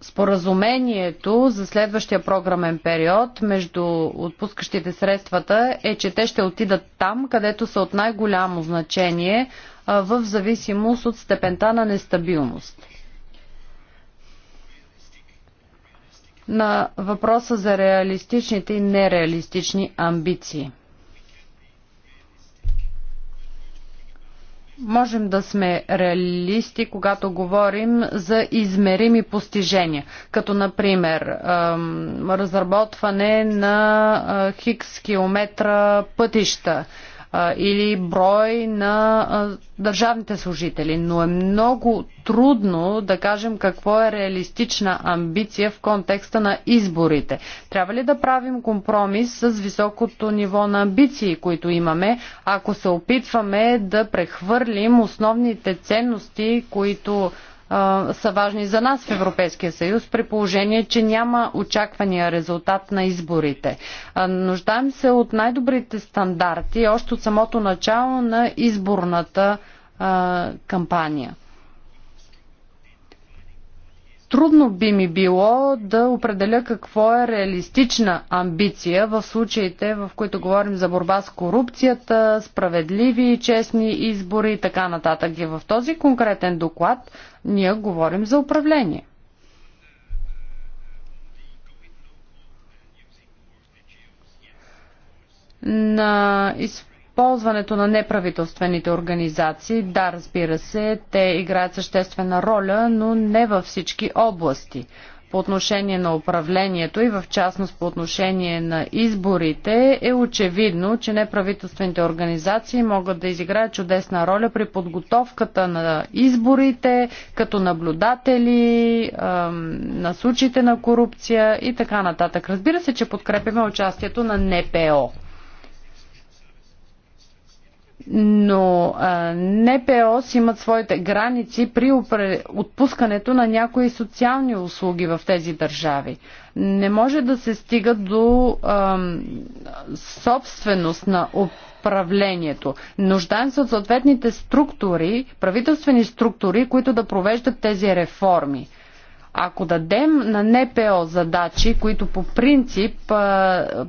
споразумението за следващия програмен период между отпускащите средствата е, че те ще отидат там, където са от най-голямо значение а, в зависимост от степента на нестабилност. На въпроса за реалистичните и нереалистични амбиции – можем да сме реалисти, когато говорим за измерими постижения, като например разработване на хикс километра пътища, или брой на държавните служители, но е много трудно да кажем какво е реалистична амбиция в контекста на изборите. Трябва ли да правим компромис с високото ниво на амбиции, които имаме, ако се опитваме да прехвърлим основните ценности, които са важни за нас в Европейския съюз, при положение, че няма очаквания резултат на изборите. нуждаем се от най-добрите стандарти още от самото начало на изборната кампания. Трудно би ми било да определя какво е реалистична амбиция в случаите, в които говорим за борба с корупцията, справедливи и честни избори и така нататък. И в този конкретен доклад ние говорим за управление. На изп ползването на неправителствените организации, да, разбира се, те играят съществена роля, но не във всички области. По отношение на управлението и в частност по отношение на изборите е очевидно, че неправителствените организации могат да изиграят чудесна роля при подготовката на изборите, като наблюдатели, на случаите на корупция и така нататък. Разбира се, че подкрепяме участието на НПО но а, НПО си имат своите граници при отпускането на някои социални услуги в тези държави. Не може да се стига до а, собственост на управлението. Нуждаем се от съответните структури, правителствени структури, които да провеждат тези реформи. Ако дадем на НПО задачи, които по принцип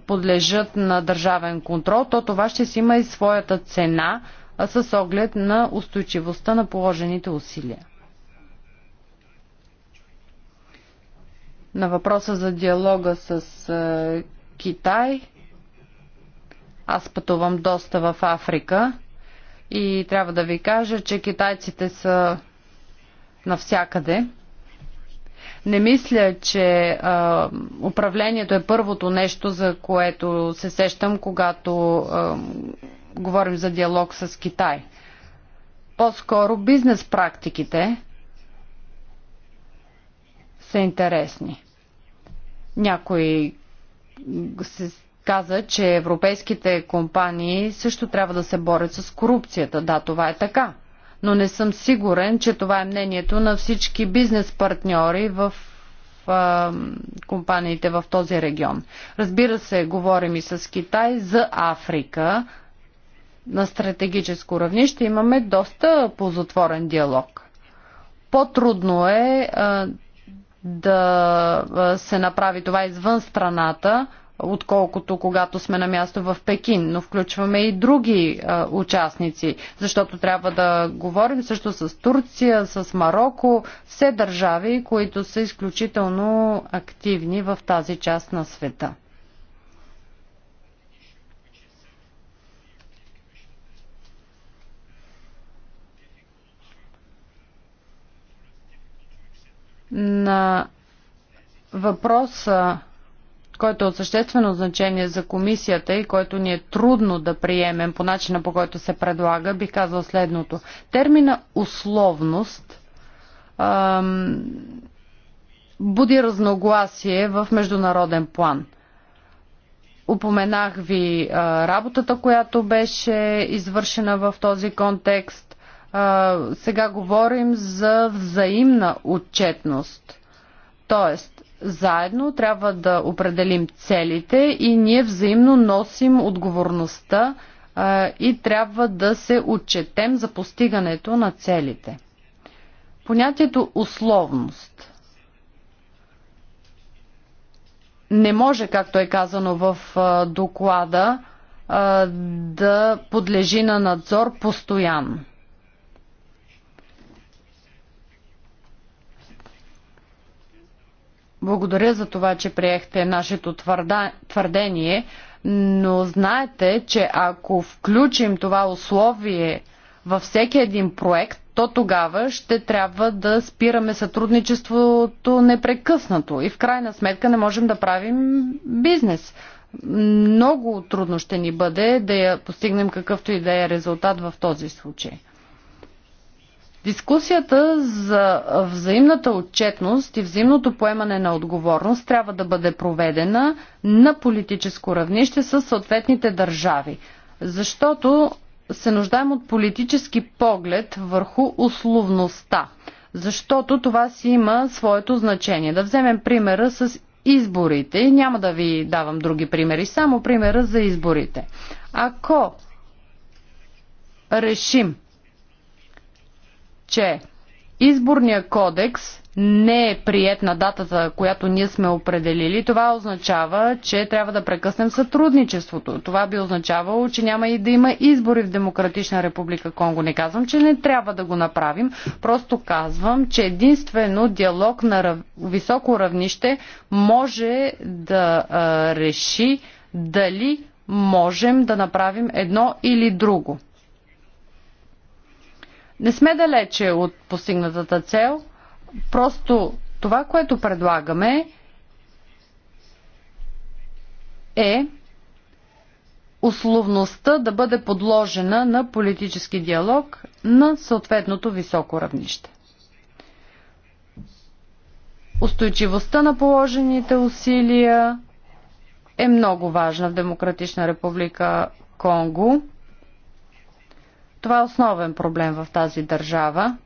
подлежат на държавен контрол, то това ще си има и своята цена с оглед на устойчивостта на положените усилия. На въпроса за диалога с Китай, аз пътувам доста в Африка и трябва да ви кажа, че китайците са навсякъде. Не мисля, че а, управлението е първото нещо, за което се сещам, когато а, говорим за диалог с Китай. По-скоро бизнес практиките са интересни. Някой се каза, че европейските компании също трябва да се борят с корупцията. Да, това е така но не съм сигурен, че това е мнението на всички бизнес партньори в компаниите в този регион. Разбира се, говорим и с Китай за Африка. На стратегическо равнище имаме доста ползотворен диалог. По-трудно е да се направи това извън страната, отколкото когато сме на място в Пекин, но включваме и други а, участници, защото трябва да говорим също с Турция, с Марокко, все държави, които са изключително активни в тази част на света. На въпроса който е от съществено значение за комисията и който ни е трудно да приемем по начина по който се предлага, бих казал следното. Термина условност ам, буди разногласие в международен план. Упоменах ви а, работата, която беше извършена в този контекст. А, сега говорим за взаимна отчетност. Тоест, заедно трябва да определим целите и ние взаимно носим отговорността а, и трябва да се отчетем за постигането на целите. Понятието условност не може, както е казано в а, доклада, а, да подлежи на надзор постоянно. Благодаря за това, че приехте нашето твърда, твърдение, но знаете, че ако включим това условие във всеки един проект, то тогава ще трябва да спираме сътрудничеството непрекъснато и в крайна сметка не можем да правим бизнес. Много трудно ще ни бъде да я постигнем какъвто и да е резултат в този случай. Дискусията за взаимната отчетност и взаимното поемане на отговорност трябва да бъде проведена на политическо равнище с съответните държави, защото се нуждаем от политически поглед върху условността, защото това си има своето значение. Да вземем примера с изборите. Няма да ви давам други примери, само примера за изборите. Ако решим че изборния кодекс не е прият на датата, която ние сме определили, това означава, че трябва да прекъснем сътрудничеството. Това би означавало, че няма и да има избори в Демократична република Конго. Не казвам, че не трябва да го направим, просто казвам, че единствено диалог на рав... високо равнище може да а, реши дали можем да направим едно или друго. Не сме далече от постигнатата цел, просто това, което предлагаме е условността да бъде подложена на политически диалог на съответното високо равнище. Устойчивостта на положените усилия е много важна в Демократична република Конго. Това е основен проблем в тази държава.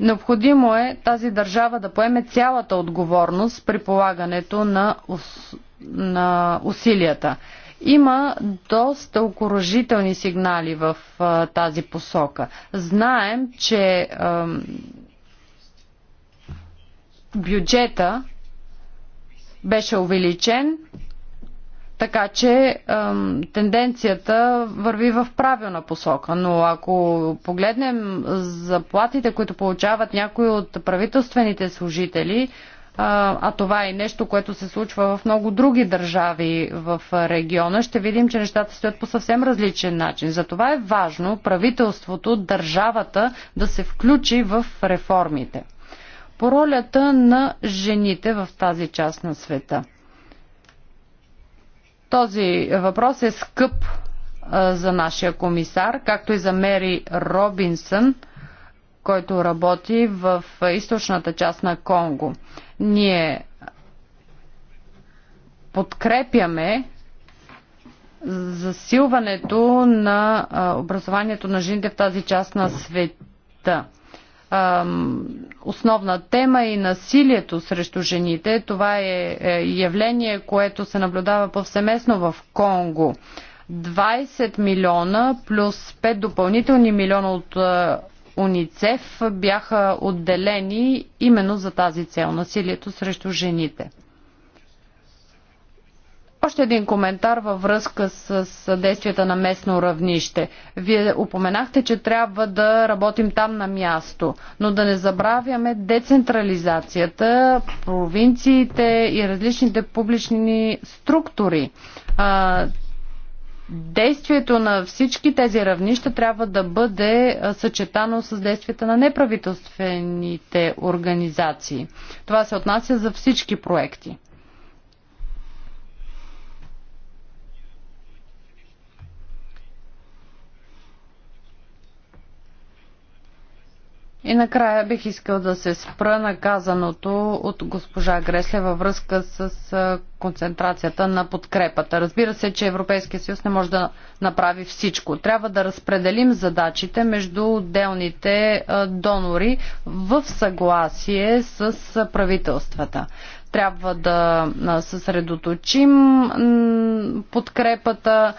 Необходимо е тази държава да поеме цялата отговорност при полагането на, ус... на усилията. Има доста окоръжителни сигнали в а, тази посока. Знаем, че а, бюджета беше увеличен така че тенденцията върви в правилна посока, но ако погледнем заплатите, които получават някои от правителствените служители, а това е нещо, което се случва в много други държави в региона, ще видим, че нещата стоят по съвсем различен начин. Затова е важно правителството, държавата да се включи в реформите. По ролята на жените в тази част на света – този въпрос е скъп за нашия комисар, както и за Мери Робинсън, който работи в източната част на Конго. Ние подкрепяме засилването на образованието на жените в тази част на света основна тема и насилието срещу жените. Това е, е явление, което се наблюдава повсеместно в Конго. 20 милиона плюс 5 допълнителни милиона от е, УНИЦЕФ бяха отделени именно за тази цел насилието срещу жените. Още един коментар във връзка с действията на местно равнище. Вие упоменахте, че трябва да работим там на място, но да не забравяме децентрализацията, провинциите и различните публични структури. Действието на всички тези равнища трябва да бъде съчетано с действията на неправителствените организации. Това се отнася за всички проекти. И накрая бих искал да се спра на казаното от госпожа Гресле във връзка с концентрацията на подкрепата. Разбира се, че Европейския съюз не може да направи всичко. Трябва да разпределим задачите между отделните донори в съгласие с правителствата. Трябва да съсредоточим подкрепата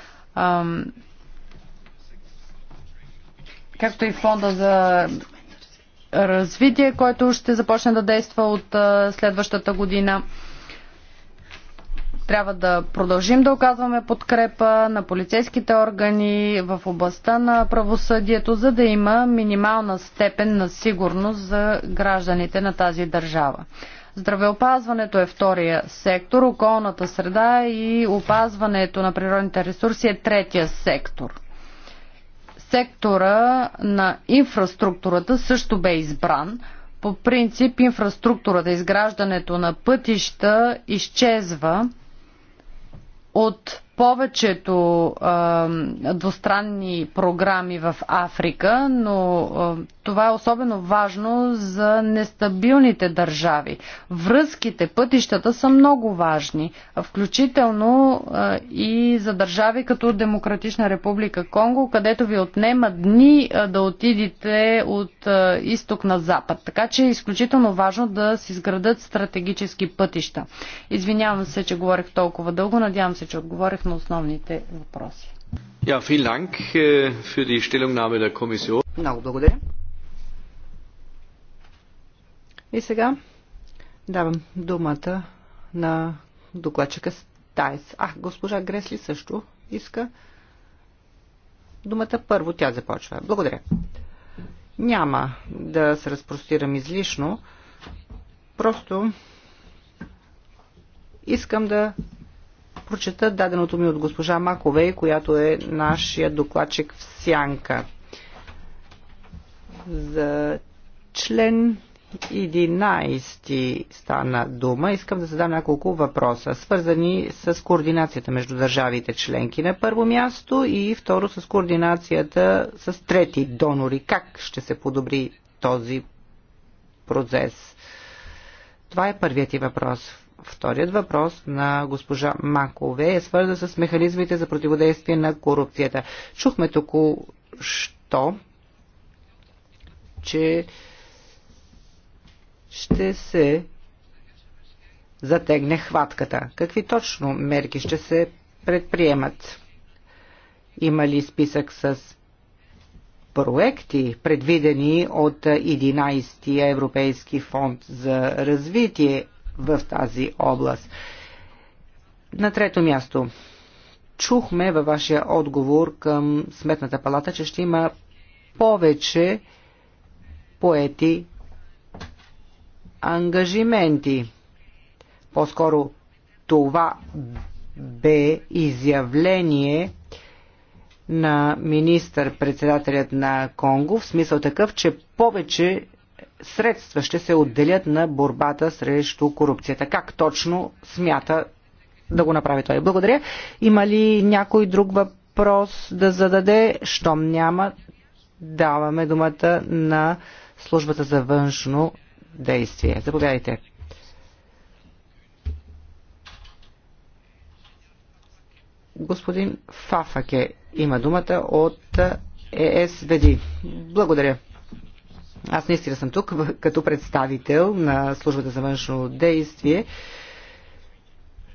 както и фонда за развитие, който ще започне да действа от следващата година. Трябва да продължим да оказваме подкрепа на полицейските органи в областта на правосъдието, за да има минимална степен на сигурност за гражданите на тази държава. Здравеопазването е втория сектор, околната среда и опазването на природните ресурси е третия сектор. Сектора на инфраструктурата също бе избран. По принцип инфраструктурата, изграждането на пътища изчезва от повечето а, двустранни програми в Африка, но а, това е особено важно за нестабилните държави. Връзките, пътищата са много важни, включително а, и за държави като Демократична република Конго, където ви отнема дни а, да отидете от а, изток на запад. Така че е изключително важно да се изградат стратегически пътища. Извинявам се, че говорих толкова дълго, надявам се, че отговорих на основните въпроси. Ja, vielen Dank äh, für die Stellungnahme der Kommission. Много благодаря. И сега давам думата на докладчика Стайс. А, госпожа Гресли също иска думата. Първо тя започва. Благодаря. Няма да се разпростирам излишно. Просто искам да прочета даденото ми от госпожа Маковей, която е нашия докладчик в Сянка. За член 11 стана дума, искам да задам няколко въпроса, свързани с координацията между държавите членки на първо място и второ с координацията с трети донори. Как ще се подобри този процес? Това е първият ти въпрос. Вторият въпрос на госпожа Макове е свързан с механизмите за противодействие на корупцията. Чухме тук що че ще се затегне хватката. Какви точно мерки ще се предприемат? Има ли списък с проекти, предвидени от 11-я Европейски фонд за развитие? в тази област. На трето място. Чухме във вашия отговор към Сметната палата, че ще има повече поети ангажименти. По-скоро това бе изявление на министър-председателят на Конго, в смисъл такъв, че повече средства ще се отделят на борбата срещу корупцията. Как точно смята да го направи той? Благодаря. Има ли някой друг въпрос да зададе? Щом няма, даваме думата на службата за външно действие. Заповядайте. Господин Фафаке има думата от ЕСВД. Благодаря. Аз наистина съм тук като представител на службата за външно действие,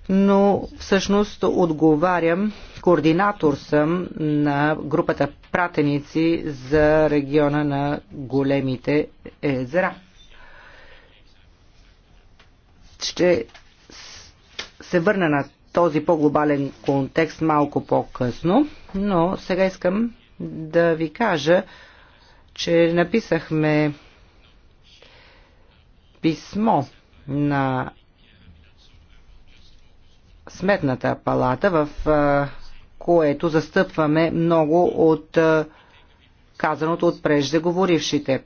но всъщност отговарям, координатор съм на групата пратеници за региона на големите езера. Ще се върна на този по-глобален контекст малко по-късно, но сега искам да ви кажа че написахме писмо на Сметната палата, в което застъпваме много от казаното от преждеговорившите.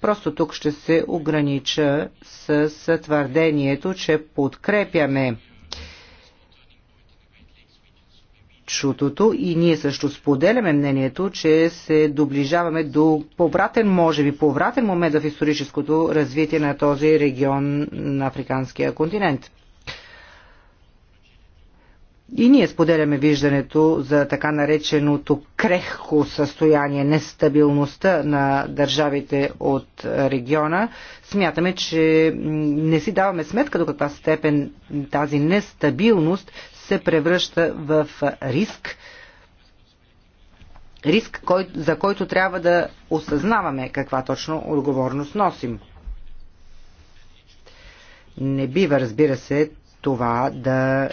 Просто тук ще се огранича с твърдението, че подкрепяме чутото и ние също споделяме мнението, че се доближаваме до повратен, може би повратен момент в историческото развитие на този регион на Африканския континент. И ние споделяме виждането за така нареченото крехко състояние, нестабилността на държавите от региона. Смятаме, че не си даваме сметка до каква степен тази нестабилност се превръща в риск, риск, за който трябва да осъзнаваме каква точно отговорност носим. Не бива, разбира се, това да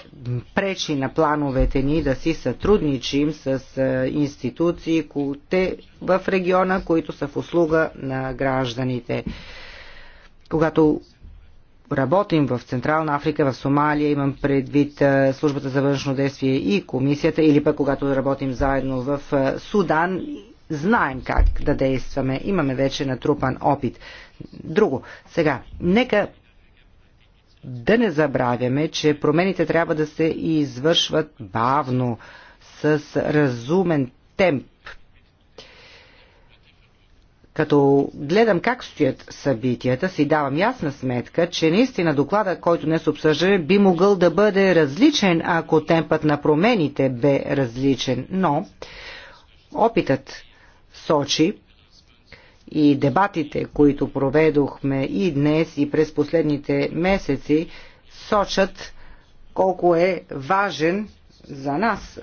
пречи на плановете ни да си сътрудничим с е, институции те в региона, които са в услуга на гражданите. Когато работим в Централна Африка, в Сомалия, имам предвид службата за външно действие и комисията, или пък когато работим заедно в Судан, знаем как да действаме. Имаме вече натрупан опит. Друго. Сега, нека да не забравяме, че промените трябва да се извършват бавно, с разумен темп като гледам как стоят събитията, си давам ясна сметка, че наистина доклада, който днес обсъждаме, би могъл да бъде различен, ако темпът на промените бе различен. Но опитът сочи и дебатите, които проведохме и днес, и през последните месеци, сочат колко е важен за нас е,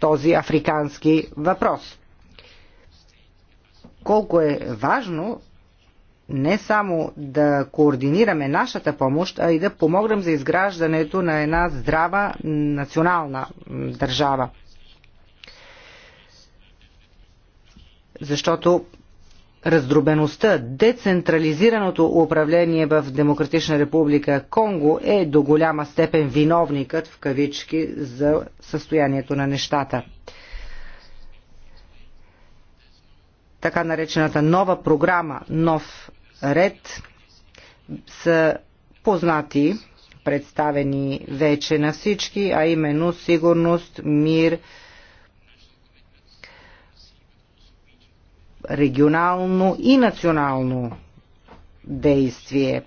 този африкански въпрос колко е важно не само да координираме нашата помощ, а и да помогнем за изграждането на една здрава национална държава. Защото раздробеността, децентрализираното управление в Демократична република Конго е до голяма степен виновникът в кавички за състоянието на нещата. така наречената нова програма, нов ред, са познати, представени вече на всички, а именно сигурност, мир, регионално и национално действие.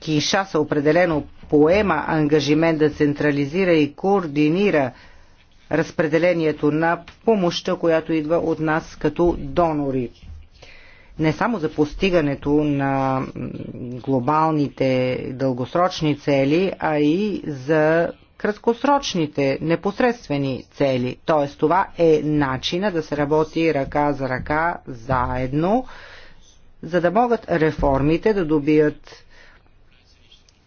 Киншаса определено поема ангажимент да централизира и координира разпределението на помощта, която идва от нас като донори. Не само за постигането на глобалните дългосрочни цели, а и за краткосрочните непосредствени цели. Т.е. това е начина да се работи ръка за ръка заедно, за да могат реформите да добият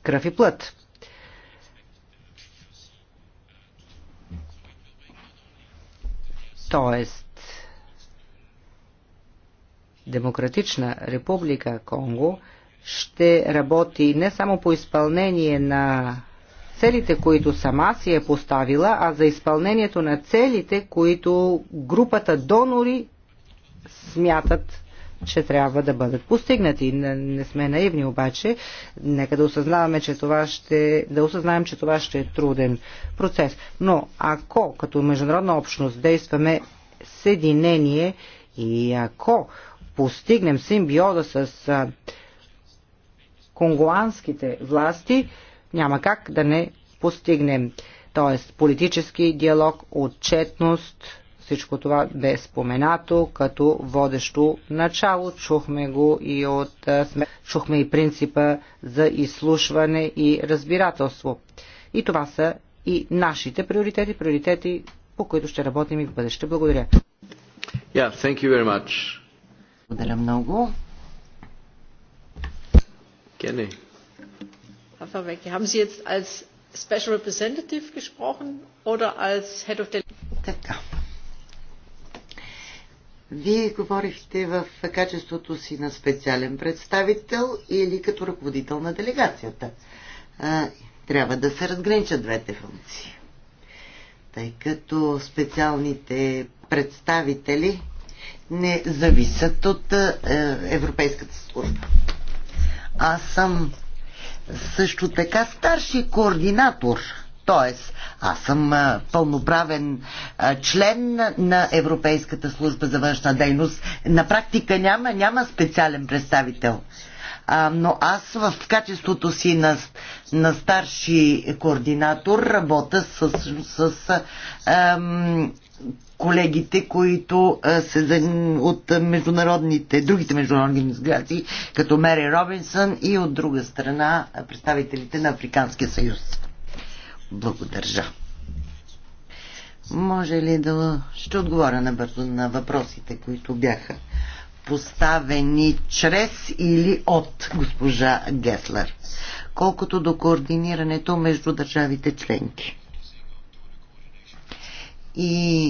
кръв и плът. Тоест, Демократична република Конго ще работи не само по изпълнение на целите, които сама си е поставила, а за изпълнението на целите, които групата донори смятат че трябва да бъдат постигнати. Не, не сме наивни обаче. Нека да осъзнаваме, че това ще, да осъзнаем, че това ще е труден процес. Но ако като международна общност действаме съединение и ако постигнем симбиоза с а, конгуанските власти, няма как да не постигнем. Тоест политически диалог, отчетност, всичко това бе споменато като водещо начало. Чухме го и от... Чухме и принципа за изслушване и разбирателство. И това са и нашите приоритети, приоритети, по които ще работим и в бъдеще. Благодаря. Yeah, thank you very much. Благодаря много. Gerne. Herr haben Sie jetzt als Special Representative gesprochen oder als Head of Delegation? Вие говорихте в качеството си на специален представител или като ръководител на делегацията. Трябва да се разграничат двете функции. Тъй като специалните представители не зависят от Европейската служба. Аз съм също така старши координатор Тоест, аз съм а, пълноправен а, член на Европейската служба за външна дейност. На практика няма, няма специален представител. А, но аз в качеството си на, на старши координатор работя с, с, с ам, колегите, които а, се от международните, другите международни организации, като Мери Робинсън и от друга страна представителите на Африканския съюз благодържа. Може ли да... Ще отговоря набързо на въпросите, които бяха поставени чрез или от госпожа Геслер, колкото до координирането между държавите членки. И,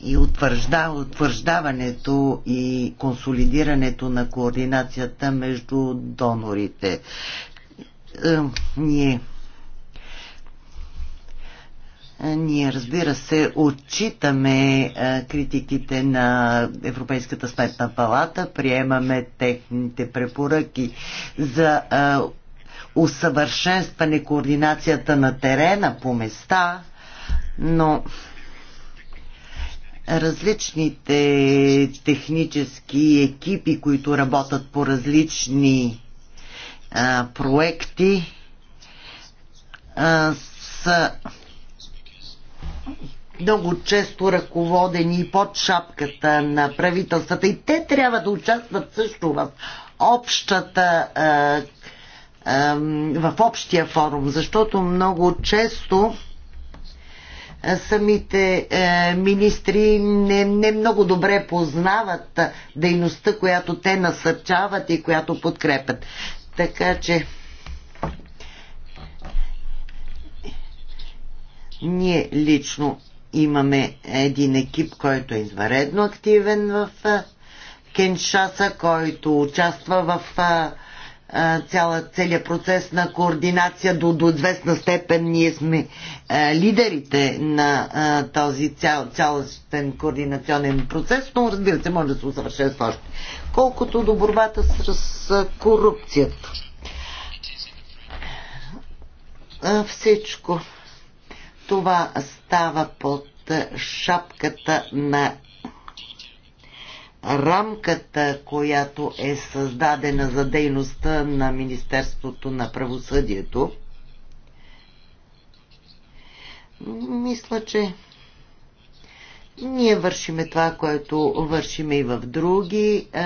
и утвържда, утвърждаването и консолидирането на координацията между донорите. Е, ние е, ние, разбира се, отчитаме е, критиките на Европейската сметна палата, приемаме техните препоръки за усъвършенстване координацията на терена по места, но различните технически екипи, които работят по различни а, проекти а, са много често ръководени под шапката на правителствата и те трябва да участват също в общата а, а, в общия форум, защото много често самите е, министри не, не много добре познават дейността, която те насърчават и която подкрепят. Така че ние лично имаме един екип, който е изваредно активен в Кеншаса, който участва в цяла, целият процес на координация до, до известна степен ние сме е, лидерите на е, този цял, цялостен координационен процес, но разбира се, може да се усъвършенства още колкото до борбата с корупцията. Всичко това става под шапката на рамката, която е създадена за дейността на Министерството на правосъдието. Мисля, че ние вършиме това, което вършиме и в други е,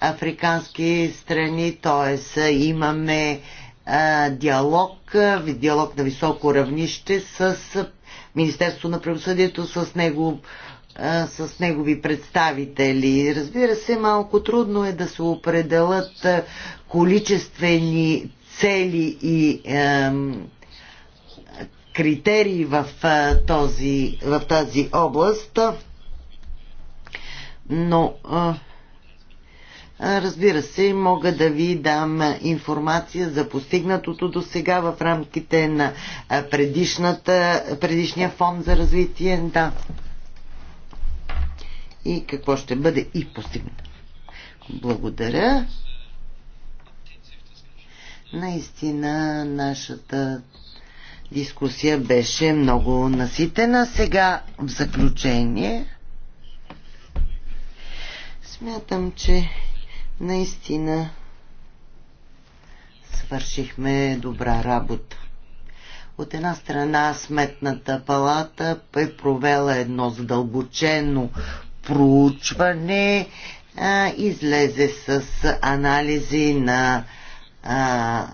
африкански страни, т.е. имаме е, диалог, е, диалог на високо равнище с Министерство на правосъдието, с него с негови представители. Разбира се, малко трудно е да се определят количествени цели и е, критерии в, този, в тази област, но разбира се, мога да ви дам информация за постигнатото до сега в рамките на предишната, предишния фонд за развитие. Да. И какво ще бъде и постигнато. Благодаря. Наистина нашата дискусия беше много наситена. Сега в заключение смятам, че наистина свършихме добра работа. От една страна Сметната палата е провела едно задълбочено проучване, излезе с анализи на а,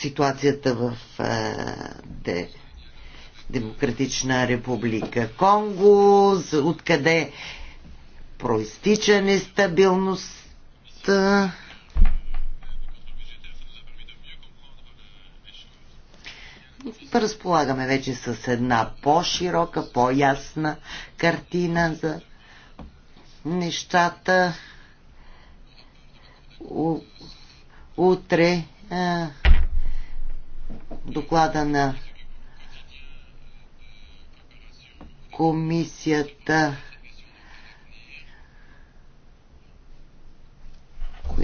ситуацията в де, Демократична република Конго, откъде проистича нестабилността. разполагаме вече с една по-широка, по-ясна картина за нещата. У... Утре а доклада на комисията.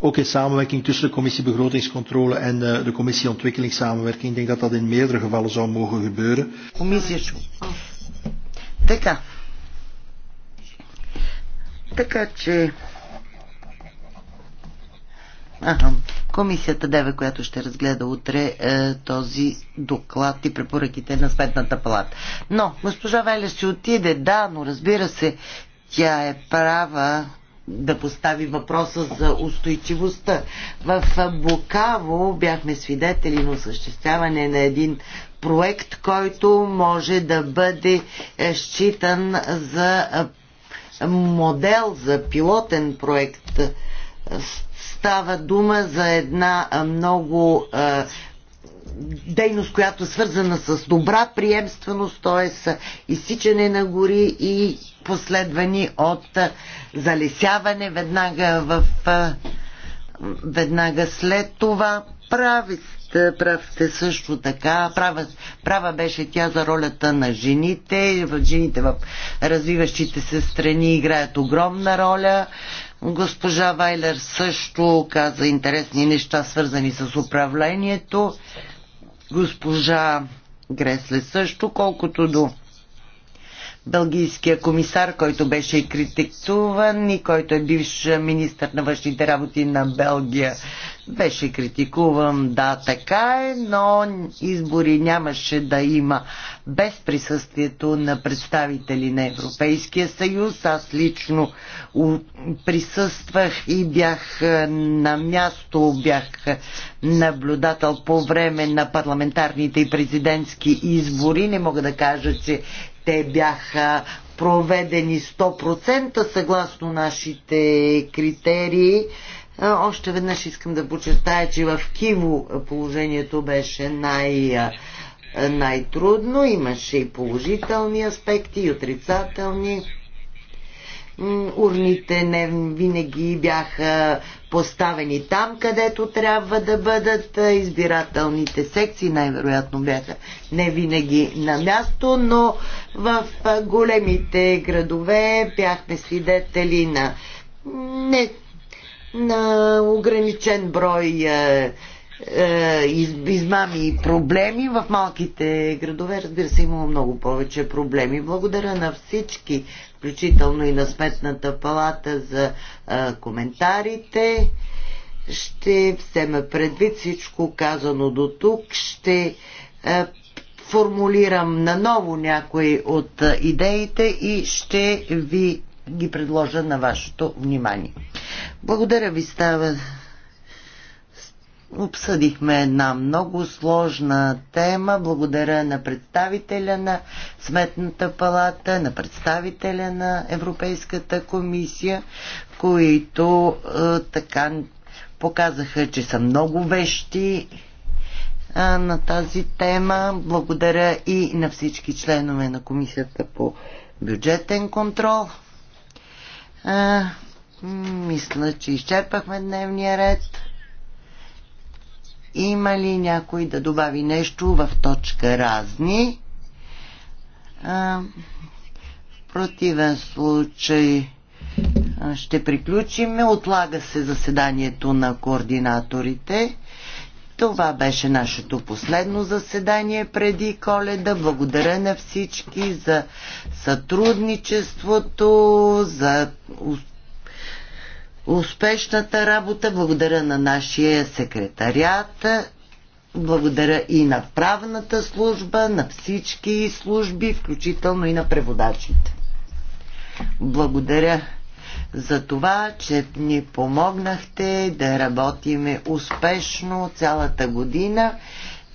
Ook in samenwerking tussen de commissie begrotingscontrole en uh, de commissie ontwikkelingssamenwerking. Ik denk dat dat in meerdere gevallen zou mogen gebeuren. Commissie. Така. Така че. Ага. Комисията 9, която ще разгледа утре е, този доклад и препоръките на Сметната палата. Но, госпожа Веля ще отиде, да, но разбира се, тя е права да постави въпроса за устойчивостта. В Букаво бяхме свидетели на осъществяване на един проект, който може да бъде е, считан за е, модел, за пилотен проект става дума за една много дейност, която е свързана с добра приемственост, т.е. изсичане на гори и последвани от залесяване веднага в веднага след това прави прав сте също така. Права, права беше тя за ролята на жените. Жените в развиващите се страни играят огромна роля. Госпожа Вайлер също каза интересни неща, свързани с управлението. Госпожа Гресле също, колкото до бългийския комисар, който беше критикуван и който е бивш министр на външните работи на Белгия. Беше критикуван, да, така е, но избори нямаше да има без присъствието на представители на Европейския съюз. Аз лично присъствах и бях е, на място, бях наблюдател по време на парламентарните и президентски избори. Не мога да кажа, че те бяха проведени 100% съгласно нашите критерии. Още веднъж искам да почертая, че в Киво положението беше най- най-трудно. Имаше и положителни аспекти, и отрицателни урните не винаги бяха поставени там, където трябва да бъдат е, избирателните секции. Най-вероятно бяха не винаги на място, но в е, големите градове бяхме свидетели на, не, на ограничен брой е, измами и проблеми. В малките градове, разбира се, имало много повече проблеми. Благодаря на всички включително и на Сметната палата за а, коментарите. Ще взема предвид всичко казано до тук. Ще а, формулирам наново някои от а, идеите и ще ви ги предложа на вашето внимание. Благодаря ви, става обсъдихме една много сложна тема. Благодаря на представителя на Сметната палата, на представителя на Европейската комисия, които е, така показаха, че са много вещи е, на тази тема. Благодаря и на всички членове на Комисията по бюджетен контрол. Е, мисля, че изчерпахме дневния ред. Има ли някой да добави нещо в точка разни? А, противен случай ще приключим. Отлага се заседанието на координаторите. Това беше нашето последно заседание преди коледа. Благодаря на всички за сътрудничеството, за успешната работа. Благодаря на нашия секретариат. Благодаря и на правната служба, на всички служби, включително и на преводачите. Благодаря за това, че ни помогнахте да работиме успешно цялата година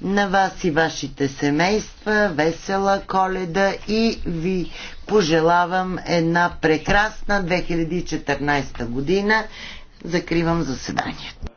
на вас и вашите семейства, весела коледа и ви пожелавам една прекрасна 2014 година. Закривам заседанието.